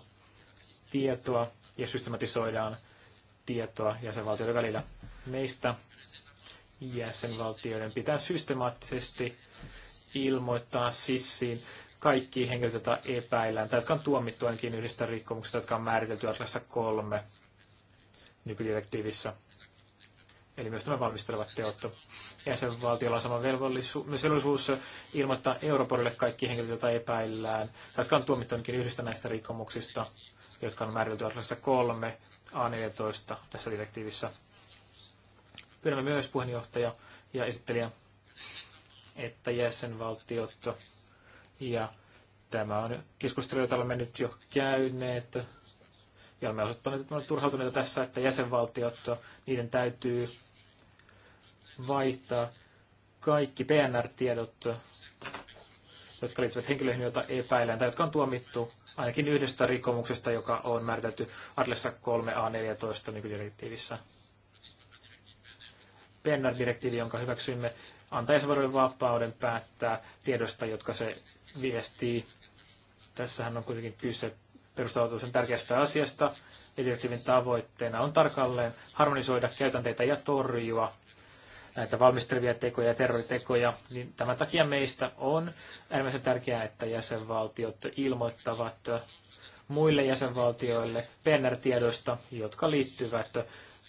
tietoa ja systematisoidaan tietoa jäsenvaltioiden välillä. Meistä jäsenvaltioiden pitää systemaattisesti ilmoittaa sissiin kaikki henkilöt, joita epäillään tai jotka on tuomittu ainakin yhdestä rikkomuksesta, jotka on määritelty artiklassa kolme nykydirektiivissä eli myös tämä valmistelevat teot. Jäsenvaltiolla on sama velvollisuus, myös ilmoittaa Europolille kaikki henkilöt, joita epäillään, jotka on tuomittu yhdestä näistä rikkomuksista, jotka on määritelty artiklassa 3 A14 tässä direktiivissä. Pyydämme myös puheenjohtaja ja esittelijä, että jäsenvaltiot ja tämä on keskustelu, jota olemme nyt jo käyneet. Ja olemme osoittaneet, että olemme turhautuneita tässä, että jäsenvaltiot, niiden täytyy vaihtaa kaikki PNR-tiedot, jotka liittyvät henkilöihin, joita epäillään tai jotka on tuomittu ainakin yhdestä rikkomuksesta, joka on määritelty artlessa 3a14 nykydirektiivissä. PNR-direktiivi, jonka hyväksymme, antaa jäsenvaltioiden vapauden päättää tiedosta, jotka se viestii. Tässähän on kuitenkin kyse perustavallisuuden tärkeästä asiasta, direktiivin tavoitteena on tarkalleen harmonisoida käytänteitä ja torjua näitä valmistelevia tekoja ja terroritekoja, niin tämän takia meistä on äärimmäisen tärkeää, että jäsenvaltiot ilmoittavat muille jäsenvaltioille PNR-tiedoista, jotka liittyvät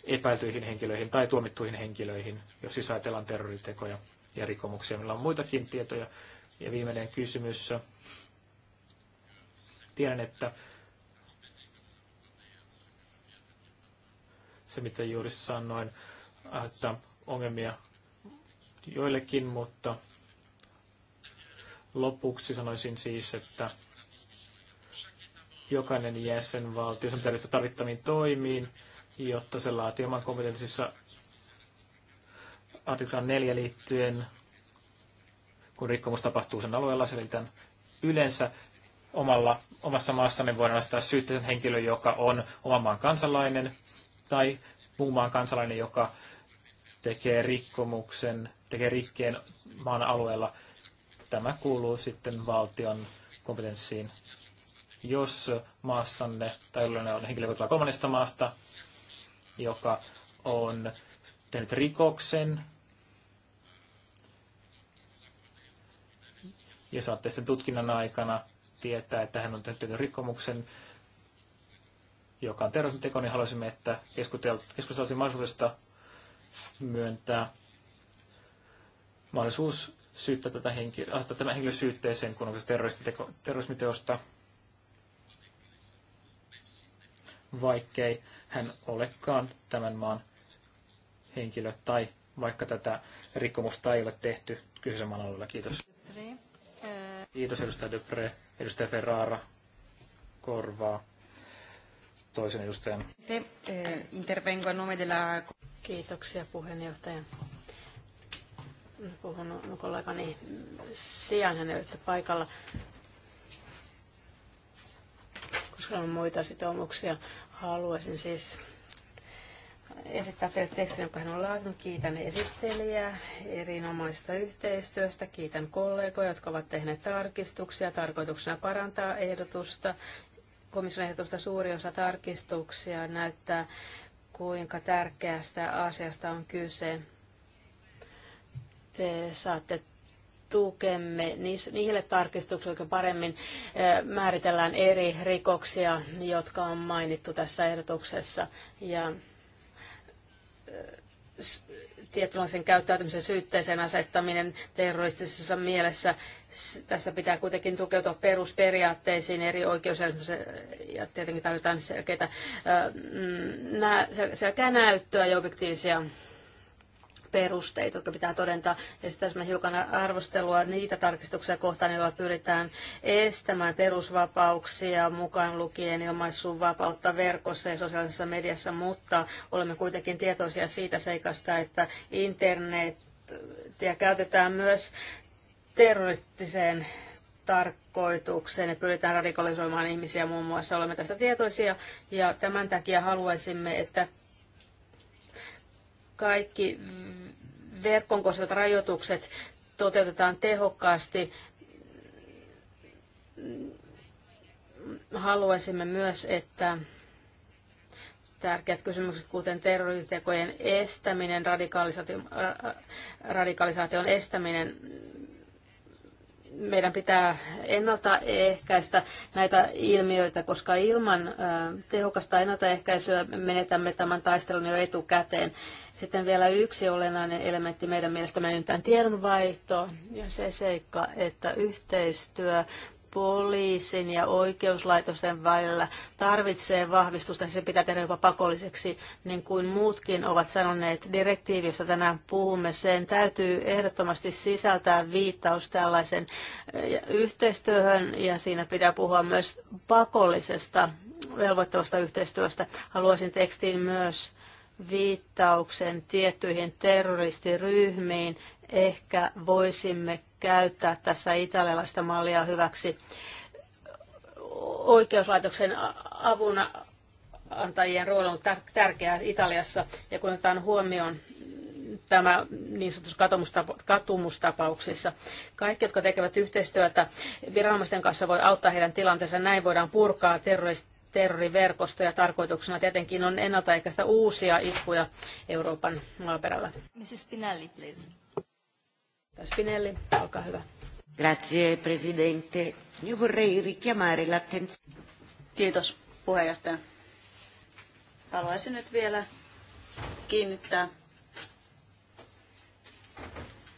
epäiltyihin henkilöihin tai tuomittuihin henkilöihin, jos siis ajatellaan terroritekoja ja rikomuksia. Meillä on muitakin tietoja. Ja viimeinen kysymys. Tiedän, että se mitä juuri sanoin, että ongelmia joillekin, mutta lopuksi sanoisin siis, että jokainen jäsenvaltio on ryhtyä tarvittaviin toimiin, jotta se laatii oman kompetenssissa artiklan 4 liittyen, kun rikkomus tapahtuu sen alueella, selitän yleensä omalla, omassa maassamme voidaan astaa syytteen henkilö, joka on oman maan kansalainen tai muun maan kansalainen, joka tekee rikkomuksen, tekee rikkeen maan alueella, tämä kuuluu sitten valtion kompetenssiin. Jos maassanne tai jollainen on henkilö, joka kolmannesta maasta, joka on tehnyt rikoksen, ja saatte sitten tutkinnan aikana tietää, että hän on tehnyt rikkomuksen, joka on terrorismiteko, niin haluaisimme, että keskusteltaisiin mahdollisesta myöntää mahdollisuus syyttää tätä henkilö, asettaa tämä henkilö syytteeseen, kun onko se terrorismiteosta, vaikkei hän olekaan tämän maan henkilö tai vaikka tätä rikkomusta ei ole tehty kyseisen maan alueella. Kiitos. Kiitos edustaja Dupre Edustaja Ferrara korvaa toisen edustajan. Eh, intervengo a nome della... Kiitoksia puheenjohtaja. Puhun kollegani sijaan hän paikalla koska on muita sitoumuksia. Haluaisin siis esittää teille tekstin, jonka hän on laatinut. Kiitän esittelijää erinomaista yhteistyöstä. Kiitän kollegoja, jotka ovat tehneet tarkistuksia tarkoituksena parantaa ehdotusta. Komission ehdotusta suuri osa tarkistuksia näyttää kuinka tärkeästä asiasta on kyse. Te saatte tukemme niille tarkistuksille, jotka paremmin eh, määritellään eri rikoksia, jotka on mainittu tässä ehdotuksessa. Ja eh, tietynlaisen käyttäytymisen syytteeseen asettaminen terroristisessa mielessä. Tässä pitää kuitenkin tukeutua perusperiaatteisiin eri oikeusjärjestelmissä ja tietenkin tarvitaan selkeitä, mm, selkeää näyttöä ja objektiivisia perusteita, jotka pitää todentaa. Ja sitten tässä hiukan arvostelua niitä tarkistuksia kohtaan, joilla pyritään estämään perusvapauksia mukaan lukien omaisuun vapautta verkossa ja sosiaalisessa mediassa, mutta olemme kuitenkin tietoisia siitä seikasta, että internetiä käytetään myös terroristiseen tarkoitukseen ja pyritään radikalisoimaan ihmisiä muun muassa. Olemme tästä tietoisia ja tämän takia haluaisimme, että kaikki verkon kohdalliset rajoitukset toteutetaan tehokkaasti. Haluaisimme myös, että tärkeät kysymykset, kuten terroritekojen estäminen, radikalisaation, radikalisaation estäminen, meidän pitää ennaltaehkäistä näitä ilmiöitä, koska ilman tehokasta ennaltaehkäisyä menetämme tämän taistelun jo etukäteen. Sitten vielä yksi olennainen elementti meidän mielestämme on tiedonvaihto ja se seikka, että yhteistyö poliisin ja oikeuslaitosten välillä tarvitsee vahvistusta, niin se pitää tehdä jopa pakolliseksi, niin kuin muutkin ovat sanoneet. Direktiivi, josta tänään puhumme, sen täytyy ehdottomasti sisältää viittaus tällaisen eh, yhteistyöhön ja siinä pitää puhua myös pakollisesta velvoittavasta yhteistyöstä. Haluaisin tekstiin myös viittauksen tiettyihin terroristiryhmiin. Ehkä voisimme käyttää tässä italialaista mallia hyväksi oikeuslaitoksen avun antajien rooli on tärkeää Italiassa. Ja kun otetaan huomioon tämä niin sanotussa katumustapa- katumustapauksissa. Kaikki, jotka tekevät yhteistyötä viranomaisten kanssa, voi auttaa heidän tilanteensa. Näin voidaan purkaa terroriverkostoja. Tarkoituksena tietenkin on ennaltaehkäistä uusia iskuja Euroopan maaperällä. Mrs. Pinelli, please. Spinelli, olkaa hyvä. Grazie, presidente. Io vorrei richiamare l'attenzione. Kiitos, puheenjohtaja. Haluaisin nyt vielä kiinnittää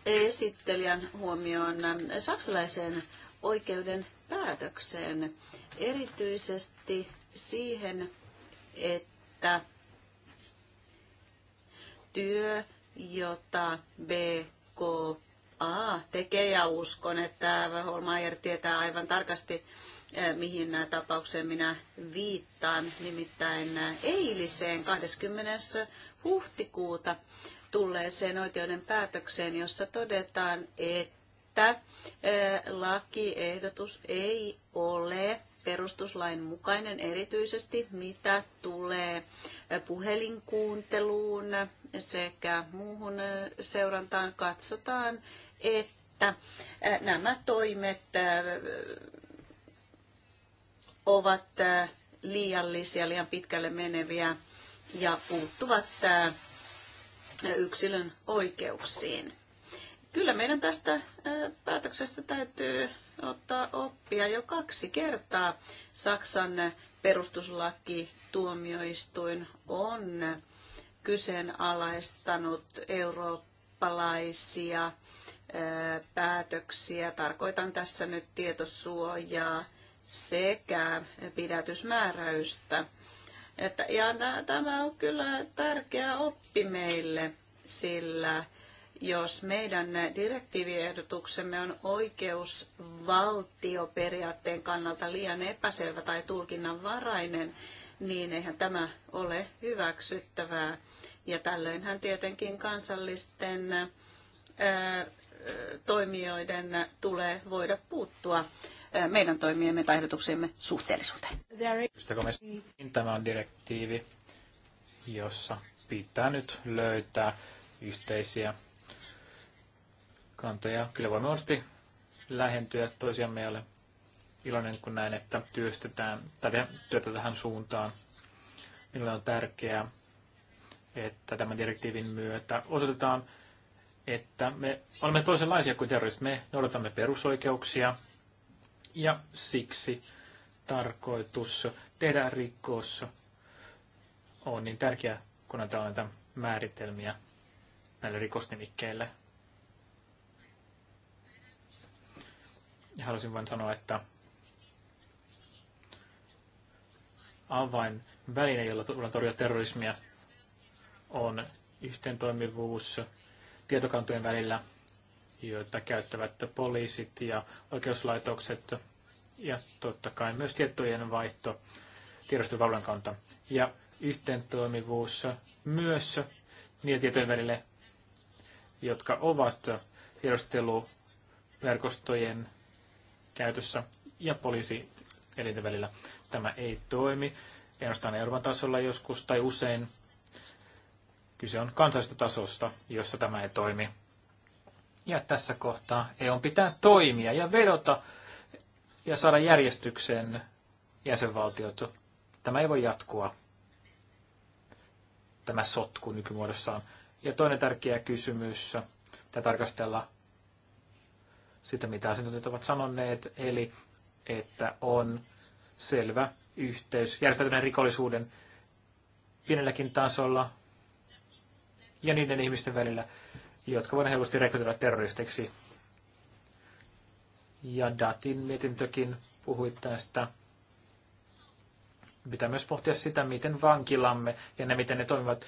esittelijän huomioon saksalaiseen oikeuden päätökseen, erityisesti siihen, että työ, jota BKT Aa, tekee ja uskon, että Holmeier tietää aivan tarkasti, eh, mihin tapaukseen minä viittaan, nimittäin eiliseen 20. huhtikuuta tulleeseen oikeuden päätökseen, jossa todetaan, että eh, lakiehdotus ei ole perustuslain mukainen erityisesti, mitä tulee eh, puhelinkuunteluun sekä muuhun seurantaan katsotaan, että äh, nämä toimet äh, ovat äh, liiallisia, liian pitkälle meneviä ja puuttuvat yksilön oikeuksiin. Kyllä meidän tästä päätöksestä täytyy ottaa oppia jo kaksi kertaa. Saksan perustuslaki tuomioistuin on kyseenalaistanut eurooppalaisia päätöksiä. Tarkoitan tässä nyt tietosuojaa sekä pidätysmääräystä. Että, ja tämä on kyllä tärkeä oppi meille, sillä jos meidän direktiiviehdotuksemme on oikeusvaltioperiaatteen kannalta liian epäselvä tai tulkinnanvarainen, niin eihän tämä ole hyväksyttävää. Ja tällöinhän tietenkin kansallisten toimijoiden tulee voida puuttua meidän toimiemme tai ehdotuksiemme suhteellisuuteen. Tämä on direktiivi, jossa pitää nyt löytää yhteisiä kantoja. Kyllä voimme varmasti lähentyä toisiamme meille iloinen, kun näin, että työstetään tätä työtä tähän suuntaan. Minulle on tärkeää, että tämän direktiivin myötä osoitetaan että me olemme toisenlaisia kuin terroristit. Me noudatamme perusoikeuksia ja siksi tarkoitus tehdä rikos on niin tärkeä, kun antaa näitä määritelmiä näille rikosnimikkeille. Ja halusin vain sanoa, että avain väline, jolla voidaan torjua terrorismia, on yhteentoimivuus, tietokantojen välillä, joita käyttävät poliisit ja oikeuslaitokset ja totta kai myös tietojen vaihto tiedostovallan kanta. Ja toimivuus myös niiden tietojen välille, jotka ovat tiedosteluverkostojen käytössä ja poliisi elinten välillä. Tämä ei toimi ainoastaan Euroopan tasolla joskus tai usein Kyse on kansallisesta tasosta, jossa tämä ei toimi. Ja tässä kohtaa EU pitää toimia ja vedota ja saada järjestykseen jäsenvaltiot. Tämä ei voi jatkua, tämä sotku nykymuodossaan. Ja toinen tärkeä kysymys, mitä tarkastella sitä, mitä asiantuntijat ovat sanoneet, eli että on selvä yhteys järjestäytyneen rikollisuuden pienelläkin tasolla ja niiden ihmisten välillä, jotka voidaan helposti rekrytoida terroristeiksi. Ja Datin mietintökin puhui tästä. Pitää myös pohtia sitä, miten vankilamme ja ne, miten ne toimivat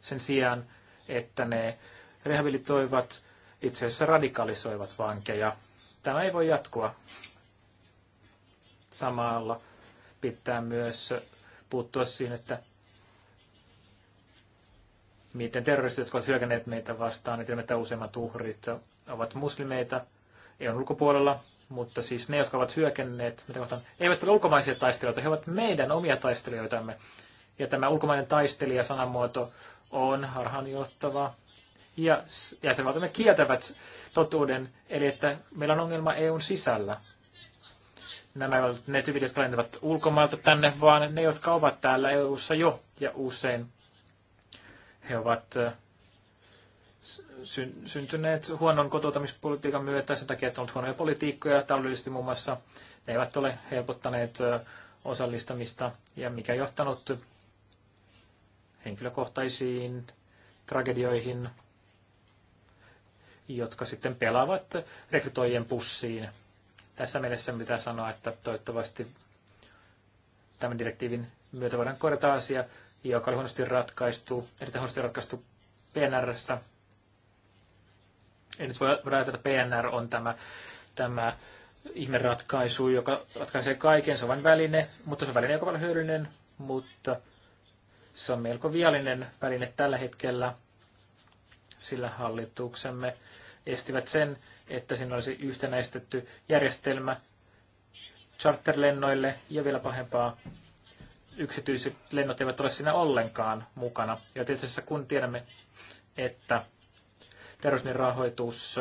sen sijaan, että ne rehabilitoivat, itse asiassa radikalisoivat vankeja. Tämä ei voi jatkua. Samalla pitää myös puuttua siihen, että miten terroristit, jotka ovat hyökänneet meitä vastaan, niin että useimmat uhrit ovat muslimeita, ei ulkopuolella, mutta siis ne, jotka ovat hyökänneet, mitä kohtaan, eivät ole ulkomaisia taistelijoita, he ovat meidän omia taistelijoitamme. Ja tämä ulkomainen taistelija sanamuoto on harhaanjohtava. Ja jäsenvaltiomme kieltävät totuuden, eli että meillä on ongelma EUn sisällä. Nämä ovat ne tyypit, jotka lentävät ulkomailta tänne, vaan ne, jotka ovat täällä EUssa jo ja usein he ovat syntyneet huonon kotoutamispolitiikan myötä sen takia, että on ollut huonoja politiikkoja taloudellisesti muun muassa. Ne eivät ole helpottaneet osallistamista ja mikä johtanut henkilökohtaisiin tragedioihin, jotka sitten pelaavat rekrytoijien pussiin. Tässä mielessä pitää sanoa, että toivottavasti tämän direktiivin myötä voidaan korjata asia joka oli huonosti ratkaistu, erittäin huonosti ratkaistu PNRssä. En nyt voi ajatella, että PNR on tämä, tämä ratkaisu, joka ratkaisee kaiken. Se on vain väline, mutta se on väline, joka on hyödyllinen, mutta se on melko viallinen väline tällä hetkellä, sillä hallituksemme estivät sen, että siinä olisi yhtenäistetty järjestelmä charterlennoille ja vielä pahempaa yksityiset lennot eivät ole siinä ollenkaan mukana. Ja tietysti kun tiedämme, että terrorismin rahoitus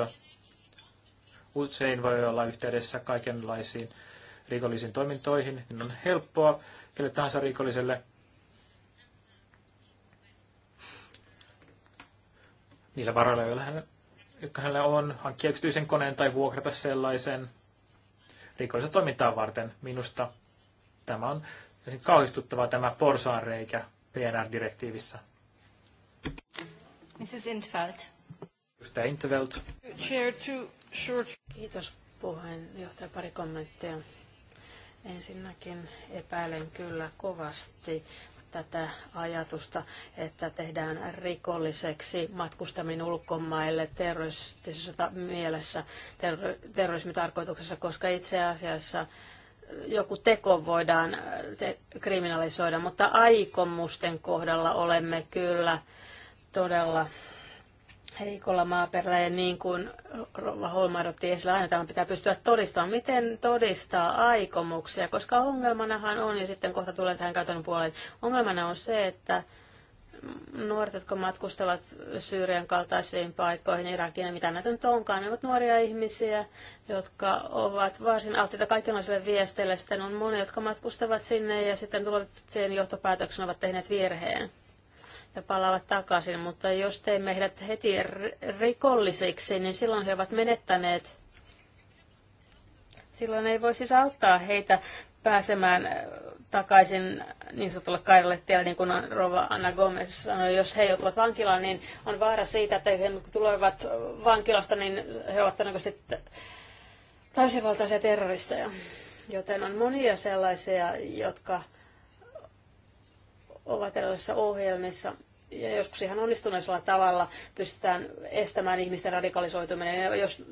usein voi olla yhteydessä kaikenlaisiin rikollisiin toimintoihin, niin on helppoa kelle tahansa rikolliselle niillä varoilla, joilla hän, jotka hänellä on, hankkia yksityisen koneen tai vuokrata sellaisen rikollista toimintaa varten. Minusta tämä on kauhistuttava tämä porsaanreikä PNR-direktiivissä. Mrs. Intveld. Mr. Intveld. Chair to short. Kiitos puheenjohtaja. Pari kommenttia. Ensinnäkin epäilen kyllä kovasti tätä ajatusta, että tehdään rikolliseksi matkustaminen ulkomaille terroristisessa mielessä, terrorismitarkoituksessa, koska itse asiassa joku teko voidaan äh, te- kriminalisoida, mutta aikomusten kohdalla olemme kyllä todella heikolla maaperällä ja niin kuin Rova Holmar otti esille, aina tämä pitää pystyä todistamaan. Miten todistaa aikomuksia? Koska ongelmanahan on, ja sitten kohta tulen tähän käytännön puoleen, ongelmana on se, että nuoret, jotka matkustavat Syyrian kaltaisiin paikkoihin, Irakiin ja mitä näitä nyt onkaan, ne ovat nuoria ihmisiä, jotka ovat varsin alttiita kaikenlaisille viesteille. Sitten on monia, jotka matkustavat sinne ja sitten tulevat sen johtopäätöksen ovat tehneet virheen ja palaavat takaisin. Mutta jos teimme heidät heti rikollisiksi, niin silloin he ovat menettäneet Silloin ei voi siis auttaa heitä pääsemään äh, takaisin niin sanotulle kaidalle tielle, niin kuin Rova Anna Gomez sanoi, jos he joutuvat vankilaan, niin on vaara siitä, että he tulevat vankilasta, niin he ovat todennäköisesti täysivaltaisia terroristeja. Joten on monia sellaisia, jotka ovat erilaisissa ohjelmissa, ja joskus ihan onnistuneella tavalla pystytään estämään ihmisten radikalisoituminen. Ja jos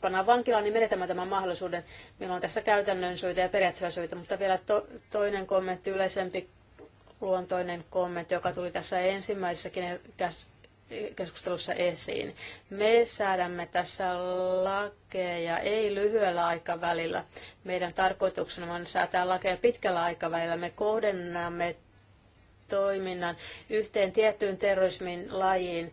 pannaan vankilaan, niin menetämään tämän mahdollisuuden. Meillä on tässä käytännön syitä ja periaatteessa syitä, mutta vielä to, toinen kommentti, yleisempi luontoinen kommentti, joka tuli tässä ensimmäisessäkin keskustelussa esiin. Me säädämme tässä lakeja ei lyhyellä aikavälillä. Meidän tarkoituksena on säätää lakeja pitkällä aikavälillä. Me kohdennamme toiminnan yhteen tiettyyn terrorismin lajiin.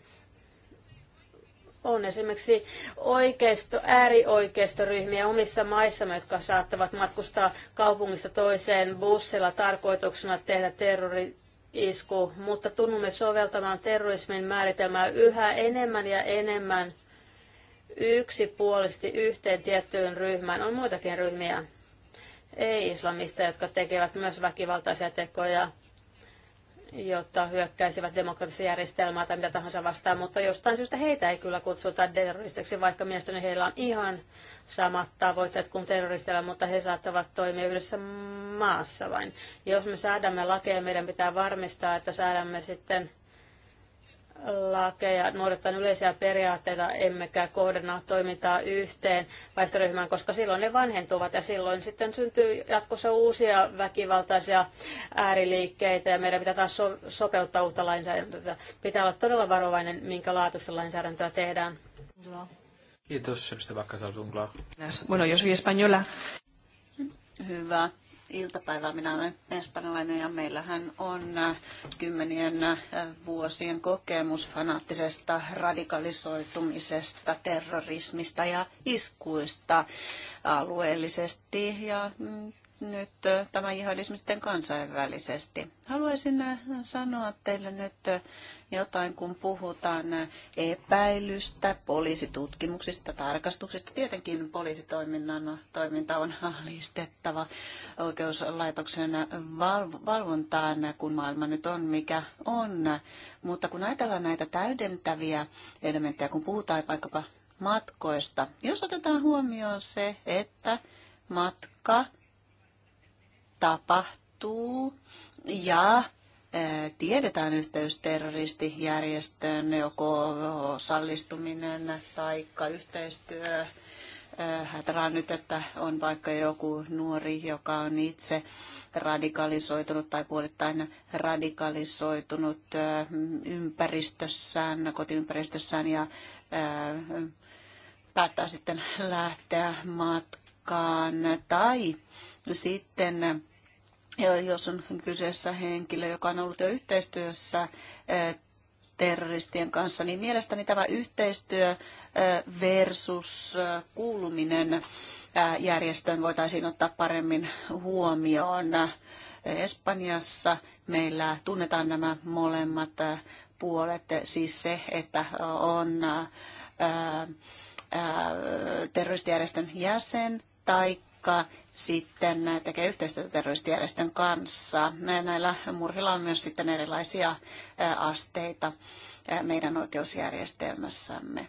On esimerkiksi oikeisto, äärioikeistoryhmiä omissa maissamme, jotka saattavat matkustaa kaupungista toiseen bussilla tarkoituksena tehdä terrori, isku, mutta tunnumme soveltamaan terrorismin määritelmää yhä enemmän ja enemmän yksipuolisesti yhteen tiettyyn ryhmään. On muitakin ryhmiä, ei-islamista, jotka tekevät myös väkivaltaisia tekoja jotta hyökkäisivät demokraattista järjestelmää tai mitä tahansa vastaan, mutta jostain syystä heitä ei kyllä kutsuta terroristeksi vaikka mielestäni heillä on ihan samat tavoitteet kuin terroristeilla, mutta he saattavat toimia yhdessä maassa vain. Jos me säädämme lakeja, meidän pitää varmistaa, että säädämme sitten lakeja, noudattaen yleisiä periaatteita, emmekä kohdenna toimintaa yhteen väestöryhmään, koska silloin ne vanhentuvat ja silloin sitten syntyy jatkossa uusia väkivaltaisia ääriliikkeitä ja meidän pitää taas so- sopeuttaa uutta lainsäädäntöä. Pitää olla todella varovainen, minkä laatuista lainsäädäntöä tehdään. Kiitos, edustaja Bakkasal Bueno, yo soy española. Hyvä iltapäivää. Minä olen espanjalainen ja meillähän on äh, kymmenien äh, vuosien kokemus fanaattisesta radikalisoitumisesta, terrorismista ja iskuista alueellisesti ja mm, nyt äh, tämä jihadismisten kansainvälisesti. Haluaisin sanoa teille nyt jotain, kun puhutaan epäilystä, poliisitutkimuksista, tarkastuksista. Tietenkin poliisitoiminnan toiminta on alistettava oikeuslaitoksen valvontaan, kun maailma nyt on mikä on. Mutta kun ajatellaan näitä täydentäviä elementtejä, kun puhutaan vaikkapa matkoista, jos otetaan huomioon se, että matka tapahtuu ja tiedetään yhteys terroristijärjestöön, joko sallistuminen tai yhteistyö. Äh, Hätälään nyt, että on vaikka joku nuori, joka on itse radikalisoitunut tai puolittain radikalisoitunut äh, ympäristössään, kotiympäristössään ja äh, päättää sitten lähteä matkaan. Tai sitten jos on kyseessä henkilö, joka on ollut jo yhteistyössä eh, terroristien kanssa, niin mielestäni tämä yhteistyö eh, versus eh, kuuluminen järjestöön voitaisiin ottaa paremmin huomioon. Espanjassa meillä tunnetaan nämä molemmat puolet, siis se, että on terroristijärjestön jäsen taikka sitten tekee yhteistyötä terroristijärjestön kanssa. Näillä murhilla on myös sitten erilaisia asteita meidän oikeusjärjestelmässämme.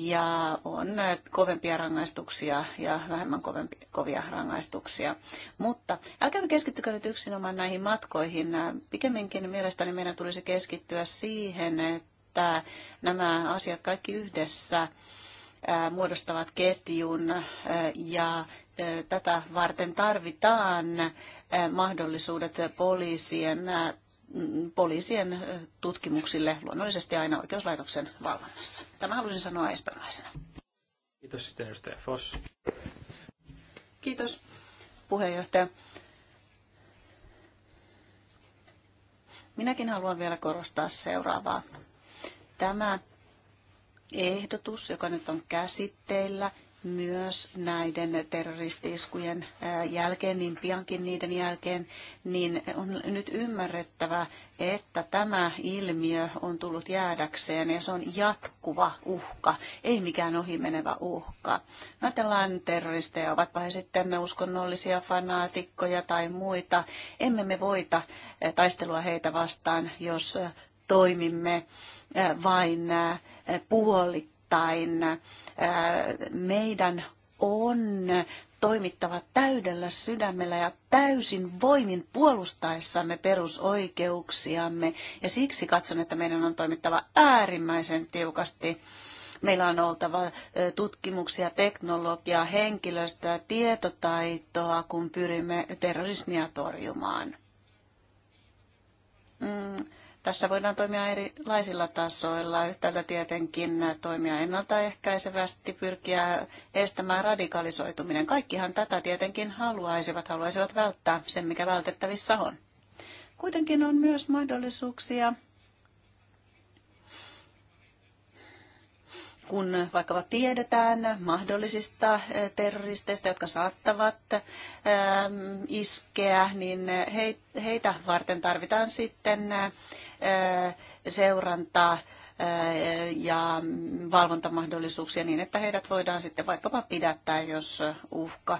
Ja on kovempia rangaistuksia ja vähemmän kovempi, kovia rangaistuksia. Mutta älkää keskittykö nyt yksinomaan näihin matkoihin. Pikemminkin mielestäni meidän tulisi keskittyä siihen, että nämä asiat kaikki yhdessä muodostavat ketjun ja tätä varten tarvitaan mahdollisuudet poliisien, poliisien tutkimuksille luonnollisesti aina oikeuslaitoksen valvonnassa. Tämä halusin sanoa espanjalaisena. Kiitos sitten edustaja Foss. Kiitos puheenjohtaja. Minäkin haluan vielä korostaa seuraavaa. Tämä ehdotus, joka nyt on käsitteillä, myös näiden terroristiskujen jälkeen, niin piankin niiden jälkeen, niin on nyt ymmärrettävä, että tämä ilmiö on tullut jäädäkseen ja se on jatkuva uhka, ei mikään ohimenevä uhka. Ajatellaan terroristeja, ovatpa he sitten uskonnollisia fanaatikkoja tai muita. Emme me voita taistelua heitä vastaan, jos toimimme vain puolittain. Meidän on toimittava täydellä sydämellä ja täysin voimin puolustaessamme perusoikeuksiamme. Ja siksi katson, että meidän on toimittava äärimmäisen tiukasti. Meillä on oltava tutkimuksia, teknologiaa, henkilöstöä, tietotaitoa, kun pyrimme terrorismia torjumaan. Mm tässä voidaan toimia erilaisilla tasoilla. Yhtäältä tietenkin toimia ennaltaehkäisevästi, pyrkiä estämään radikalisoituminen. Kaikkihan tätä tietenkin haluaisivat, haluaisivat välttää sen, mikä vältettävissä on. Kuitenkin on myös mahdollisuuksia, kun vaikka tiedetään mahdollisista terroristeista, jotka saattavat ähm, iskeä, niin heitä varten tarvitaan sitten äh, seurantaa ja valvontamahdollisuuksia niin, että heidät voidaan sitten vaikkapa pidättää, jos uhka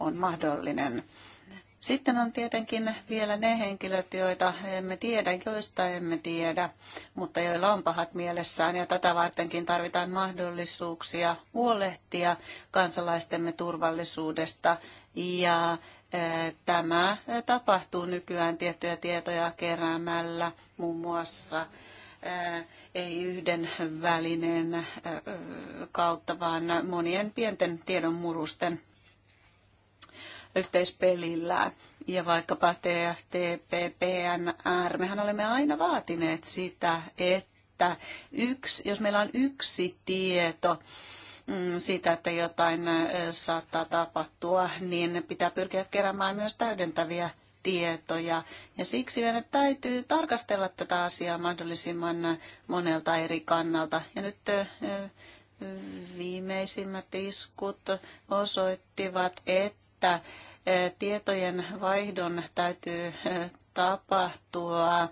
on mahdollinen. Sitten on tietenkin vielä ne henkilöt, joita emme tiedä, joista emme tiedä, mutta joilla on pahat mielessään. Ja tätä vartenkin tarvitaan mahdollisuuksia huolehtia kansalaistemme turvallisuudesta ja Tämä tapahtuu nykyään tiettyjä tietoja keräämällä muun muassa ei yhden välineen kautta, vaan monien pienten tiedon murusten yhteispelillä. Ja vaikkapa TFTP, PNR, mehän olemme aina vaatineet sitä, että yksi, jos meillä on yksi tieto, Mm, siitä, että jotain saattaa tapahtua, niin pitää pyrkiä keräämään myös täydentäviä tietoja. Ja siksi meidän täytyy tarkastella tätä asiaa mahdollisimman monelta eri kannalta. Ja nyt viimeisimmät iskut osoittivat, että tietojen vaihdon täytyy tapahtua.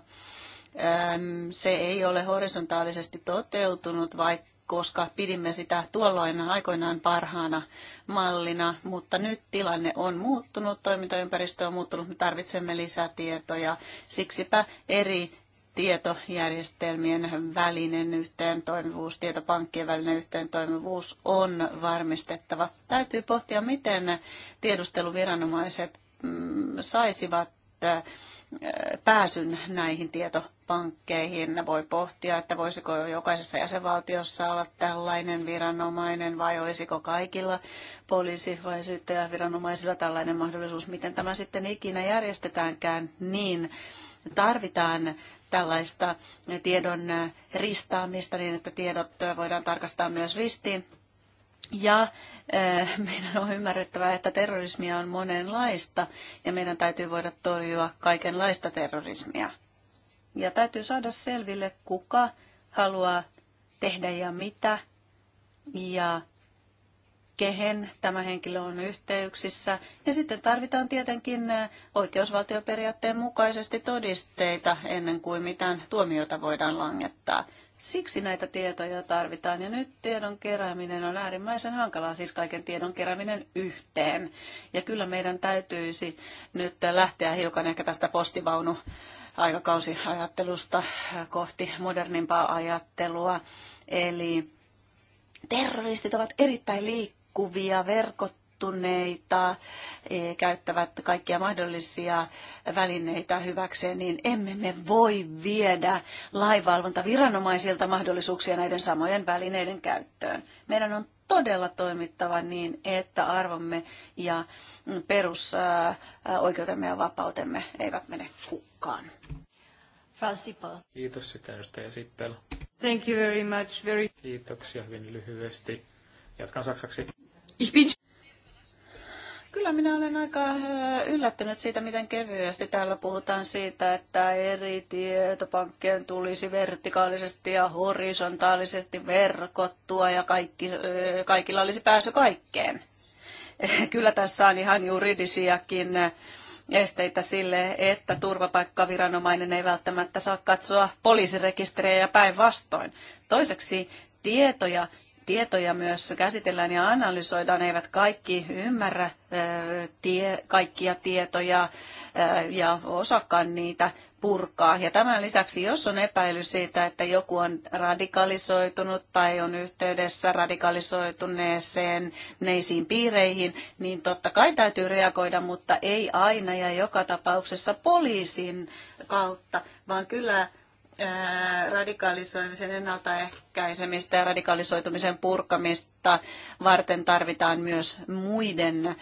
Se ei ole horisontaalisesti toteutunut, vaikka koska pidimme sitä tuolloin aikoinaan parhaana mallina, mutta nyt tilanne on muuttunut, toimintaympäristö on muuttunut, me tarvitsemme lisätietoja. Siksipä eri tietojärjestelmien välinen toimivuus, tietopankkien välinen toimivuus on varmistettava. Täytyy pohtia, miten tiedusteluviranomaiset mm, saisivat pääsyn näihin tietopankkeihin. Voi pohtia, että voisiko jokaisessa jäsenvaltiossa olla tällainen viranomainen vai olisiko kaikilla poliisi- vai syyttäjäviranomaisilla tällainen mahdollisuus. Miten tämä sitten ikinä järjestetäänkään, niin tarvitaan tällaista tiedon ristaamista niin, että tiedot voidaan tarkastaa myös ristiin. Ja Eh, meidän on ymmärrettävä, että terrorismia on monenlaista ja meidän täytyy voida torjua kaikenlaista terrorismia. Ja täytyy saada selville, kuka haluaa tehdä ja mitä ja kehen tämä henkilö on yhteyksissä. Ja sitten tarvitaan tietenkin eh, oikeusvaltioperiaatteen mukaisesti todisteita ennen kuin mitään tuomiota voidaan langettaa. Siksi näitä tietoja tarvitaan ja nyt tiedon kerääminen on äärimmäisen hankalaa, siis kaiken tiedon kerääminen yhteen. Ja kyllä meidän täytyisi nyt lähteä hiukan ehkä tästä postivaunu aikakausiajattelusta kohti modernimpaa ajattelua. Eli terroristit ovat erittäin liikkuvia, verkot varautuneita, e, käyttävät kaikkia mahdollisia välineitä hyväkseen, niin emme me voi viedä lainvalvontaviranomaisilta mahdollisuuksia näiden samojen välineiden käyttöön. Meidän on todella toimittava niin, että arvomme ja perusoikeutemme ja vapautemme eivät mene hukkaan. Kiitos sitä edustaja Sippel. Thank you very much. Very... Kiitoksia hyvin lyhyesti. Jatkan saksaksi. Ich bin... Kyllä minä olen aika äh, yllättynyt siitä, miten kevyesti täällä puhutaan siitä, että eri tietopankkien tulisi vertikaalisesti ja horisontaalisesti verkottua ja kaikki, äh, kaikilla olisi pääsy kaikkeen. Kyllä tässä on ihan juridisiakin äh, esteitä sille, että turvapaikkaviranomainen ei välttämättä saa katsoa poliisirekisteriä ja päinvastoin. Toiseksi tietoja, tietoja myös käsitellään ja analysoidaan. Eivät kaikki ymmärrä tie, kaikkia tietoja ja osakaan niitä purkaa. Ja tämän lisäksi, jos on epäily siitä, että joku on radikalisoitunut tai on yhteydessä radikalisoituneeseen neisiin piireihin, niin totta kai täytyy reagoida, mutta ei aina ja joka tapauksessa poliisin kautta, vaan kyllä Äh, radikalisoimisen ennaltaehkäisemistä ja radikalisoitumisen purkamista varten tarvitaan myös muiden äh,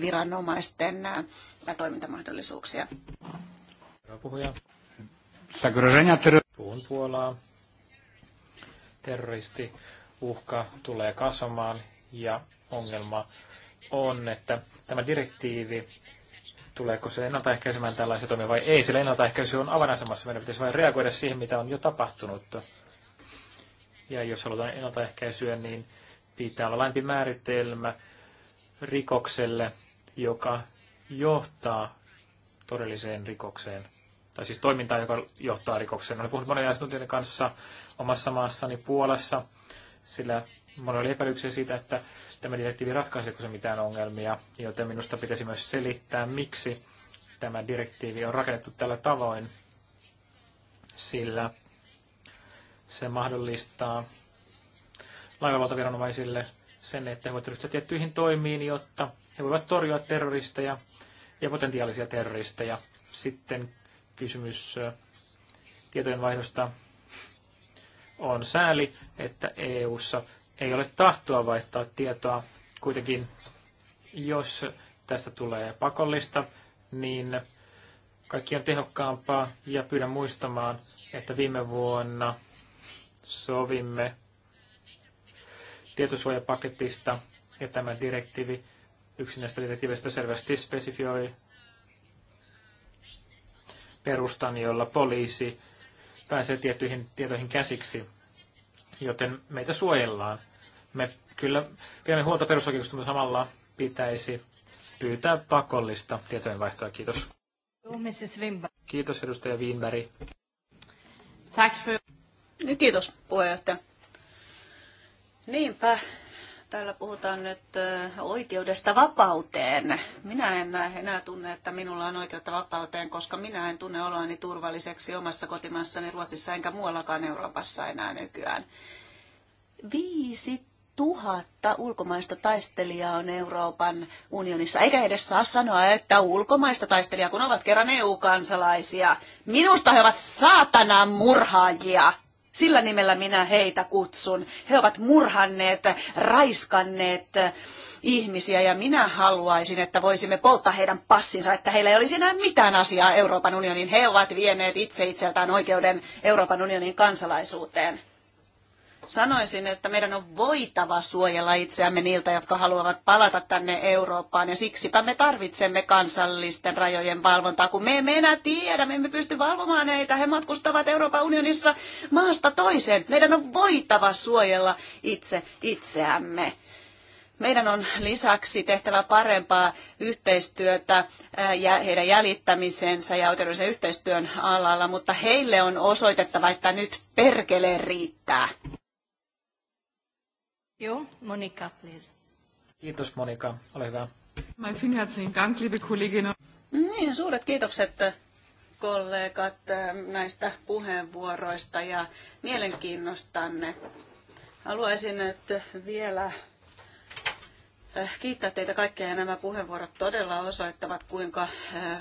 viranomaisten äh, toimintamahdollisuuksia. Puhuja. Puhun Puolaa. Terroristi uhka tulee kasvamaan ja ongelma on, että tämä direktiivi tuleeko se ennaltaehkäisemään tällaisia toimia vai ei, sillä ennaltaehkäisy on avainasemassa. Meidän pitäisi vain reagoida siihen, mitä on jo tapahtunut. Ja jos halutaan ennaltaehkäisyä, niin pitää olla laajempi määritelmä rikokselle, joka johtaa todelliseen rikokseen. Tai siis toimintaan, joka johtaa rikokseen. Olen puhunut monen asiantuntijan kanssa omassa maassani Puolassa, sillä monen oli epäilyksiä siitä, että tämä direktiivi ratkaiseeko se mitään ongelmia, joten minusta pitäisi myös selittää, miksi tämä direktiivi on rakennettu tällä tavoin, sillä se mahdollistaa laivavaltaviranomaisille sen, että he voivat ryhtyä tiettyihin toimiin, jotta he voivat torjua terroristeja ja potentiaalisia terroristeja. Sitten kysymys tietojenvaihdosta on sääli, että EU:ssa ei ole tahtoa vaihtaa tietoa. Kuitenkin, jos tästä tulee pakollista, niin kaikki on tehokkaampaa ja pyydän muistamaan, että viime vuonna sovimme tietosuojapaketista ja tämä direktiivi yksi näistä direktiiveistä selvästi spesifioi perustan, jolla poliisi pääsee tiettyihin tietoihin käsiksi joten meitä suojellaan. Me kyllä pidämme huolta perusoikeuksista, mutta samalla pitäisi pyytää pakollista tietojenvaihtoa. Kiitos. Kiitos edustaja Wienberg. Kiitos puheenjohtaja. Niinpä, Täällä puhutaan nyt oikeudesta vapauteen. Minä en enää tunne, että minulla on oikeutta vapauteen, koska minä en tunne oloani turvalliseksi omassa kotimassani Ruotsissa enkä muuallakaan Euroopassa enää nykyään. Viisi tuhatta ulkomaista taistelijaa on Euroopan unionissa. Eikä edes saa sanoa, että ulkomaista taistelijaa, kun ovat kerran EU-kansalaisia. Minusta he ovat saatanan murhaajia. Sillä nimellä minä heitä kutsun. He ovat murhanneet, raiskanneet ihmisiä ja minä haluaisin, että voisimme polttaa heidän passinsa, että heillä ei olisi enää mitään asiaa Euroopan unionin. He ovat vieneet itse itseltään oikeuden Euroopan unionin kansalaisuuteen. Sanoisin, että meidän on voitava suojella itseämme niiltä, jotka haluavat palata tänne Eurooppaan, ja siksipä me tarvitsemme kansallisten rajojen valvontaa, kun me emme enää tiedä, me emme pysty valvomaan heitä, he matkustavat Euroopan unionissa maasta toiseen. Meidän on voitava suojella itse itseämme. Meidän on lisäksi tehtävä parempaa yhteistyötä heidän jäljittämisensä ja oikeudellisen yhteistyön alalla, mutta heille on osoitettava, että nyt perkele riittää. Joo, Monika, please. Kiitos Monika, ole hyvä. Mein Finherzen Dank, liebe Kollegin. Niin, suuret kiitokset kollegat ähm, näistä puheenvuoroista ja mielenkiinnostanne. Haluaisin nyt vielä äh, kiittää teitä kaikkia ja nämä puheenvuorot todella osoittavat, kuinka äh,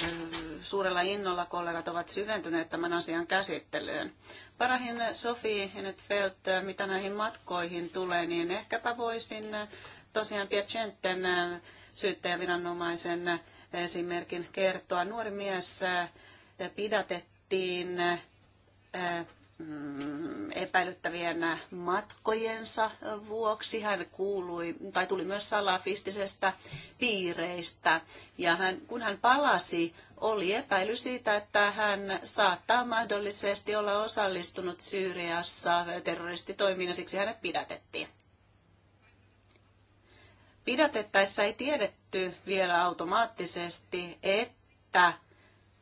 suurella innolla kollegat ovat syventyneet tämän asian käsittelyyn. Parahin Sofi Hennetfeldt, mitä näihin matkoihin tulee, niin ehkäpä voisin tosiaan Piacenten äh, syyttäjäviranomaisen esimerkin kertoa. Nuori mies äh, pidätettiin äh, mm, epäilyttävien matkojensa vuoksi. Hän kuului, tai tuli myös salafistisestä piireistä. Ja hän, kun hän palasi oli epäily siitä, että hän saattaa mahdollisesti olla osallistunut Syyriassa terroristitoimiin ja siksi hänet pidätettiin. Pidätettäessä ei tiedetty vielä automaattisesti, että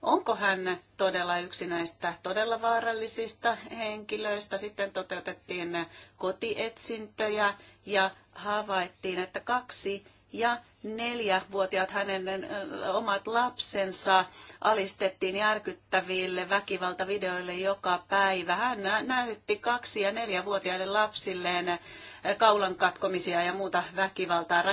onko hän todella yksi näistä todella vaarallisista henkilöistä. Sitten toteutettiin kotietsintöjä ja havaittiin, että kaksi ja neljävuotiaat hänen äh, omat lapsensa alistettiin järkyttäville väkivaltavideoille joka päivä. Hän näytti kaksi- ja neljävuotiaille lapsilleen äh, kaulan katkomisia ja muuta väkivaltaa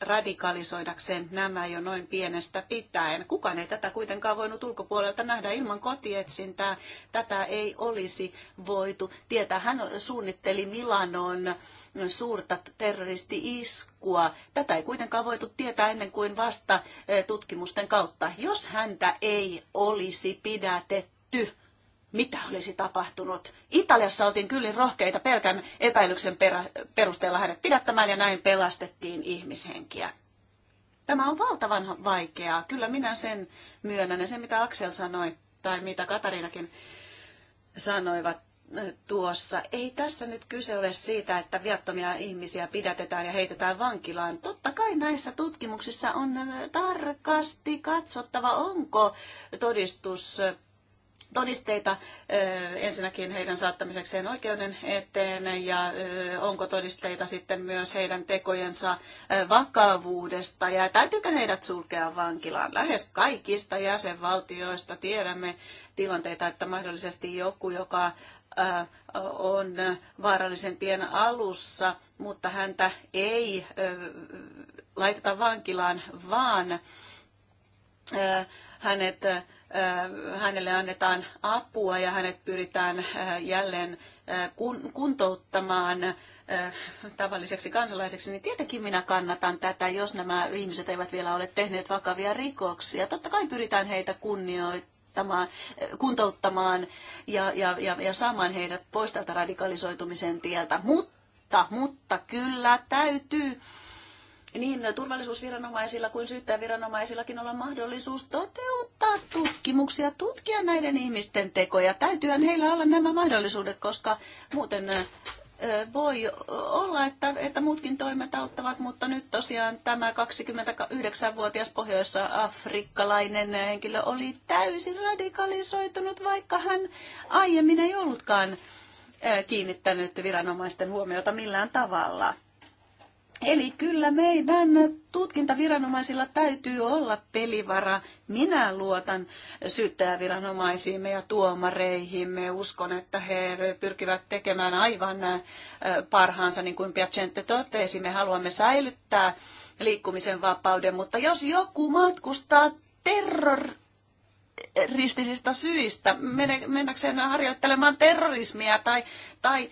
radikalisoidakseen nämä jo noin pienestä pitäen. Kukaan ei tätä kuitenkaan voinut ulkopuolelta nähdä ilman kotietsintää. Tätä ei olisi voitu tietää. Hän suunnitteli Milanon suurta terroristi-iskua. Tätä ei kuitenkaan voitu tietää ennen kuin vasta eh, tutkimusten kautta. Jos häntä ei olisi pidätetty, mitä olisi tapahtunut. Italiassa oltiin kyllä rohkeita pelkän epäilyksen perusteella hänet pidättämään ja näin pelastettiin ihmishenkiä. Tämä on valtavan vaikeaa. Kyllä minä sen myönnän. Ja se, mitä Aksel sanoi, tai mitä Katariinakin sanoivat, tuossa. Ei tässä nyt kyse ole siitä, että viattomia ihmisiä pidätetään ja heitetään vankilaan. Totta kai näissä tutkimuksissa on äh, tarkasti katsottava, onko todistus todisteita äh, ensinnäkin heidän saattamisekseen oikeuden eteen ja äh, onko todisteita sitten myös heidän tekojensa vakavuudesta ja täytyykö heidät sulkea vankilaan. Lähes kaikista jäsenvaltioista tiedämme tilanteita, että mahdollisesti joku, joka on vaarallisen tien alussa, mutta häntä ei laiteta vankilaan, vaan hänet, hänelle annetaan apua ja hänet pyritään jälleen kuntouttamaan tavalliseksi kansalaiseksi, niin tietenkin minä kannatan tätä, jos nämä ihmiset eivät vielä ole tehneet vakavia rikoksia. Totta kai pyritään heitä kunnioittamaan kuntouttamaan, kuntouttamaan ja, ja, ja, ja saamaan heidät pois tältä radikalisoitumisen tieltä. Mutta, mutta kyllä täytyy niin turvallisuusviranomaisilla kuin syyttäjäviranomaisillakin olla mahdollisuus toteuttaa tutkimuksia, tutkia näiden ihmisten tekoja. Täytyyhän heillä olla nämä mahdollisuudet, koska muuten voi olla, että, että muutkin toimet auttavat, mutta nyt tosiaan tämä 29-vuotias pohjois-afrikkalainen henkilö oli täysin radikalisoitunut, vaikka hän aiemmin ei ollutkaan kiinnittänyt viranomaisten huomiota millään tavalla. Eli kyllä meidän tutkintaviranomaisilla täytyy olla pelivara. Minä luotan syyttäjäviranomaisiimme ja tuomareihimme. Uskon, että he pyrkivät tekemään aivan äh, parhaansa, niin kuin Piacente totesi. Me haluamme säilyttää liikkumisen vapauden, mutta jos joku matkustaa terror ristisistä syistä, mennäkseen harjoittelemaan terrorismia tai, tai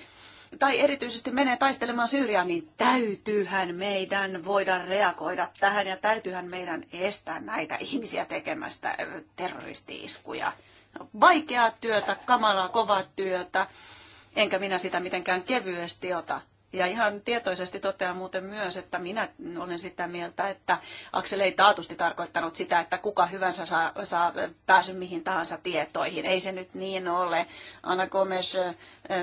tai erityisesti menee taistelemaan Syyriaan, niin täytyyhän meidän voida reagoida tähän ja täytyyhän meidän estää näitä ihmisiä tekemästä terroristi-iskuja. No, vaikeaa työtä, kamalaa, kovaa työtä, enkä minä sitä mitenkään kevyesti ota. Ja ihan tietoisesti totean muuten myös, että minä olen sitä mieltä, että Aksel ei taatusti tarkoittanut sitä, että kuka hyvänsä saa, saa pääsy mihin tahansa tietoihin. Ei se nyt niin ole. Anna Gomes,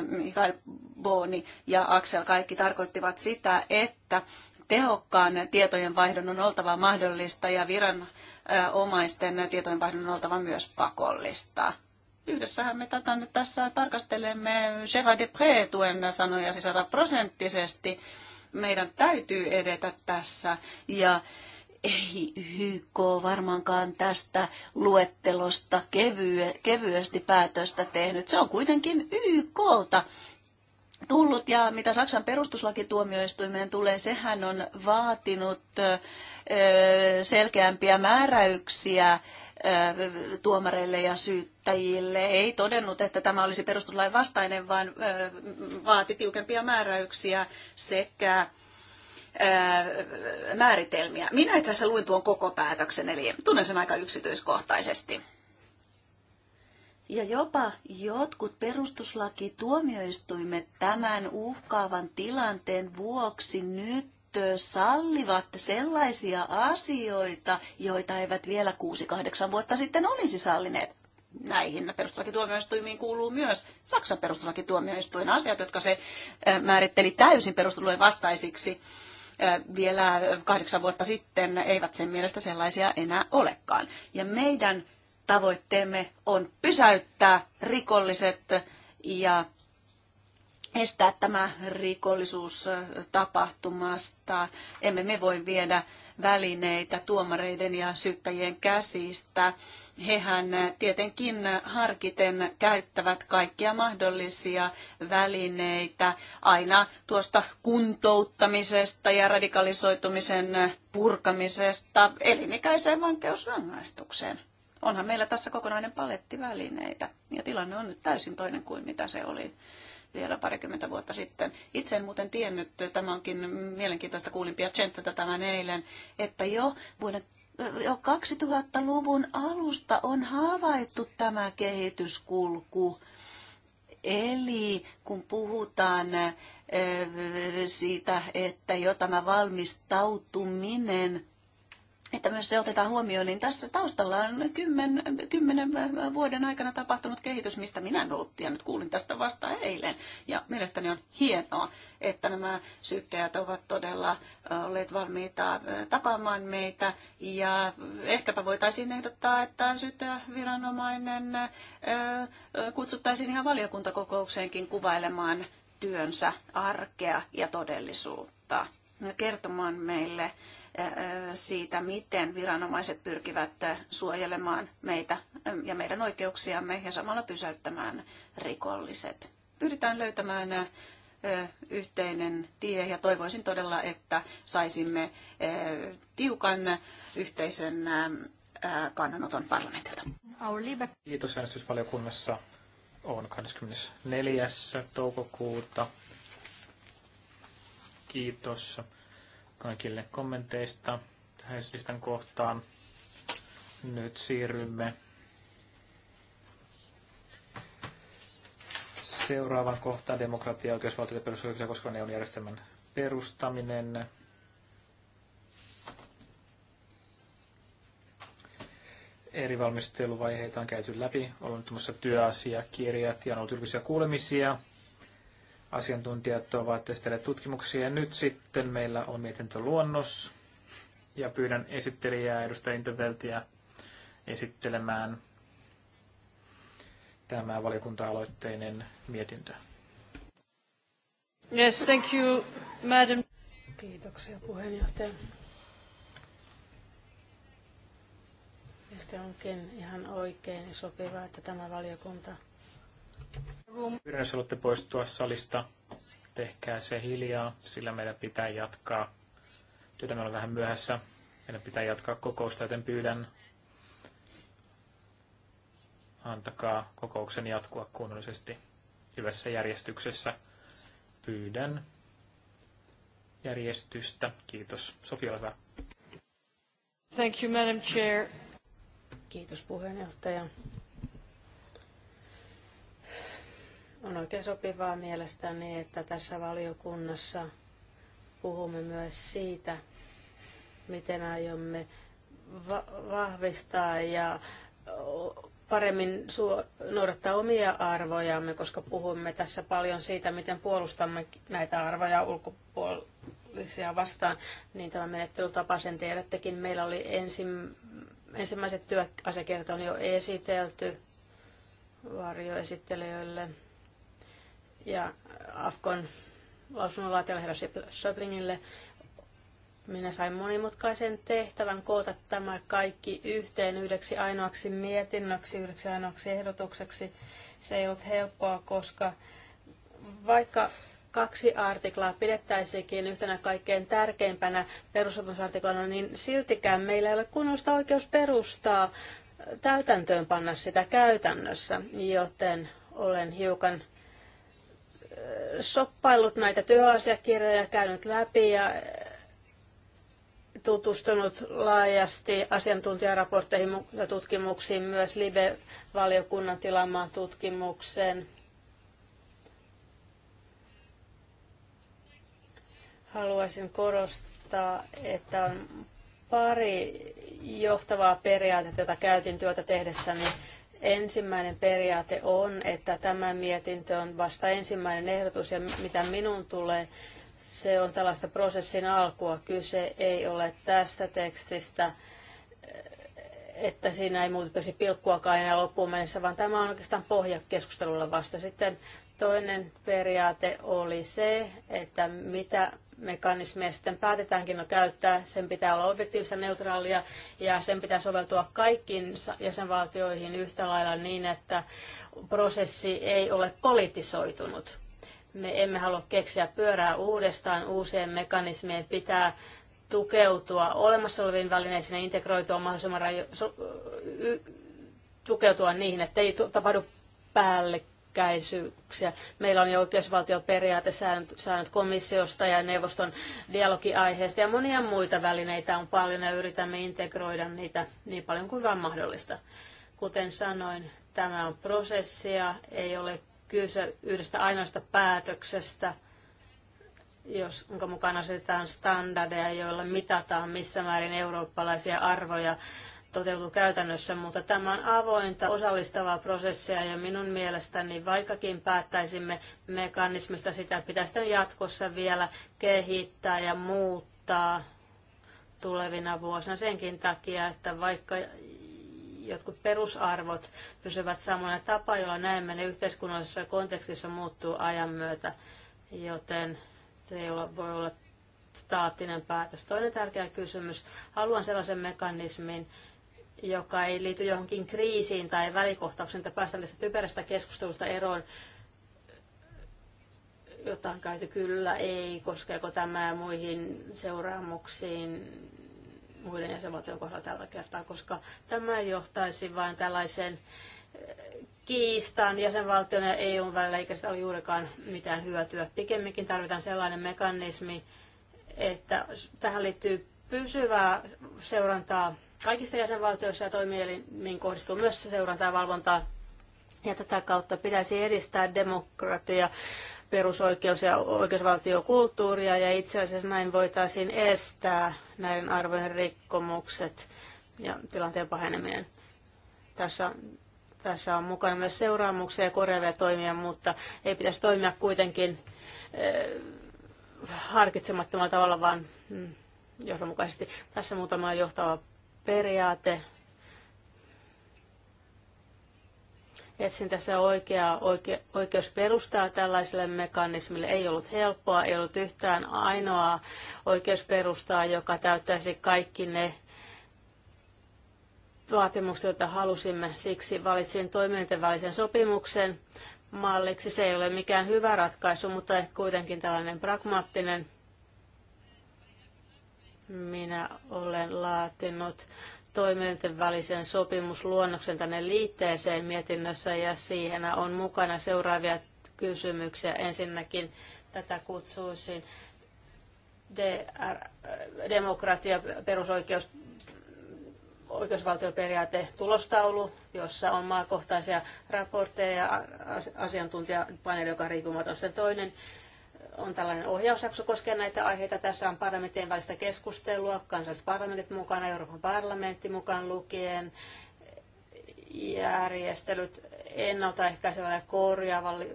Mikael Booni ja Aksel kaikki tarkoittivat sitä, että tehokkaan vaihdon on oltava mahdollista ja viranomaisten vaihdon on oltava myös pakollista. Yhdessähän me tätä nyt tässä tarkastelemme Gérard Depré-tuen sanoja siis prosenttisesti. Meidän täytyy edetä tässä ja ei YK varmaankaan tästä luettelosta kevye, kevyesti päätöstä tehnyt. Se on kuitenkin YKlta tullut ja mitä Saksan perustuslakituomioistuimeen tulee, sehän on vaatinut selkeämpiä määräyksiä tuomareille ja syyttäjille. Ei todennut, että tämä olisi perustuslain vastainen, vaan vaati tiukempia määräyksiä sekä määritelmiä. Minä itse asiassa luin tuon koko päätöksen, eli tunnen sen aika yksityiskohtaisesti. Ja jopa jotkut perustuslakituomioistuimet tämän uhkaavan tilanteen vuoksi nyt sallivat sellaisia asioita, joita eivät vielä 6-8 vuotta sitten olisi sallineet. Näihin perustuslakituomioistuimiin kuuluu myös Saksan perustuslakituomioistuin asiat, jotka se määritteli täysin perustulujen vastaisiksi vielä kahdeksan vuotta sitten, eivät sen mielestä sellaisia enää olekaan. Ja meidän tavoitteemme on pysäyttää rikolliset ja estää tämä rikollisuus tapahtumasta. Emme me voi viedä välineitä tuomareiden ja syyttäjien käsistä. Hehän tietenkin harkiten käyttävät kaikkia mahdollisia välineitä aina tuosta kuntouttamisesta ja radikalisoitumisen purkamisesta elinikäiseen vankeusrangaistukseen. Onhan meillä tässä kokonainen paletti välineitä ja tilanne on nyt täysin toinen kuin mitä se oli vielä parikymmentä vuotta sitten. Itse en muuten tiennyt, tämä onkin mielenkiintoista, kuulin Piacentata tämän eilen, että jo vuoden jo 2000-luvun alusta on havaittu tämä kehityskulku. Eli kun puhutaan eh, siitä, että jo tämä valmistautuminen että myös se otetaan huomioon, niin tässä taustalla on kymmen, kymmenen vuoden aikana tapahtunut kehitys, mistä minä en ollut tiennyt. Kuulin tästä vasta eilen ja mielestäni on hienoa, että nämä syyttäjät ovat todella olleet valmiita tapaamaan meitä ja ehkäpä voitaisiin ehdottaa, että syyttäjäviranomainen kutsuttaisiin ihan valiokuntakokoukseenkin kuvailemaan työnsä arkea ja todellisuutta kertomaan meille siitä, miten viranomaiset pyrkivät suojelemaan meitä ja meidän oikeuksiamme ja samalla pysäyttämään rikolliset. Pyritään löytämään yhteinen tie ja toivoisin todella, että saisimme tiukan yhteisen kannanoton parlamentilta. Kiitos äänestysvaliokunnassa on 24. toukokuuta. Kiitos kaikille kommenteista tähän listan kohtaan. Nyt siirrymme seuraavan kohtaan demokratia, oikeusvaltio ja perusoikeuksia koskevan eu järjestelmän perustaminen. Eri valmisteluvaiheita on käyty läpi, on ollut työasiakirjat ja on ollut julkisia kuulemisia Asiantuntijat ovat esitelleet tutkimuksia ja nyt sitten meillä on mietintöluonnos ja pyydän esittelijää edustaja Interveltiä esittelemään tämä valiokunta-aloitteinen mietintö. Yes, thank you, madam. Kiitoksia puheenjohtaja. Ja onkin ihan oikein sopivaa, että tämä valiokunta jos haluatte poistua salista, tehkää se hiljaa, sillä meidän pitää jatkaa. Työtä me vähän myöhässä. Meidän pitää jatkaa kokousta, joten pyydän antakaa kokouksen jatkua kunnollisesti hyvässä järjestyksessä. Pyydän järjestystä. Kiitos. Sofia, hyvä. Thank you, Madam Chair. Kiitos puheenjohtaja. On oikein sopivaa mielestäni, että tässä valiokunnassa puhumme myös siitä, miten aiomme va- vahvistaa ja paremmin su- noudattaa omia arvojamme, koska puhumme tässä paljon siitä, miten puolustamme näitä arvoja ulkopuolisia vastaan, niin tämä menettelytapa sen tiedättekin. Meillä oli ensi- ensimmäiset työasiakirjat on jo esitelty varjoesittelijöille ja Afkon lausunnonlaatijalle herra Söblingille. Minä sain monimutkaisen tehtävän koota tämä kaikki yhteen yhdeksi ainoaksi mietinnöksi, yhdeksi ainoaksi ehdotukseksi. Se ei ollut helppoa, koska vaikka kaksi artiklaa pidettäisikin yhtenä kaikkein tärkeimpänä perusopimusartiklana, niin siltikään meillä ei ole kunnosta oikeus perustaa panna sitä käytännössä, joten olen hiukan soppailut näitä työasiakirjoja, käynyt läpi ja eh, tutustunut laajasti asiantuntijaraportteihin ja tutkimuksiin, myös Libe-valiokunnan tilaamaan tutkimukseen. Haluaisin korostaa, että on pari johtavaa periaatetta, joita käytin työtä tehdessäni. Niin Ensimmäinen periaate on, että tämä mietintö on vasta ensimmäinen ehdotus ja mitä minun tulee, se on tällaista prosessin alkua. Kyse ei ole tästä tekstistä, että siinä ei muutettaisi pilkkuakaan enää loppuun mennessä, vaan tämä on oikeastaan pohja keskustelulla vasta. Sitten toinen periaate oli se, että mitä mekanismeja sitten päätetäänkin no käyttää, sen pitää olla objektiivista neutraalia ja sen pitää soveltua kaikkiin jäsenvaltioihin yhtä lailla niin, että prosessi ei ole politisoitunut. Me emme halua keksiä pyörää uudestaan, uusien mekanismien pitää tukeutua olemassa oleviin välineisiin ja integroitua mahdollisimman rajo- so- y- tukeutua niihin, ettei tapahdu päälle päällekkäisyyksiä. Meillä on jo oikeusvaltioperiaatesäännöt komissiosta ja neuvoston dialogiaiheesta ja monia muita välineitä on paljon ja yritämme integroida niitä niin paljon kuin vain mahdollista. Kuten sanoin, tämä on prosessia, ei ole kyse yhdestä ainoasta päätöksestä, jos, jonka mukaan asetetaan standardeja, joilla mitataan missä määrin eurooppalaisia arvoja toteutuu käytännössä, mutta tämä on avointa, osallistavaa prosessia ja minun mielestäni vaikkakin päättäisimme mekanismista, sitä pitäisi jatkossa vielä kehittää ja muuttaa tulevina vuosina senkin takia, että vaikka jotkut perusarvot pysyvät samana tapa, jolla näemme ne yhteiskunnallisessa kontekstissa muuttuu ajan myötä, joten se ei ole, voi olla staattinen päätös. Toinen tärkeä kysymys. Haluan sellaisen mekanismin, joka ei liity johonkin kriisiin tai välikohtaukseen, että päästään tästä typerästä keskustelusta eroon, Jotain käyty kyllä, ei, koskeeko tämä muihin seuraamuksiin muiden jäsenvaltion kohdalla tällä kertaa, koska tämä johtaisi vain tällaiseen eh, kiistaan jäsenvaltion ja EUn välillä, eikä sitä ole juurikaan mitään hyötyä. Pikemminkin tarvitaan sellainen mekanismi, että tähän liittyy pysyvää seurantaa kaikissa jäsenvaltioissa ja toimielimiin kohdistuu myös seurantaa ja valvontaa. Ja tätä kautta pitäisi edistää demokratia, perusoikeus- ja oikeusvaltiokulttuuria ja itse asiassa näin voitaisiin estää näiden arvojen rikkomukset ja tilanteen paheneminen. Tässä, tässä on mukana myös seuraamuksia ja korjaavia toimia, mutta ei pitäisi toimia kuitenkin eh, harkitsemattomalla tavalla, vaan mm, johdonmukaisesti. Tässä muutama johtava periaate. Etsin tässä oikeaa oike, oikeusperustaa tällaiselle mekanismille. Ei ollut helppoa, ei ollut yhtään ainoaa oikeusperustaa, joka täyttäisi kaikki ne vaatimukset, joita halusimme. Siksi valitsin toimijoiden välisen sopimuksen malliksi. Se ei ole mikään hyvä ratkaisu, mutta ehkä kuitenkin tällainen pragmaattinen minä olen laatinut toimijoiden välisen sopimusluonnoksen tänne liitteeseen mietinnössä ja siihen on mukana seuraavia kysymyksiä. Ensinnäkin tätä kutsuisin DR, demokratia, perusoikeus, oikeusvaltioperiaate tulostaulu, jossa on maakohtaisia raportteja ja asiantuntijapaneeli, joka on riippumaton. Sitten toinen on tällainen ohjausjakso koskee näitä aiheita. Tässä on parlamenttien välistä keskustelua, kansalliset parlamentit mukana, Euroopan parlamentti mukaan lukien, järjestelyt ennaltaehkäisevälle ja korjaavalle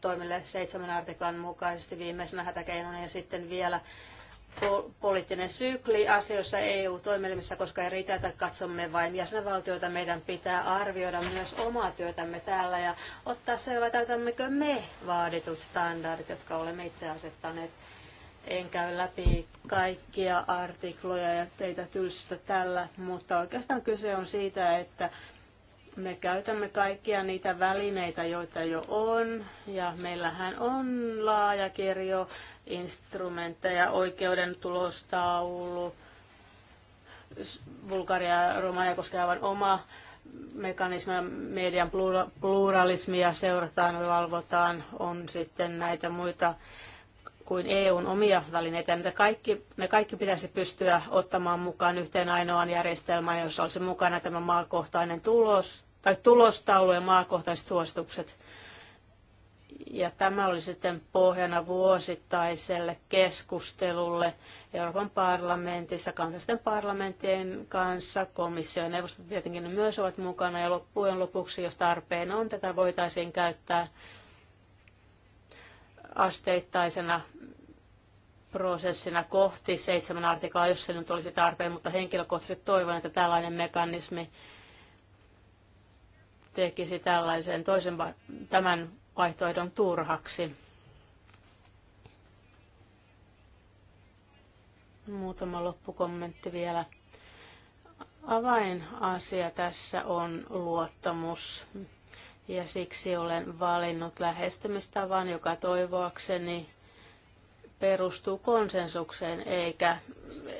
toimille seitsemän artiklan mukaisesti viimeisenä hätäkeinona ja sitten vielä poliittinen sykli asioissa EU-toimielimissä, koska ei riitä, että katsomme vain jäsenvaltioita. Meidän pitää arvioida myös omaa työtämme täällä ja ottaa selvää, täytämmekö me vaaditut standardit, jotka olemme itse asettaneet. En käy läpi kaikkia artikloja ja teitä tylsistä tällä, mutta oikeastaan kyse on siitä, että me käytämme kaikkia niitä välineitä, joita jo on, ja meillähän on laaja kirjo instrumentteja, oikeuden tulostaulu, Bulgaria ja Romania koskevan oma mekanismi, median pluralismia seurataan ja valvotaan, on sitten näitä muita kuin EUn omia välineitä. Ne kaikki, ne kaikki pitäisi pystyä ottamaan mukaan yhteen ainoaan järjestelmään, jossa olisi mukana tämä maakohtainen tulos, tai tulostaulu ja maakohtaiset suositukset. Ja tämä oli sitten pohjana vuosittaiselle keskustelulle Euroopan parlamentissa, kansallisten parlamenttien kanssa, komissio ja neuvosto tietenkin myös ovat mukana, ja loppujen lopuksi, jos tarpeen on, tätä voitaisiin käyttää asteittaisena prosessina kohti seitsemän artiklaa, jos se nyt olisi tarpeen, mutta henkilökohtaisesti toivon, että tällainen mekanismi tekisi tällaisen toisen, tämän vaihtoehdon turhaksi. Muutama loppukommentti vielä. Avainasia tässä on luottamus ja siksi olen valinnut lähestymistavan, joka toivoakseni perustuu konsensukseen eikä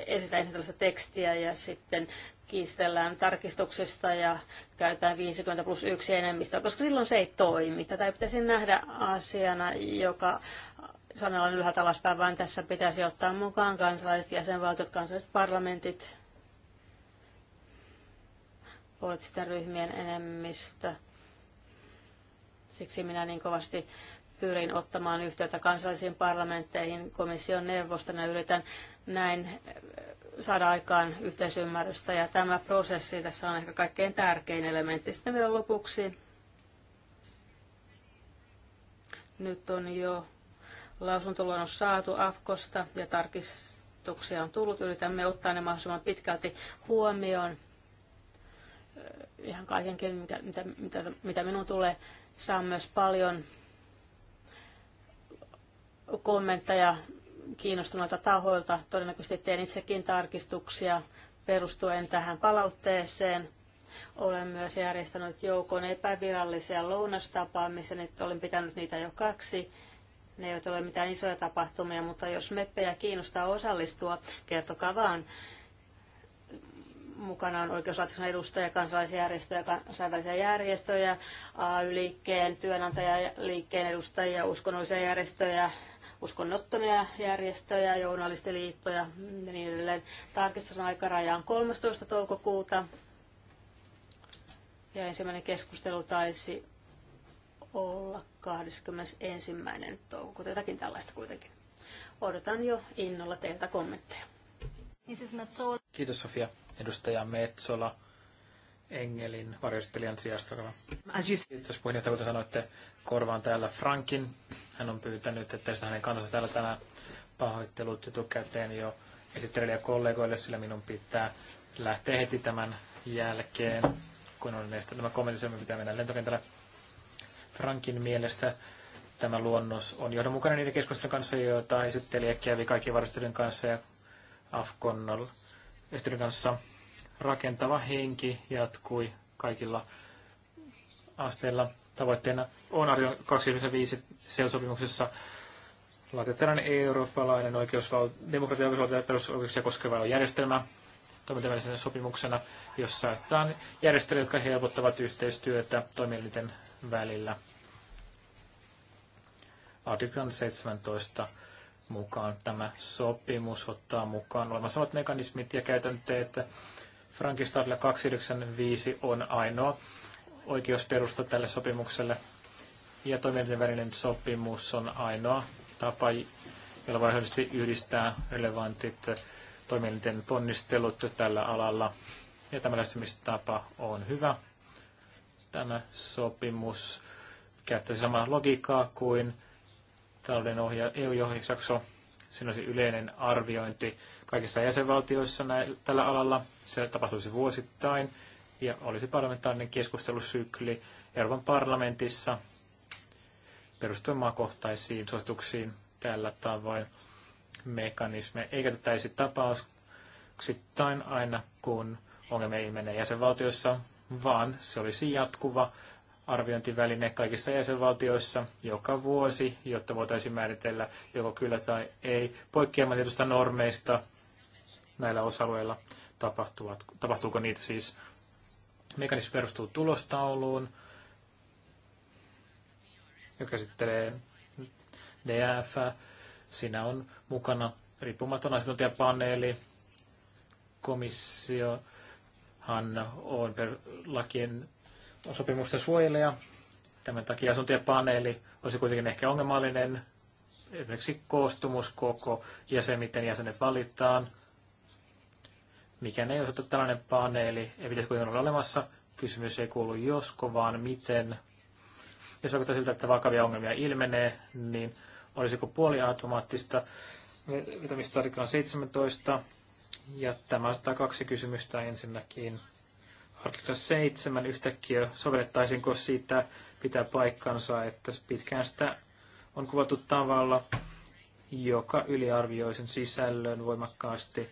esitä ensin tällaista tekstiä ja sitten kiistellään tarkistuksesta ja käytetään 50 plus 1 enemmistöä, koska silloin se ei toimi. Tätä ei pitäisi nähdä asiana, joka sanellaan ylhäältä alaspäin, vaan tässä pitäisi ottaa mukaan kansalaiset, jäsenvaltiot, kansalliset parlamentit, poliittisten ryhmien enemmistö. Siksi minä niin kovasti pyrin ottamaan yhteyttä kansallisiin parlamentteihin, komission neuvoston ja yritän näin eh, saada aikaan yhteisymmärrystä. Ja tämä prosessi tässä on ehkä kaikkein tärkein elementti. Sitten vielä lopuksi. Nyt on jo lausuntoluonnos saatu AFKosta ja tarkistuksia on tullut. Yritämme ottaa ne mahdollisimman pitkälti huomioon eh, ihan kaikenkin, mitä, mitä, mitä, mitä minun tulee. Saan myös paljon kommentteja kiinnostuneilta tahoilta. Todennäköisesti teen itsekin tarkistuksia perustuen tähän palautteeseen. Olen myös järjestänyt joukon epävirallisia lounastapaamisia. Nyt olen pitänyt niitä jo kaksi. Ne eivät ole mitään isoja tapahtumia, mutta jos meppejä kiinnostaa osallistua, kertokaa vaan. Mukana on oikeuslaitoksen edustajia, kansalaisjärjestöjä, kansainvälisiä järjestöjä, AY-liikkeen, työnantajaliikkeen edustajia, uskonnollisia järjestöjä, uskonnottomia järjestöjä, journalistiliittoja ja niin edelleen. Tarkistuksen aikaraja on 13. toukokuuta. Ja ensimmäinen keskustelu taisi olla 21. toukokuuta, jotakin tällaista kuitenkin. Odotan jo innolla teiltä kommentteja. Kiitos Sofia edustaja Metsola Engelin varjostelijan sijasta. Kiitos puheenjohtaja, kuten sanoitte, korvaan täällä Frankin. Hän on pyytänyt, että tästä hänen kanssa täällä tänään pahoittelut etukäteen jo esittelijä kollegoille, sillä minun pitää lähteä heti tämän jälkeen, kun on näistä tämä kommentti, pitää mennä lentokentällä. Frankin mielestä tämä luonnos on johdonmukainen niiden keskustelun kanssa, joita esittelijä kävi kaikkien varustelijoiden kanssa ja Afkonnolla. Esterin kanssa rakentava henki jatkui kaikilla asteilla. Tavoitteena on arvio 25 seusopimuksessa laatia tällainen eurooppalainen oikeusval- demokratia- oikeusvaltio- ja perusoikeuksia koskeva järjestelmä toimintavälisenä sopimuksena, jossa säästetään järjestelmiä, jotka helpottavat yhteistyötä toimielinten välillä. Artiklan 17 mukaan. Tämä sopimus ottaa mukaan olemassa samat mekanismit ja käytänteet. Frankistadilla 295 on ainoa oikeusperusta tälle sopimukselle. Ja toimijoiden välinen sopimus on ainoa tapa, jolla voidaan yhdistää relevantit toimielinten ponnistelut tällä alalla. Ja tämä lähestymistapa on hyvä. Tämä sopimus käyttää samaa logiikkaa kuin talouden ohja, EU-ohjausjakso. Siinä olisi yleinen arviointi kaikissa jäsenvaltioissa näin, tällä alalla. Se tapahtuisi vuosittain ja olisi parlamentaarinen keskustelusykli Euroopan parlamentissa perustuen maakohtaisiin suosituksiin tällä tavoin mekanisme. Ei käytettäisi tapauksittain aina, kun ongelmia ilmenee jäsenvaltiossa, vaan se olisi jatkuva arviointiväline kaikissa jäsenvaltioissa joka vuosi, jotta voitaisiin määritellä joko kyllä tai ei poikkeamaan tietystä normeista näillä osa-alueilla, tapahtuvat, tapahtuuko niitä siis. Mekanismi perustuu tulostauluun, joka käsittelee DF. Siinä on mukana riippumaton asiantuntijapaneeli, komissio, on per lakien sopimusten suojelija. Tämän takia asuntojen paneeli olisi kuitenkin ehkä ongelmallinen, esimerkiksi koko ja se, miten jäsenet valitaan. Mikään ei osoita tällainen paneeli, ei pitäisi kuitenkin olla olemassa. Kysymys ei kuulu josko, vaan miten. Jos vaikuttaa siltä, että vakavia ongelmia ilmenee, niin olisiko puoliautomaattista vetämistä artiklan 17. Ja tämä on kaksi kysymystä ensinnäkin artikla 7 yhtäkkiä sovellettaisinko siitä pitää paikkansa, että pitkään sitä on kuvattu tavalla, joka yliarvioi sen sisällön voimakkaasti.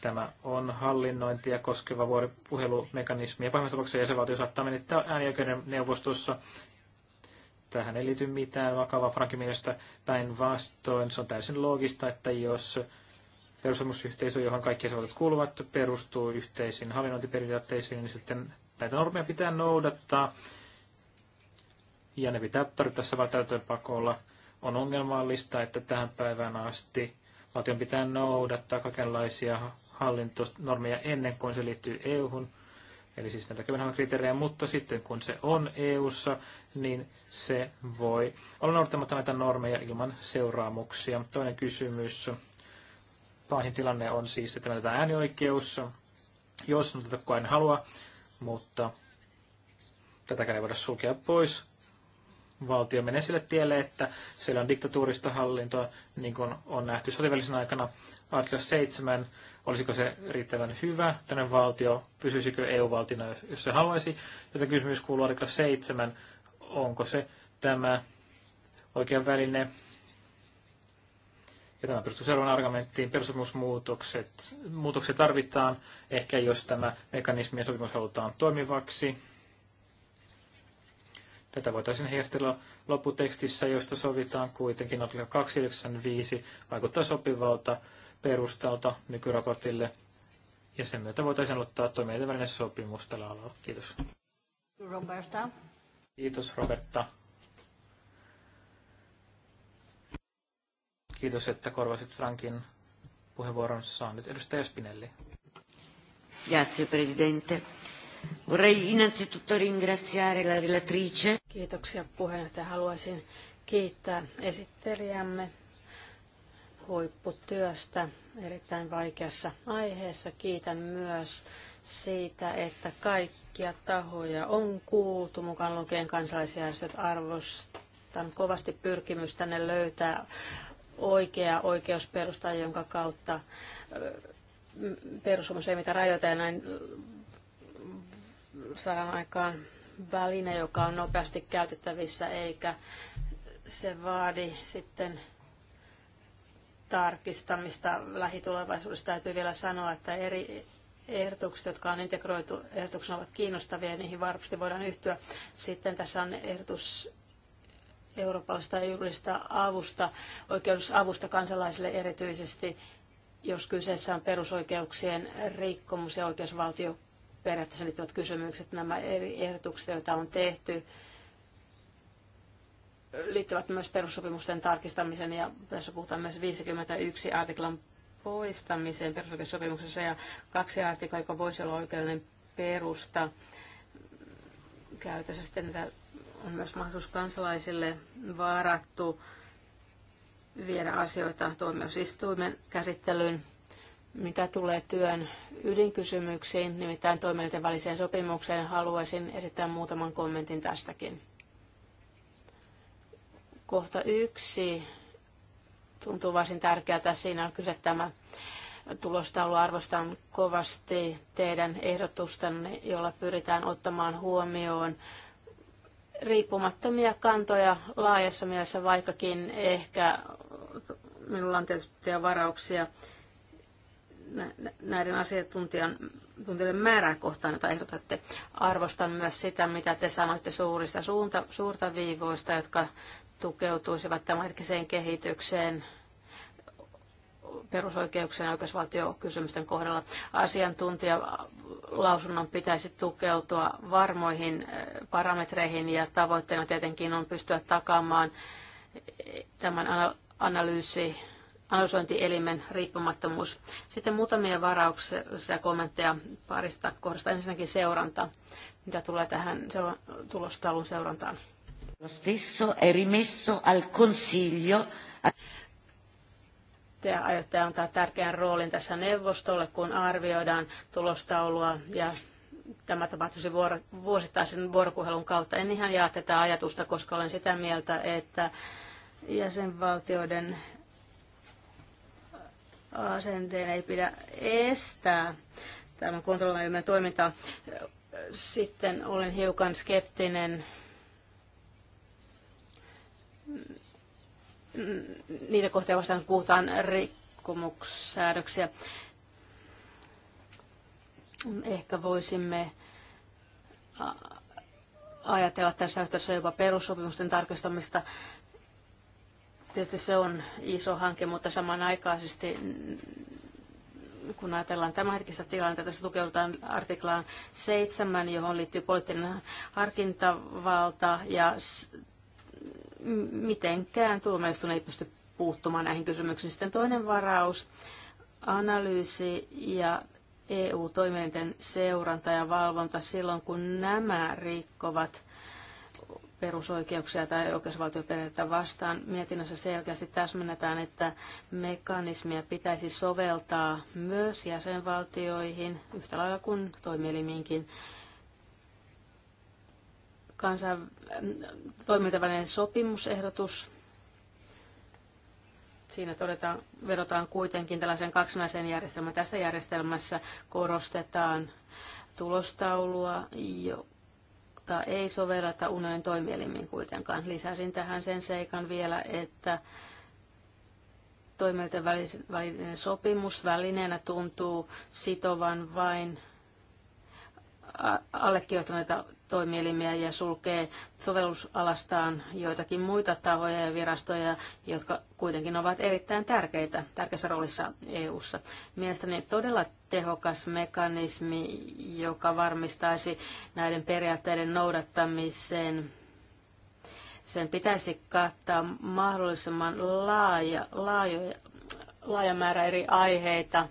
Tämä on hallinnointia koskeva vuoropuhelumekanismi ja pahimmassa tapauksessa jäsenvaltio saattaa menettää äänioikeuden neuvostossa. Tähän ei liity mitään vakavaa Frankin mielestä päinvastoin. Se on täysin loogista, että jos perusomusyhteisö, johon kaikki jäsenvaltiot kuuluvat, perustuu yhteisiin hallinnointiperiaatteisiin, niin sitten näitä normeja pitää noudattaa. Ja ne pitää tarvittaessa vain täytäntöönpakolla. On ongelmallista, että tähän päivään asti valtion pitää noudattaa kaikenlaisia hallintonormeja ennen kuin se liittyy EU-hun, eli siis näitä Kööpenhaminan kriteerejä, mutta sitten kun se on EU-ssa, niin se voi olla noudattamatta näitä normeja ilman seuraamuksia. Toinen kysymys pahin tilanne on siis, että menetään äänioikeus, jos tätä kukaan en halua, mutta tätäkään ei voida sulkea pois. Valtio menee sille tielle, että siellä on diktatuurista hallintoa, niin kuin on nähty sotivälisen aikana. Atlas 7, olisiko se riittävän hyvä, tänne valtio, pysyisikö EU-valtiona, jos se haluaisi. Tätä kysymys kuuluu artikla 7, onko se tämä oikea väline ja tämä perustuu seuraavaan argumenttiin. Perussopimusmuutokset muutokset tarvitaan ehkä, jos tämä mekanismi ja sopimus halutaan toimivaksi. Tätä voitaisiin heijastella lopputekstissä, josta sovitaan kuitenkin artikla 295 vaikuttaa sopivalta perustalta nykyraportille. Ja sen myötä voitaisiin aloittaa toimijoiden välinen sopimus tällä alalla. Kiitos. Roberta. Kiitos Roberta. Kiitos, että korvasit Frankin puheenvuoron saanut. edustaja Spinelli. Grazie Presidente. Vorrei innanzitutto ringraziare la relatrice. Kiitoksia puheenjohtaja. Haluaisin kiittää esittelijämme huipputyöstä erittäin vaikeassa aiheessa. Kiitän myös siitä, että kaikkia tahoja on kuultu, mukaan lukien kansalaisjärjestöt arvostan kovasti pyrkimystänne löytää oikea oikeusperusta, jonka kautta perusomus ei mitään rajoita ja näin saadaan aikaan väline, joka on nopeasti käytettävissä eikä se vaadi sitten tarkistamista lähitulevaisuudessa. Täytyy vielä sanoa, että eri ehdotukset, jotka on integroitu ehdotuksena, ovat kiinnostavia ja niihin varmasti voidaan yhtyä. Sitten tässä on ehdotus eurooppalaista juridista avusta, oikeusavusta kansalaisille erityisesti, jos kyseessä on perusoikeuksien rikkomus ja oikeusvaltio periaatteessa liittyvät kysymykset, nämä eri ehdotukset, joita on tehty, liittyvät myös perussopimusten tarkistamiseen ja tässä puhutaan myös 51 artiklan poistamiseen perusoikeussopimuksessa ja kaksi artiklaa, joka voisi olla oikeudellinen perusta. Käytössä sitten näitä on myös mahdollisuus kansalaisille vaarattu viedä asioita tuomioistuimen käsittelyyn, mitä tulee työn ydinkysymyksiin, nimittäin toimijoiden väliseen sopimukseen, haluaisin esittää muutaman kommentin tästäkin. Kohta yksi tuntuu varsin tärkeältä. Siinä on kyse tämä tulostaulu. Arvostan kovasti teidän ehdotustanne, jolla pyritään ottamaan huomioon riippumattomia kantoja laajassa mielessä, vaikkakin ehkä minulla on tietysti varauksia näiden asiantuntijan määrää kohtaan, jota ehdotatte. Arvostan myös sitä, mitä te sanoitte suurista suunta, suurta viivoista, jotka tukeutuisivat tämänhetkiseen kehitykseen perusoikeuksien ja oikeusvaltiokysymysten kohdalla asiantuntijalausunnon pitäisi tukeutua varmoihin eh, parametreihin ja tavoitteena tietenkin on pystyä takaamaan eh, tämän analyysi, analysointielimen riippumattomuus. Sitten muutamia varauksia ja kommentteja parista kohdasta. Ensinnäkin seuranta, mitä tulee tähän tulostalun seurantaan. Lo stesso è rimesso al Consiglio te aiotte antaa tärkeän roolin tässä neuvostolle, kun arvioidaan tulostaulua ja tämä tapahtuisi vuoro, vuosittaisen vuoropuhelun kautta. En ihan jaa tätä ajatusta, koska olen sitä mieltä, että jäsenvaltioiden asenteen ei pidä estää tämän kontrollinen toimintaa. Sitten olen hiukan skeptinen niitä kohtia vastaan, kun puhutaan rikkomuksäädöksiä. Ehkä voisimme ajatella tässä yhteydessä jopa perussopimusten tarkistamista. Tietysti se on iso hanke, mutta samanaikaisesti kun ajatellaan tämänhetkistä tilannetta, tässä tukeudutaan artiklaan 7, johon liittyy poliittinen harkintavalta ja mitenkään tuomioistuin ei pysty puuttumaan näihin kysymyksiin. Sitten toinen varaus, analyysi ja eu toimijoiden seuranta ja valvonta silloin, kun nämä rikkovat perusoikeuksia tai oikeusvaltioperiaatetta vastaan. Mietinnössä selkeästi täsmennetään, että mekanismia pitäisi soveltaa myös jäsenvaltioihin yhtä lailla kuin toimielimiinkin kansan mm, toimintavälinen sopimusehdotus. Siinä todetaan, vedotaan kuitenkin tällaisen kaksinaisen järjestelmän. Tässä järjestelmässä korostetaan tulostaulua, jota ei sovelleta unionin toimielimiin kuitenkaan. Lisäsin tähän sen seikan vielä, että toimielten välinen sopimus välineenä tuntuu sitovan vain allekirjoittaneita toimielimiä ja sulkee sovellusalastaan joitakin muita tahoja ja virastoja, jotka kuitenkin ovat erittäin tärkeitä, tärkeässä roolissa EU-ssa. Mielestäni todella tehokas mekanismi, joka varmistaisi näiden periaatteiden noudattamisen sen pitäisi kattaa mahdollisimman laaja, laajo, laaja määrä eri aiheita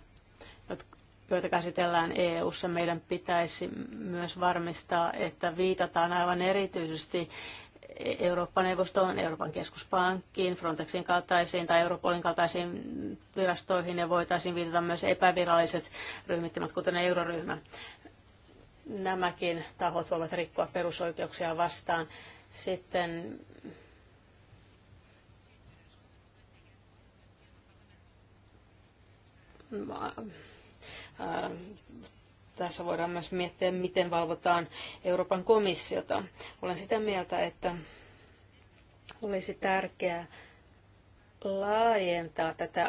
joita käsitellään EU-ssa, meidän pitäisi myös varmistaa, että viitataan aivan erityisesti Euroopan neuvostoon, Euroopan keskuspankkiin, Frontexin kaltaisiin tai Europolin kaltaisiin virastoihin ja voitaisiin viitata myös epäviralliset ryhmittymät, kuten euroryhmä. Nämäkin tahot voivat rikkoa perusoikeuksia vastaan. Sitten tässä voidaan myös miettiä, miten valvotaan Euroopan komissiota. Olen sitä mieltä, että olisi tärkeää laajentaa tätä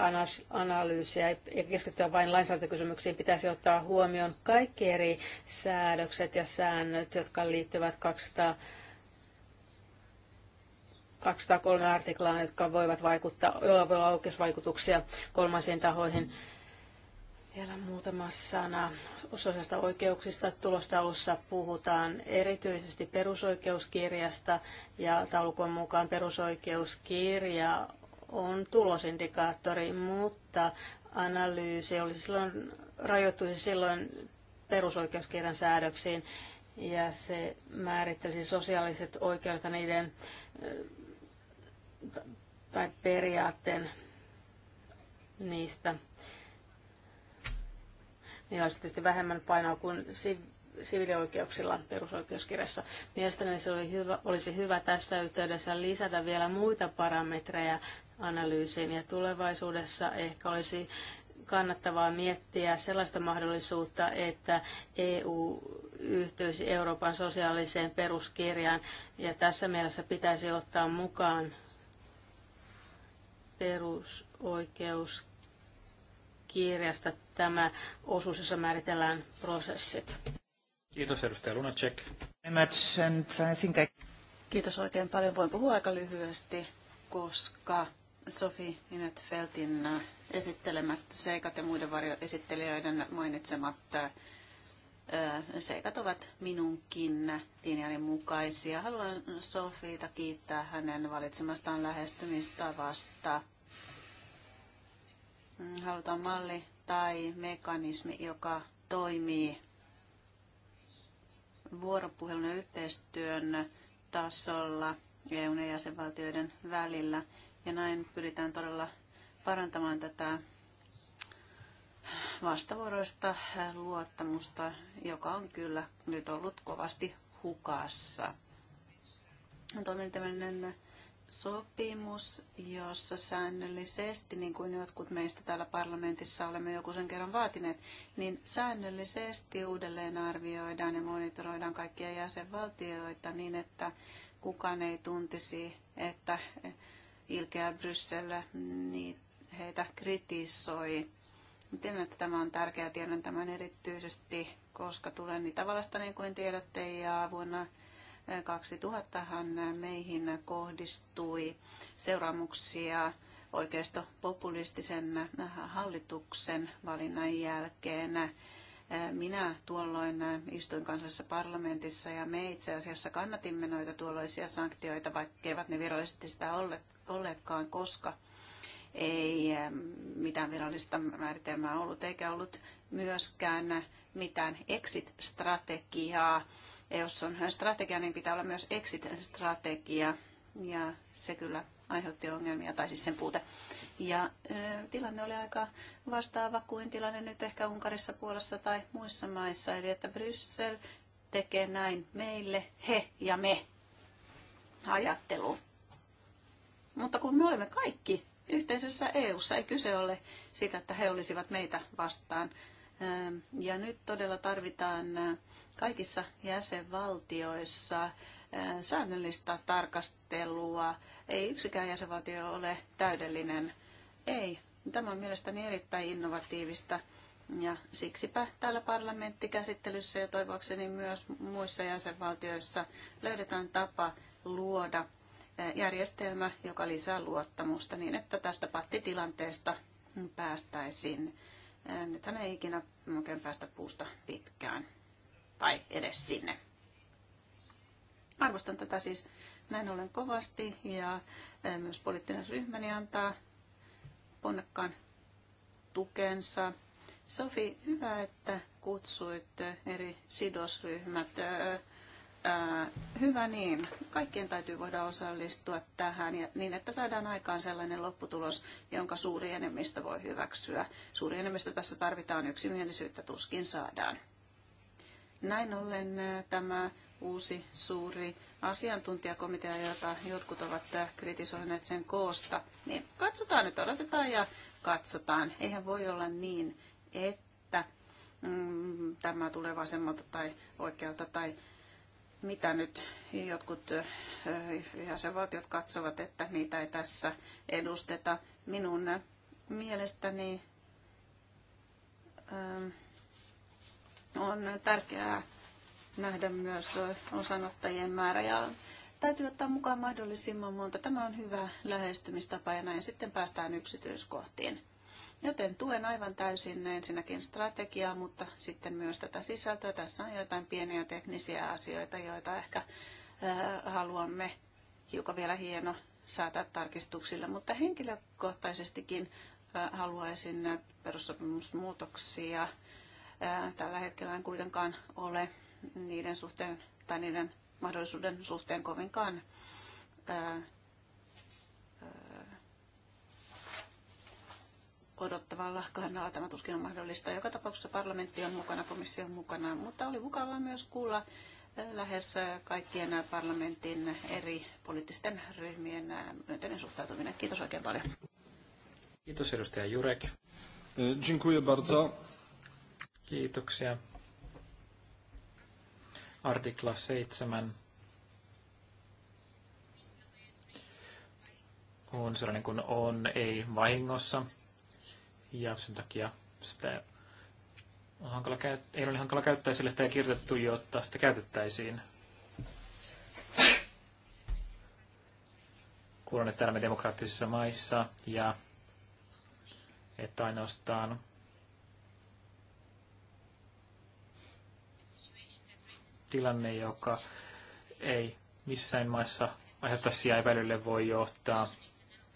analyysiä ja keskittyä vain lainsäädäntökysymyksiin, pitäisi ottaa huomioon kaikki eri säädökset ja säännöt, jotka liittyvät 200, 203 artiklaan, jotka voivat vaikuttaa, joilla voi olla oikeusvaikutuksia kolmansiin tahoihin. Mm vielä muutama sana sosiaalista oikeuksista. Tulostaulussa puhutaan erityisesti perusoikeuskirjasta ja taulukon mukaan perusoikeuskirja on tulosindikaattori, mutta analyysi olisi silloin, rajoittuisi silloin perusoikeuskirjan säädöksiin ja se määrittelisi sosiaaliset oikeudet ja niiden äh, tai periaatteen niistä – niillä on sitten vähemmän painoa kuin siviilioikeuksilla perusoikeuskirjassa. Mielestäni se oli hyvä, olisi hyvä tässä yhteydessä lisätä vielä muita parametreja analyysiin ja tulevaisuudessa ehkä olisi kannattavaa miettiä sellaista mahdollisuutta, että EU yhtyisi Euroopan sosiaaliseen peruskirjaan ja tässä mielessä pitäisi ottaa mukaan perusoikeus kirjasta tämä osuus, jossa määritellään prosessit. Kiitos edustaja Lunacek. Kiitos oikein paljon. Voin puhua aika lyhyesti, koska Sofi Minetfeltin esittelemät seikat ja muiden varjoesittelijöiden mainitsemat äh, seikat ovat minunkin linjani mukaisia. Haluan Sofiita kiittää hänen valitsemastaan lähestymistavasta. Mm, halutaan malli tai mekanismi, joka toimii vuoropuhelun ja yhteistyön tasolla EUn ja jäsenvaltioiden välillä. Ja näin pyritään todella parantamaan tätä vastavuoroista luottamusta, joka on kyllä nyt ollut kovasti hukassa. On toimintaminen sopimus, jossa säännöllisesti, niin kuin jotkut meistä täällä parlamentissa olemme joku sen kerran vaatineet, niin säännöllisesti uudelleen arvioidaan ja monitoroidaan kaikkia jäsenvaltioita niin, että kukaan ei tuntisi, että ilkeä Bryssel niin heitä kritisoi. Tiedän, että tämä on tärkeää, tiedän tämän erityisesti, koska tulen Itävallasta niin kuin tiedätte ja vuonna 2000han meihin kohdistui seuraamuksia oikeistopopulistisen hallituksen valinnan jälkeen. Minä tuolloin istuin kansallisessa parlamentissa ja me itse asiassa kannatimme noita tuolloisia sanktioita, vaikkeivat ne virallisesti sitä olleetkaan, koska ei mitään virallista määritelmää ollut, eikä ollut myöskään mitään exit-strategiaa ja jos on strategia, niin pitää olla myös exit-strategia. Ja se kyllä aiheutti ongelmia, tai siis sen puute. Ja e, tilanne oli aika vastaava kuin tilanne nyt ehkä Unkarissa, Puolassa tai muissa maissa. Eli että Bryssel tekee näin meille, he ja me ajattelu. Mutta kun me olemme kaikki yhteisessä EU:ssa, ei kyse ole siitä, että he olisivat meitä vastaan. Ja nyt todella tarvitaan kaikissa jäsenvaltioissa säännöllistä tarkastelua. Ei yksikään jäsenvaltio ole täydellinen. Ei. Tämä on mielestäni erittäin innovatiivista. Ja siksipä täällä parlamenttikäsittelyssä ja toivokseni myös muissa jäsenvaltioissa löydetään tapa luoda järjestelmä, joka lisää luottamusta niin, että tästä pattitilanteesta päästäisiin. Nythän ei ikinä oikein päästä puusta pitkään tai edes sinne. Arvostan tätä siis näin ollen kovasti ja eh, myös poliittinen ryhmäni antaa ponnekkaan tukensa. Sofi, hyvä, että kutsuit eh, eri sidosryhmät. Eh, hyvä niin. Kaikkien täytyy voida osallistua tähän ja niin, että saadaan aikaan sellainen lopputulos, jonka suuri enemmistö voi hyväksyä. Suuri enemmistö tässä tarvitaan, yksimielisyyttä tuskin saadaan. Näin ollen tämä uusi suuri asiantuntijakomitea, jota jotkut ovat kritisoineet sen koosta, niin katsotaan nyt, odotetaan ja katsotaan. Eihän voi olla niin, että mm, tämä tulee vasemmalta tai oikealta tai mitä nyt jotkut jäsenvaltiot katsovat, että niitä ei tässä edusteta. Minun mielestäni ähm, on tärkeää nähdä myös osanottajien määrä ja täytyy ottaa mukaan mahdollisimman monta. Tämä on hyvä lähestymistapa ja näin sitten päästään yksityiskohtiin. Joten tuen aivan täysin ensinnäkin strategiaa, mutta sitten myös tätä sisältöä. Tässä on joitain pieniä teknisiä asioita, joita ehkä haluamme hiukan vielä hieno säätää tarkistuksille, mutta henkilökohtaisestikin haluaisin perussopimusmuutoksia tällä hetkellä en kuitenkaan ole niiden suhteen tai niiden mahdollisuuden suhteen kovinkaan odottavalla kannalla tämä tuskin on mahdollista. Joka tapauksessa parlamentti on mukana, komissio on mukana, mutta oli mukavaa myös kuulla lähes kaikkien parlamentin eri poliittisten ryhmien myönteinen suhtautuminen. Kiitos oikein paljon. Kiitos edustaja Jurek. Dziękuję bardzo. Kiitoksia. Artikla 7 on sellainen kuin on, ei vahingossa. Ja sen takia sitä on hankala käyt- ei ole niin hankala käyttää, sillä sitä ei kirjoitettu, jotta sitä käytettäisiin. Kuulen, että elämme demokraattisissa maissa ja että ainoastaan tilanne, joka ei missään maissa aiheuttaisi epäilylle voi johtaa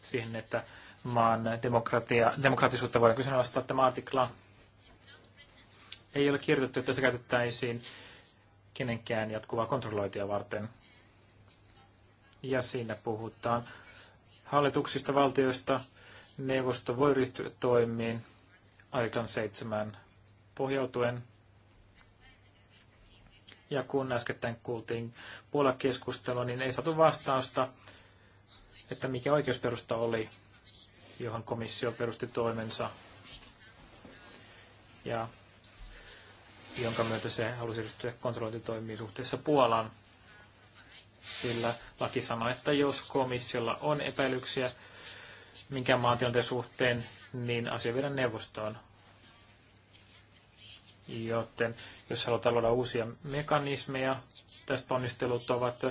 siihen, että maan demokratia, demokratisuutta voidaan kyseenalaistaa. Tämä artikla ei ole kirjoitettu, että se käytettäisiin kenenkään jatkuvaa kontrollointia varten. Ja siinä puhutaan hallituksista, valtioista. Neuvosto voi ryhtyä toimiin artiklan seitsemän pohjautuen ja kun äskettäin kuultiin puolakeskustelua, niin ei saatu vastausta, että mikä oikeusperusta oli, johon komissio perusti toimensa. Ja jonka myötä se halusi ryhtyä kontrollointitoimiin suhteessa Puolaan. Sillä laki sanoi, että jos komissiolla on epäilyksiä minkä maantilanteen suhteen, niin asia viedään neuvostoon. Joten jos halutaan luoda uusia mekanismeja, tästä ponnistelut ovat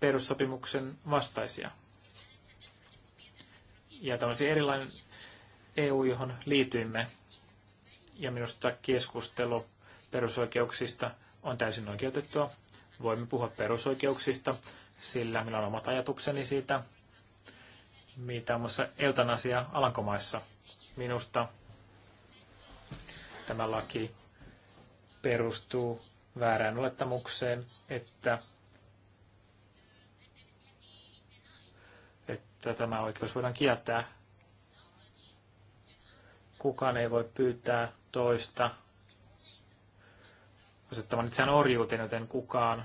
perussopimuksen vastaisia. Ja tämä olisi erilainen EU, johon liityimme. Ja minusta keskustelu perusoikeuksista on täysin oikeutettua. Voimme puhua perusoikeuksista, sillä minulla on omat ajatukseni siitä, mitä on muassa eutanasia Alankomaissa. Minusta tämä laki perustuu väärään olettamukseen, että, että tämä oikeus voidaan kieltää. Kukaan ei voi pyytää toista asettamaan itseään orjuuteen, joten kukaan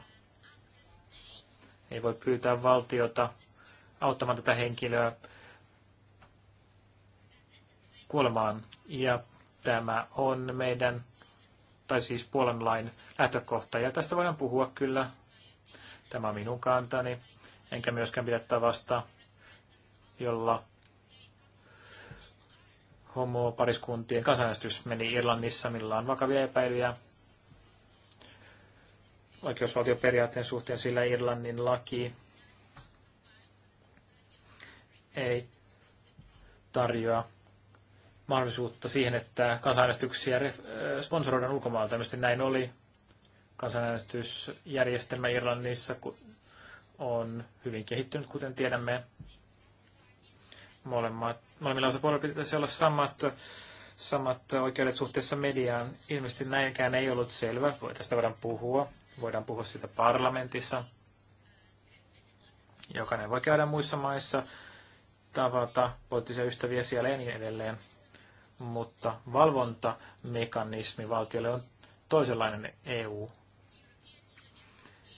ei voi pyytää valtiota auttamaan tätä henkilöä kuolemaan. Ja Tämä on meidän, tai siis Puolan lain lähtökohta, ja tästä voidaan puhua kyllä. Tämä on minun kantani, enkä myöskään pidä tavasta, jolla homopariskuntien kansanäänestys meni Irlannissa, millä on vakavia epäilyjä oikeusvaltioperiaatteen suhteen, sillä Irlannin laki ei tarjoa mahdollisuutta siihen, että kansanäänestyksiä äh, sponsoroidaan ulkomailta. Ilmeisesti näin oli. Kansanäänestysjärjestelmä Irlannissa on hyvin kehittynyt, kuten tiedämme. Molemmat, molemmilla osapuolilla pitäisi olla samat, samat oikeudet suhteessa mediaan. Ilmeisesti näinkään ei ollut selvä. Voi, tästä voidaan puhua. Voidaan puhua siitä parlamentissa. Jokainen voi käydä muissa maissa, tavata poliittisia ystäviä siellä ja niin edelleen mutta valvontamekanismi valtiolle on toisenlainen EU.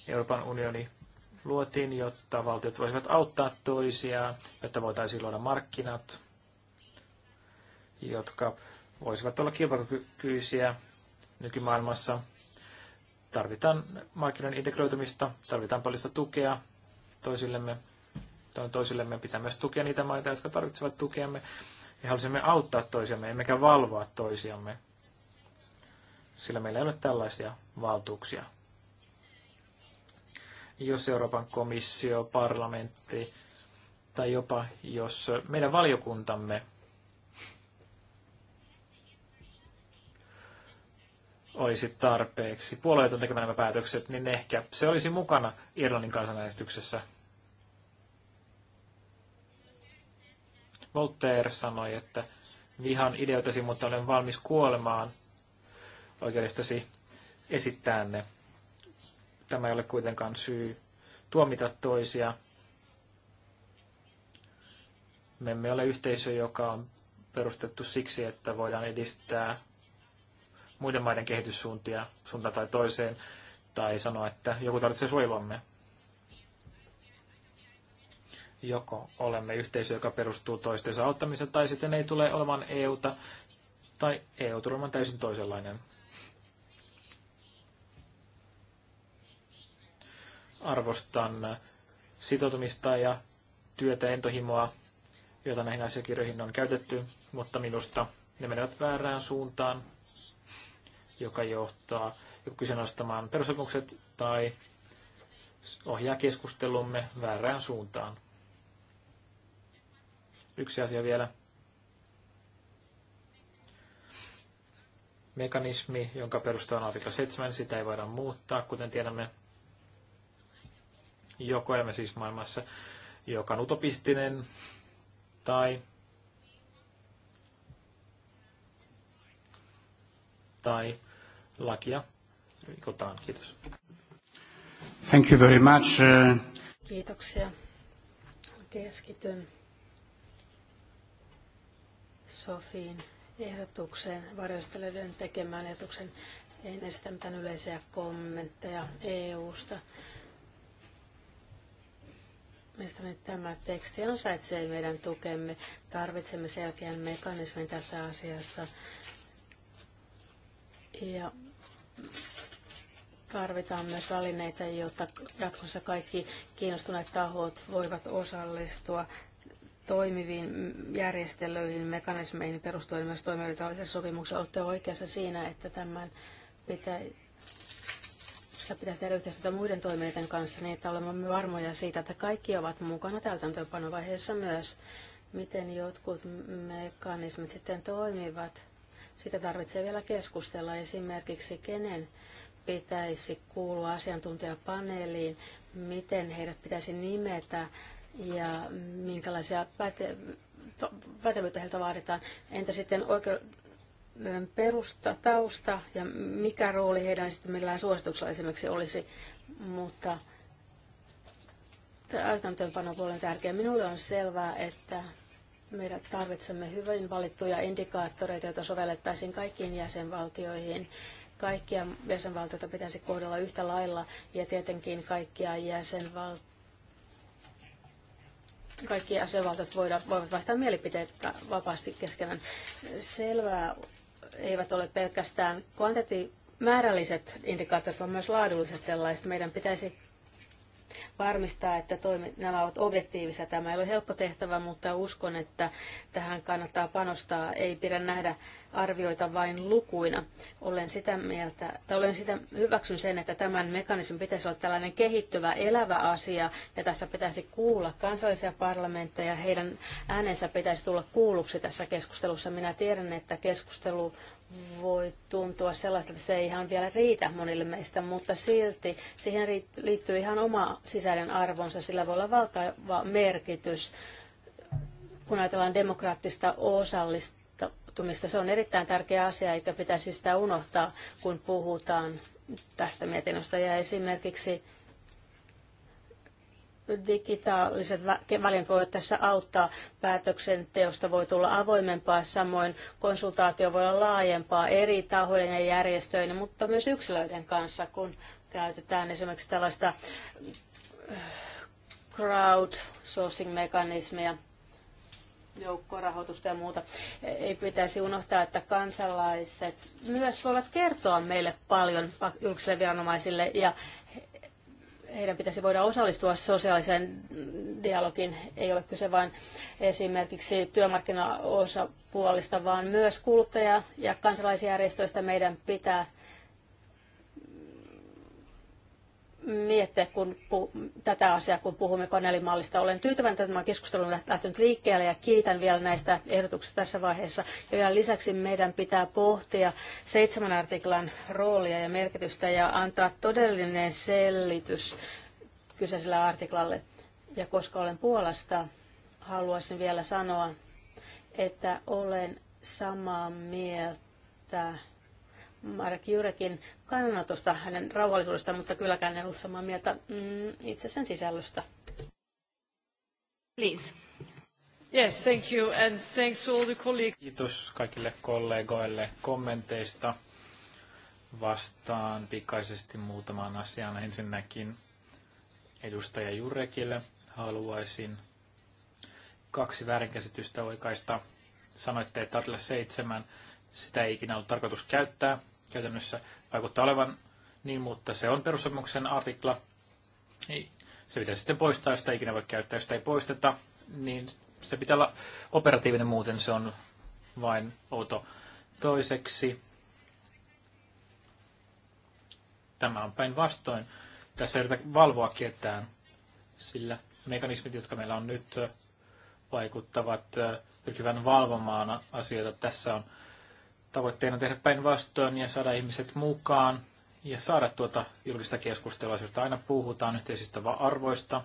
Euroopan unioni luotiin, jotta valtiot voisivat auttaa toisiaan, jotta voitaisiin luoda markkinat, jotka voisivat olla kilpailukykyisiä nykymaailmassa. Tarvitaan markkinoiden integroitumista, tarvitaan paljon tukea toisillemme, toisillemme. Pitää myös tukea niitä maita, jotka tarvitsevat tukeamme me halusimme auttaa toisiamme, emmekä valvoa toisiamme, sillä meillä ei ole tällaisia valtuuksia. Jos Euroopan komissio, parlamentti tai jopa jos meidän valiokuntamme olisi tarpeeksi puolueeton tekemään nämä päätökset, niin ehkä se olisi mukana Irlannin kansanäänestyksessä – Voltaire sanoi, että vihan ideotasi, mutta olen valmis kuolemaan oikeudestasi esittää ne. Tämä ei ole kuitenkaan syy tuomita toisia. Me emme ole yhteisö, joka on perustettu siksi, että voidaan edistää muiden maiden kehityssuuntia suuntaan tai toiseen, tai sanoa, että joku tarvitsee suojeluamme. Joko olemme yhteisö, joka perustuu toistensa auttamiseen, tai sitten ei tule olemaan EUta, tai EU tulee olemaan täysin toisenlainen. Arvostan sitoutumista ja työtä ja intohimoa, joita näihin asiakirjoihin on käytetty, mutta minusta ne menevät väärään suuntaan, joka johtaa joko kyseenalaistamaan perusopimukset tai ohjaa keskustelumme väärään suuntaan. Yksi asia vielä. Mekanismi, jonka perusta on artikla 7, sitä ei voida muuttaa, kuten tiedämme. Joko elämme siis maailmassa, joka on utopistinen, tai, tai lakia rikotaan. Kiitos. Thank you very much. Uh, Kiitoksia. Keskityn Sofiin ehdotukseen, varjostelijoiden tekemään ehdotuksen. En esitä mitään yleisiä kommentteja EU-sta. Mielestäni tämä teksti ansaitsee meidän tukemme. Tarvitsemme selkeän mekanismin tässä asiassa. Ja tarvitaan myös välineitä, jotta jatkossa kaikki kiinnostuneet tahot voivat osallistua toimiviin järjestelyihin, mekanismeihin perustuen myös toimijoidellisessa sopimuksessa. Olette oikeassa siinä, että tämän pitä, pitäisi tehdä yhteistyötä muiden toimijoiden kanssa niin, että olemme varmoja siitä, että kaikki ovat mukana täytäntöönpanovaiheessa myös. Miten jotkut mekanismit sitten toimivat, sitä tarvitsee vielä keskustella. Esimerkiksi kenen pitäisi kuulua asiantuntijapaneeliin, miten heidät pitäisi nimetä, ja minkälaisia päte- pätevyyttä heiltä vaaditaan. Entä sitten oikeuden perusta, tausta ja mikä rooli heidän sitten millään suosituksella esimerkiksi olisi, mutta täytäntöönpanopuoli on tärkeä. Minulle on selvää, että meidän tarvitsemme hyvin valittuja indikaattoreita, joita sovellettaisiin kaikkiin jäsenvaltioihin. Kaikkia jäsenvaltioita pitäisi kohdella yhtä lailla ja tietenkin kaikkia jäsenvaltioita kaikki asianvaltaiset voidaan, voivat vaihtaa mielipiteitä vapaasti keskenään. Selvää eivät ole pelkästään kvantiti määrälliset indikaattorit, vaan myös laadulliset sellaiset. Meidän pitäisi varmistaa, että toimi, nämä ovat objektiivisia. Tämä ei ole helppo tehtävä, mutta uskon, että tähän kannattaa panostaa. Ei pidä nähdä arvioita vain lukuina. Olen sitä mieltä, tai olen sitä, hyväksyn sen, että tämän mekanismin pitäisi olla tällainen kehittyvä, elävä asia, ja tässä pitäisi kuulla kansallisia parlamentteja, heidän äänensä pitäisi tulla kuulluksi tässä keskustelussa. Minä tiedän, että keskustelu voi tuntua sellaista, että se ei ihan vielä riitä monille meistä, mutta silti siihen liittyy ihan oma sisäinen arvonsa, sillä voi olla valtava merkitys, kun ajatellaan demokraattista osallistumista. Se on erittäin tärkeä asia, eikä pitäisi sitä unohtaa, kun puhutaan tästä mietinnöstä. Ja esimerkiksi digitaaliset välineet voivat tässä auttaa. Päätöksenteosta voi tulla avoimempaa, samoin konsultaatio voi olla laajempaa eri tahojen ja järjestöjen, mutta myös yksilöiden kanssa, kun käytetään esimerkiksi tällaista äh, crowdsourcing-mekanismia, joukkorahoitusta ja muuta. E- ei pitäisi unohtaa, että kansalaiset myös voivat kertoa meille paljon julkisille viranomaisille ja heidän pitäisi voida osallistua sosiaaliseen dialogiin. Ei ole kyse vain esimerkiksi työmarkkinaosapuolista, vaan myös kuluttaja- ja kansalaisjärjestöistä meidän pitää miettiä kun pu- tätä asiaa, kun puhumme paneelimallista. Olen tyytyväinen, että tämä keskustelu on lähtenyt liikkeelle ja kiitän vielä näistä ehdotuksista tässä vaiheessa. Ja vielä lisäksi meidän pitää pohtia seitsemän artiklan roolia ja merkitystä ja antaa todellinen selitys kyseisellä artiklalle. Ja koska olen Puolasta, haluaisin vielä sanoa, että olen samaa mieltä Marek Jurekin kannanotosta hänen rauhallisuudesta, mutta kylläkään en ollut samaa mieltä mm, itse sen sisällöstä. Please. Yes, thank you and thanks all the colleagues. Kiitos kaikille kollegoille kommenteista. Vastaan pikaisesti muutamaan asiaan. Ensinnäkin edustaja Jurekille haluaisin kaksi väärinkäsitystä oikaista. Sanoitte, että Atlas 7 sitä ei ikinä ollut tarkoitus käyttää käytännössä vaikuttaa olevan niin, mutta se on perussopimuksen artikla. Ei. Se pitää sitten poistaa, jos sitä ikinä voi käyttää. Jos sitä ei poisteta, niin se pitää olla operatiivinen muuten, se on vain outo. Toiseksi, tämä on päinvastoin. Tässä ei yritä valvoa ketään, sillä mekanismit, jotka meillä on nyt, vaikuttavat pyrkivän valvomaan asioita. Tässä on tavoitteena on tehdä päinvastoin ja saada ihmiset mukaan ja saada tuota julkista keskustelua, josta aina puhutaan yhteisistä arvoista.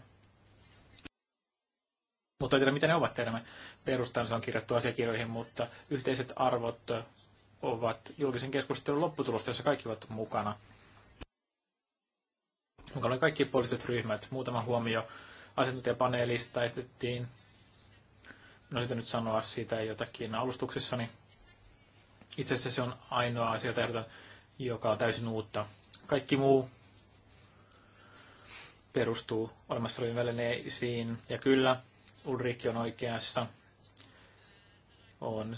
Mutta ei tiedä, mitä ne ovat. teidän perustansa on kirjattu asiakirjoihin, mutta yhteiset arvot ovat julkisen keskustelun lopputulosta, jossa kaikki ovat mukana. Mukana oli kaikki poliittiset ryhmät. Muutama huomio asiantuntijapaneelista esitettiin. No sitä nyt sanoa siitä jotakin alustuksessani. Itse asiassa se on ainoa asia, tehdä, joka on täysin uutta. Kaikki muu perustuu olemassa olevien välineisiin. Ja kyllä, Ulrikki on oikeassa. On.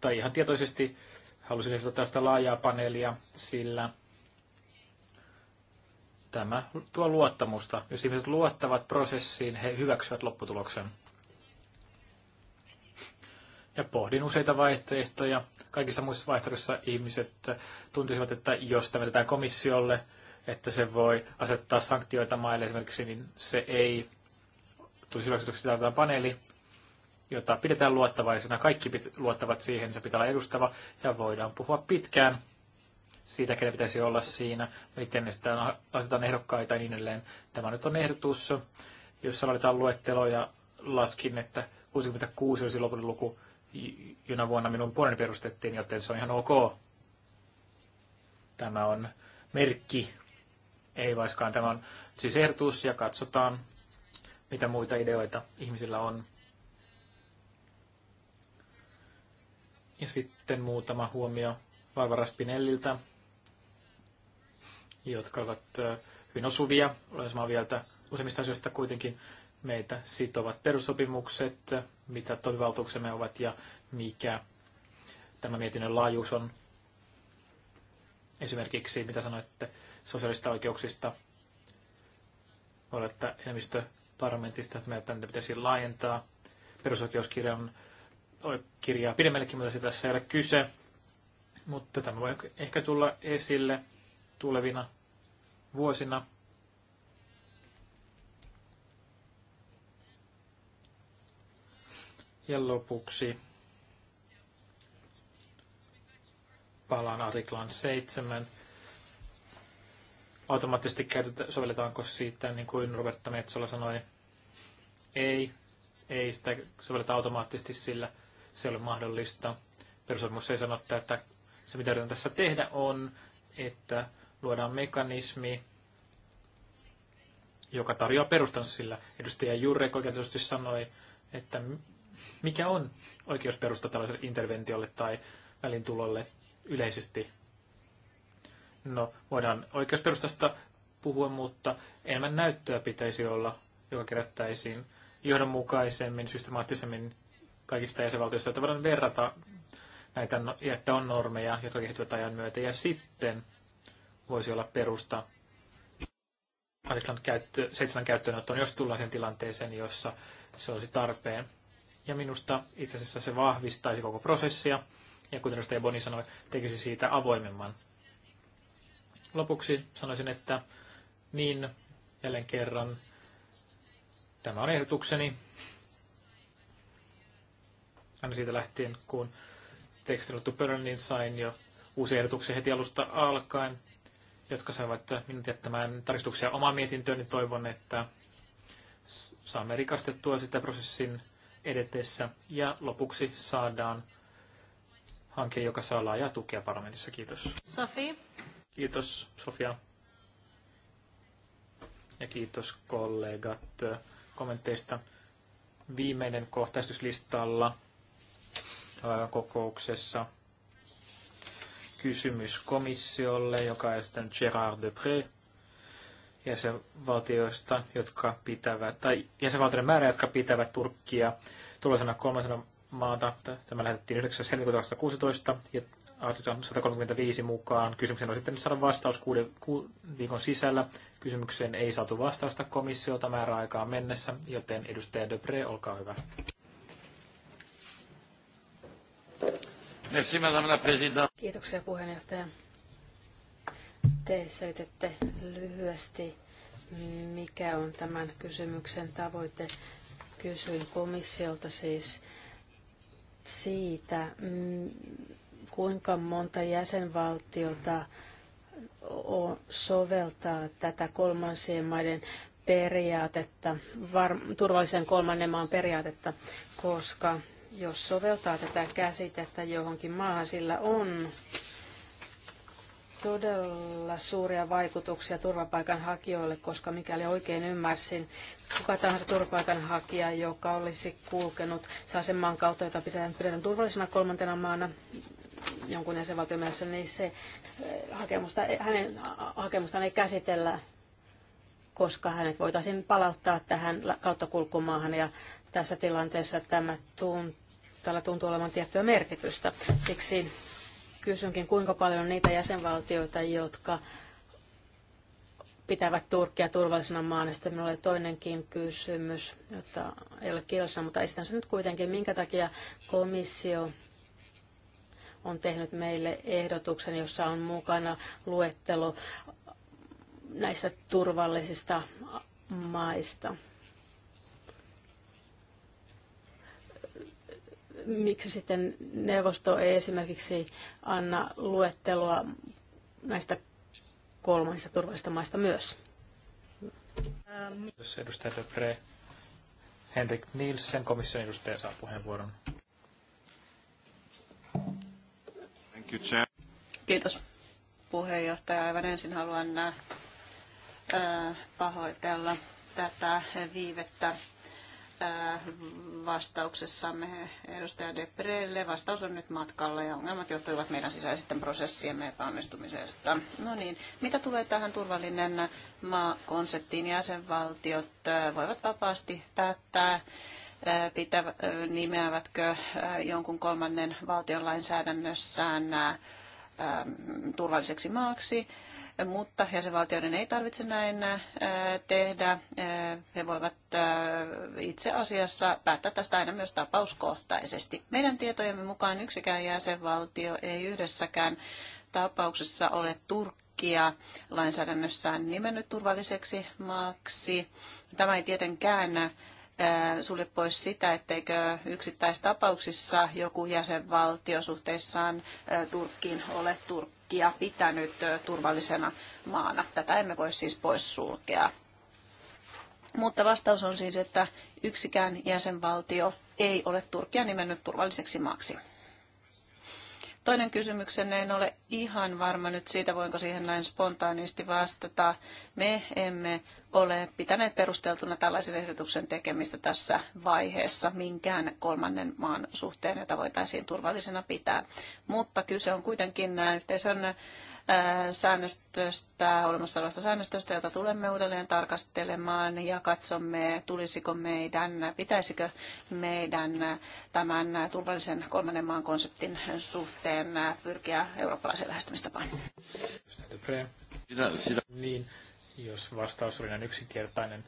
Tai ihan tietoisesti halusin ehdottaa tästä laajaa paneelia, sillä tämä tuo luottamusta. Jos ihmiset luottavat prosessiin, he hyväksyvät lopputuloksen ja pohdin useita vaihtoehtoja. Kaikissa muissa vaihtoehdoissa ihmiset tuntisivat, että jos tämä tätä komissiolle, että se voi asettaa sanktioita maille esimerkiksi, niin se ei tulisi hyväksytyksi tätä paneeli, jota pidetään luottavaisena. Kaikki luottavat siihen, se pitää olla edustava ja voidaan puhua pitkään siitä, kenen pitäisi olla siinä, miten sitä asetetaan ehdokkaita ja niin edelleen. Tämä nyt on ehdotus, jossa laitetaan luettelo ja laskin, että 66 olisi lopullinen luku jona vuonna minun puolen perustettiin, joten se on ihan ok. Tämä on merkki, ei vaiskaan. Tämä on siis ehdotus ja katsotaan, mitä muita ideoita ihmisillä on. Ja sitten muutama huomio Barbara Spinelliltä, jotka ovat hyvin osuvia. Olen samaa mieltä useimmista asioista kuitenkin meitä sitovat perussopimukset, mitä toimivaltuuksemme ovat ja mikä tämä mietinnön laajuus on. Esimerkiksi, mitä sanoitte sosiaalista oikeuksista, olette enemmistö parlamentista sitä mieltä, että pitäisi laajentaa perusoikeuskirjan kirjaa pidemmällekin, mutta sitä tässä ei ole kyse. Mutta tämä voi ehkä tulla esille tulevina vuosina. Ja lopuksi palaan artiklaan 7. Automaattisesti sovelletaanko siitä, niin kuin Roberta Metsola sanoi, ei, ei sitä sovelleta automaattisesti, sillä se ei ole mahdollista. Perusopimus ei sano että Se, mitä yritän tässä tehdä, on, että luodaan mekanismi, joka tarjoaa perustan sillä. Edustaja Jurek oikein sanoi, että mikä on oikeusperusta tällaiselle interventiolle tai välintulolle yleisesti? No, voidaan oikeusperustasta puhua, mutta enemmän näyttöä pitäisi olla, joka kerättäisiin johdonmukaisemmin, systemaattisemmin kaikista jäsenvaltioista, joita voidaan verrata näitä, no-, että on normeja, jotka kehittyvät ajan myötä, ja sitten voisi olla perusta artiklan käyttö, seitsemän käyttöönottoon, jos tullaan sen tilanteeseen, jossa se olisi tarpeen. Ja minusta itse asiassa se vahvistaisi koko prosessia, ja kuten edustaja Boni sanoi, tekisi siitä avoimemman. Lopuksi sanoisin, että niin, jälleen kerran, tämä on ehdotukseni. Aina siitä lähtien, kun teksti on pöydän, niin sain jo uusia ehdotuksia heti alusta alkaen, jotka saivat minut jättämään tarkistuksia omaan mietintöön, niin toivon, että saamme rikastettua sitä prosessin edetessä. Ja lopuksi saadaan hanke, joka saa laajaa tukea parlamentissa. Kiitos. Sofi. Kiitos, Sofia. Ja kiitos kollegat äh, kommenteista. Viimeinen kohtaistuslistalla äh, kokouksessa kysymys komissiolle, joka on sitten Gerard Depré jäsenvaltioista, jotka pitävät, tai jäsenvaltioiden määrä, jotka pitävät Turkkia tulosena kolmasena maata. Tämä lähetettiin 9. helmikuuta 2016 ja artikla 135 mukaan. Kysymykseen on sitten saada vastaus kuuden, ku, viikon sisällä. Kysymykseen ei saatu vastausta komissiota määräaikaan mennessä, joten edustaja Debre, olkaa hyvä. Kiitoksia puheenjohtaja. Te selitätte lyhyesti, mikä on tämän kysymyksen tavoite. Kysyin komissiolta siis siitä, kuinka monta jäsenvaltiota soveltaa tätä kolmansien maiden periaatetta, var, turvallisen kolmannen maan periaatetta, koska jos soveltaa tätä käsitettä johonkin maahan, sillä on todella suuria vaikutuksia turvapaikanhakijoille, koska mikäli oikein ymmärsin, kuka tahansa turvapaikanhakija, joka olisi kulkenut sellaisen maan kautta, jota pidetään, pidetään turvallisena kolmantena maana jonkun jäsenvaltion mielessä, niin se eh, hakemusta, hänen hakemustaan ei käsitellä, koska hänet voitaisiin palauttaa tähän kauttakulkumaahan ja tässä tilanteessa tämä tuntuu, tällä tuntuu olevan tiettyä merkitystä. Siksi Kysynkin, kuinka paljon on niitä jäsenvaltioita, jotka pitävät Turkkia turvallisena maana. Sitten minulla oli toinenkin kysymys, jota ei ole kielessä, mutta esitän se nyt kuitenkin, minkä takia komissio on tehnyt meille ehdotuksen, jossa on mukana luettelo näistä turvallisista maista. miksi sitten neuvosto ei esimerkiksi anna luettelua näistä kolmansista turvallisista maista myös? Kiitos edustaja Depre, Henrik Nielsen, komission edustaja, saa puheenvuoron. Kiitos puheenjohtaja. Aivan ensin haluan äh, äh, pahoitella tätä viivettä vastauksessamme edustaja Deprelle. Vastaus on nyt matkalla ja ongelmat johtuivat meidän sisäisten prosessiemme epäonnistumisesta. No niin, mitä tulee tähän turvallinen maa-konseptiin, jäsenvaltiot äh, voivat vapaasti päättää äh, pitävä, äh, nimeävätkö jonkun kolmannen valtion lainsäädännössään ähm, turvalliseksi maaksi mutta jäsenvaltioiden ei tarvitse näin äh, tehdä. Äh, he voivat äh, itse asiassa päättää tästä aina myös tapauskohtaisesti. Meidän tietojemme mukaan yksikään jäsenvaltio ei yhdessäkään tapauksessa ole Turkki Turkkia lainsäädännössään nimennyt turvalliseksi maaksi. Tämä ei tietenkään sulje pois sitä, etteikö yksittäistapauksissa joku jäsenvaltio suhteessaan Turkkiin ole Turkkia pitänyt turvallisena maana. Tätä emme voi siis poissulkea. Mutta vastaus on siis, että yksikään jäsenvaltio ei ole Turkia nimennyt turvalliseksi maaksi. Toinen kysymyksenne, en ole ihan varma nyt siitä, voinko siihen näin spontaanisti vastata. Me emme ole pitäneet perusteltuna tällaisen ehdotuksen tekemistä tässä vaiheessa minkään kolmannen maan suhteen, jota voitaisiin turvallisena pitää. Mutta kyse on kuitenkin äh, yhteisön äh, säännöstöstä, olemassa olevasta säännöstöstä, jota tulemme uudelleen tarkastelemaan ja katsomme, tulisiko meidän, pitäisikö meidän tämän turvallisen kolmannen maan konseptin suhteen äh, pyrkiä eurooppalaiseen lähestymistapaan. Niin, jos vastaus oli näin yksinkertainen,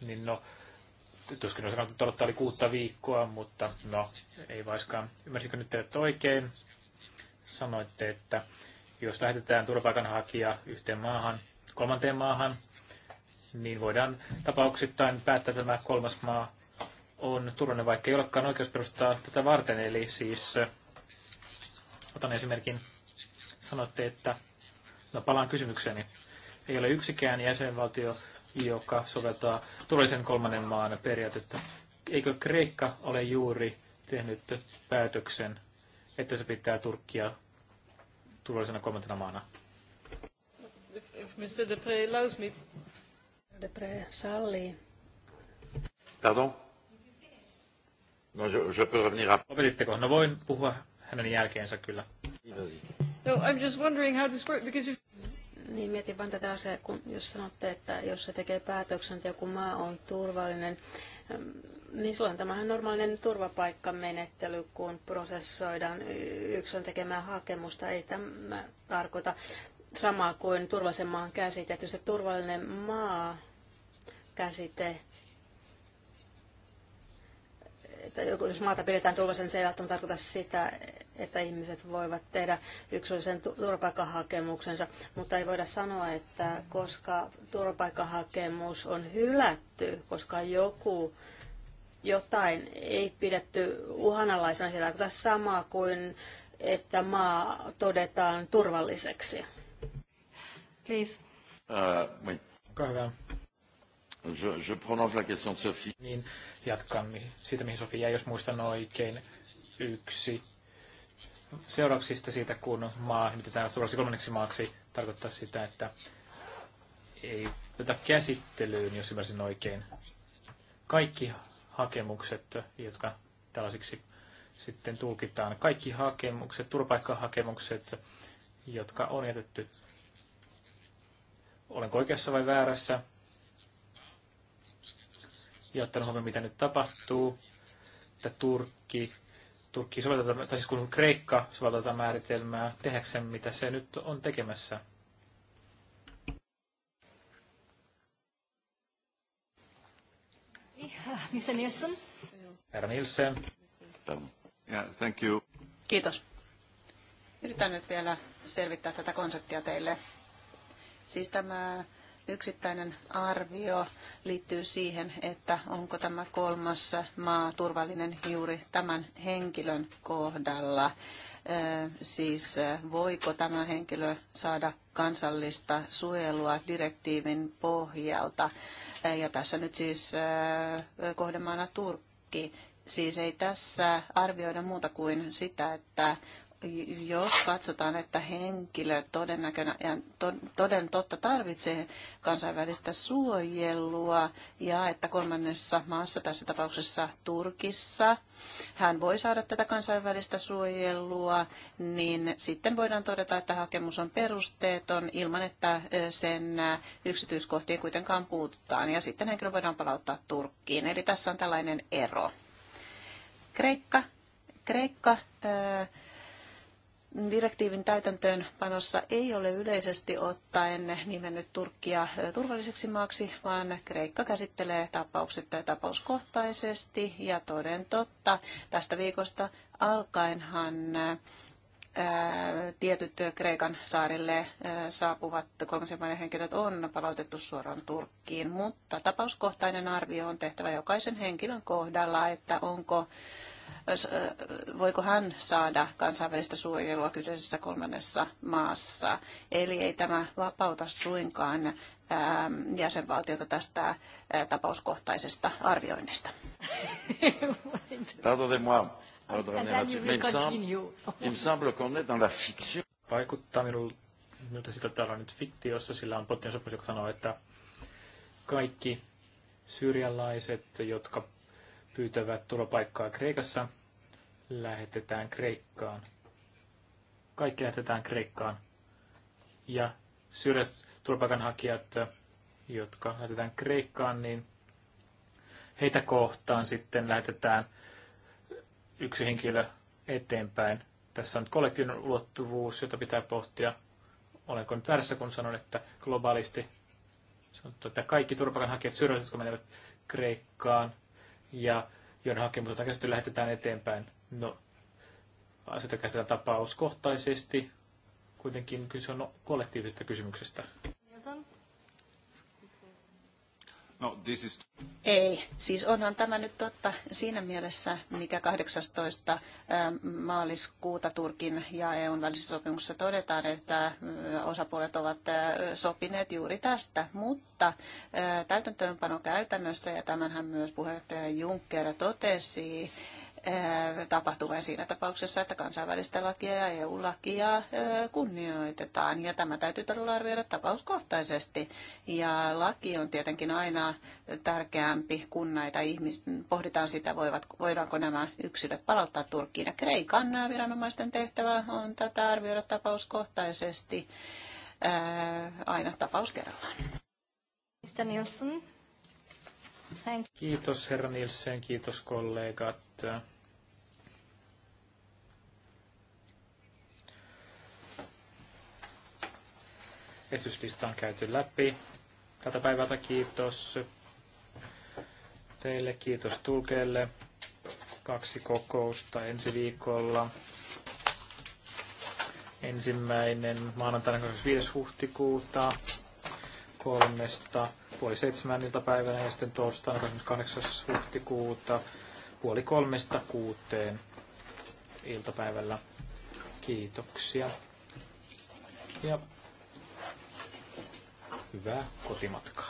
niin no, tuskin olisi kannattanut odottaa oli kuutta viikkoa, mutta no, ei vaiskaan. Ymmärsikö nyt teidät oikein? Sanoitte, että jos lähetetään turvapaikanhakija yhteen maahan, kolmanteen maahan, niin voidaan tapauksittain päättää, että tämä kolmas maa on turvallinen, vaikka ei olekaan oikeus perustaa tätä varten. Eli siis otan esimerkin, sanoitte, että no palaan kysymykseeni. Ei ole yksikään jäsenvaltio, joka soveltaa turvallisen kolmannen maan periaatetta. Eikö Kreikka ole juuri tehnyt päätöksen, että se pitää Turkkia turvallisena kolmantena maana? If Mr. Depre allows me. Depre sallii. Pardon? No, je, je peux revenir Lopetitteko? No voin puhua hänen jälkeensä kyllä. No, I'm just wondering how this works, because if... Niin mietin vain tätä asiaa, kun jos sanotte, että jos se tekee päätöksen, että joku maa on turvallinen, niin silloin tämähän normaalinen turvapaikkamenettely, kun prosessoidaan on tekemään hakemusta, ei tämä tarkoita samaa kuin turvallisen maan käsite. se turvallinen maa käsite että jos maata pidetään turvallisena, niin se ei välttämättä tarkoita sitä, että ihmiset voivat tehdä yksilöllisen turvapaikkahakemuksensa, mutta ei voida sanoa, että koska turvapaikkahakemus on hylätty, koska joku jotain ei pidetty uhanalaisena, se tarkoittaa samaa kuin että maa todetaan turvalliseksi. Please. Uh, Olkaa hyvä. Je, je prolonge la question de Sophie. Niin, jatkan siitä, mihin Sofia jäi, jos muistan oikein. Yksi seurauksista siitä, kun maa nimitetään turvalliseksi kolmanneksi maaksi, tarkoittaa sitä, että ei tätä käsittelyyn, jos ymmärsin oikein. Kaikki hakemukset, jotka tällaisiksi sitten tulkitaan, kaikki hakemukset, turvapaikkahakemukset, jotka on jätetty, olenko oikeassa vai väärässä, ja ottanut huomioon, mitä nyt tapahtuu, että Turkki, Turkki soveltaa, tai siis kun Kreikka soveltaa määritelmää, sen, mitä se nyt on tekemässä. Mr. Nielsen. Herra Nielsen. Yeah, thank you. Kiitos. Yritän nyt vielä selvittää tätä konseptia teille. Siis tämä yksittäinen arvio liittyy siihen, että onko tämä kolmas maa turvallinen juuri tämän henkilön kohdalla. Siis voiko tämä henkilö saada kansallista suojelua direktiivin pohjalta. Ja tässä nyt siis kohdemaana Turkki. Siis ei tässä arvioida muuta kuin sitä, että jos katsotaan, että henkilö toden totta tarvitsee kansainvälistä suojelua ja että kolmannessa maassa, tässä tapauksessa Turkissa, hän voi saada tätä kansainvälistä suojelua, niin sitten voidaan todeta, että hakemus on perusteeton ilman, että sen yksityiskohtiin kuitenkaan puututaan. Ja sitten henkilö voidaan palauttaa Turkkiin. Eli tässä on tällainen ero. Kreikka, Kreikka Direktiivin täytäntöönpanossa ei ole yleisesti ottaen nimennyt Turkkia turvalliseksi maaksi, vaan Kreikka käsittelee tapaukset tapauskohtaisesti ja toden totta. Tästä viikosta alkaenhan tietyt Kreikan saarille saapuvat kolmansien henkilöt on palautettu suoraan Turkkiin, mutta tapauskohtainen arvio on tehtävä jokaisen henkilön kohdalla, että onko voiko hän saada kansainvälistä suojelua kyseisessä kolmannessa maassa. Eli ei tämä vapauta suinkaan ähm, jäsenvaltiota tästä äh, tapauskohtaisesta arvioinnista. Vaikuttaa minulta sitä, että nyt fiktiossa, sillä on poliittinen sopimus, joka sanoo, että kaikki syyrialaiset, jotka pyytävät turvapaikkaa Kreikassa, lähetetään Kreikkaan. Kaikki lähetetään Kreikkaan. Ja syrjäiset turvapaikanhakijat, jotka lähetetään Kreikkaan, niin heitä kohtaan sitten lähetetään yksi henkilö eteenpäin. Tässä on kollektiivinen ulottuvuus, jota pitää pohtia. Olenko nyt väärässä, kun sanon, että globaalisti sanottu, että kaikki turvapaikanhakijat syrjäiset, jotka menevät Kreikkaan, ja joiden hakemusta käsittely lähetetään eteenpäin. No, asioita käsitellään tapauskohtaisesti, kuitenkin kyse on kollektiivisesta kysymyksestä. No, this is... Ei, siis onhan tämä nyt totta siinä mielessä, mikä 18. maaliskuuta Turkin ja EUn välisessä sopimuksessa todetaan, että osapuolet ovat sopineet juuri tästä, mutta täytäntöönpano käytännössä, ja tämänhän myös puheenjohtaja Juncker totesi, Äh, tapahtuvan siinä tapauksessa, että kansainvälistä lakia ja EU-lakia äh, kunnioitetaan. Ja tämä täytyy todella arvioida tapauskohtaisesti. Ja laki on tietenkin aina tärkeämpi, kun näitä ihmisiä pohditaan sitä, voivat, voidaanko nämä yksilöt palauttaa Turkkiin. Ja Kreikan äh, viranomaisten tehtävä on tätä arvioida tapauskohtaisesti aina tapaus kerrallaan. Mr. Nilsson. Kiitos herra Nilsen, kiitos kollegat että esityslista on käyty läpi. Tältä päivältä kiitos teille, kiitos tulkeille. Kaksi kokousta ensi viikolla. Ensimmäinen maanantaina 25. huhtikuuta kolmesta puoli seitsemän iltapäivänä ja sitten torstaina 28. huhtikuuta puoli kolmesta kuuteen iltapäivällä. Kiitoksia. Ja hyvää kotimatkaa.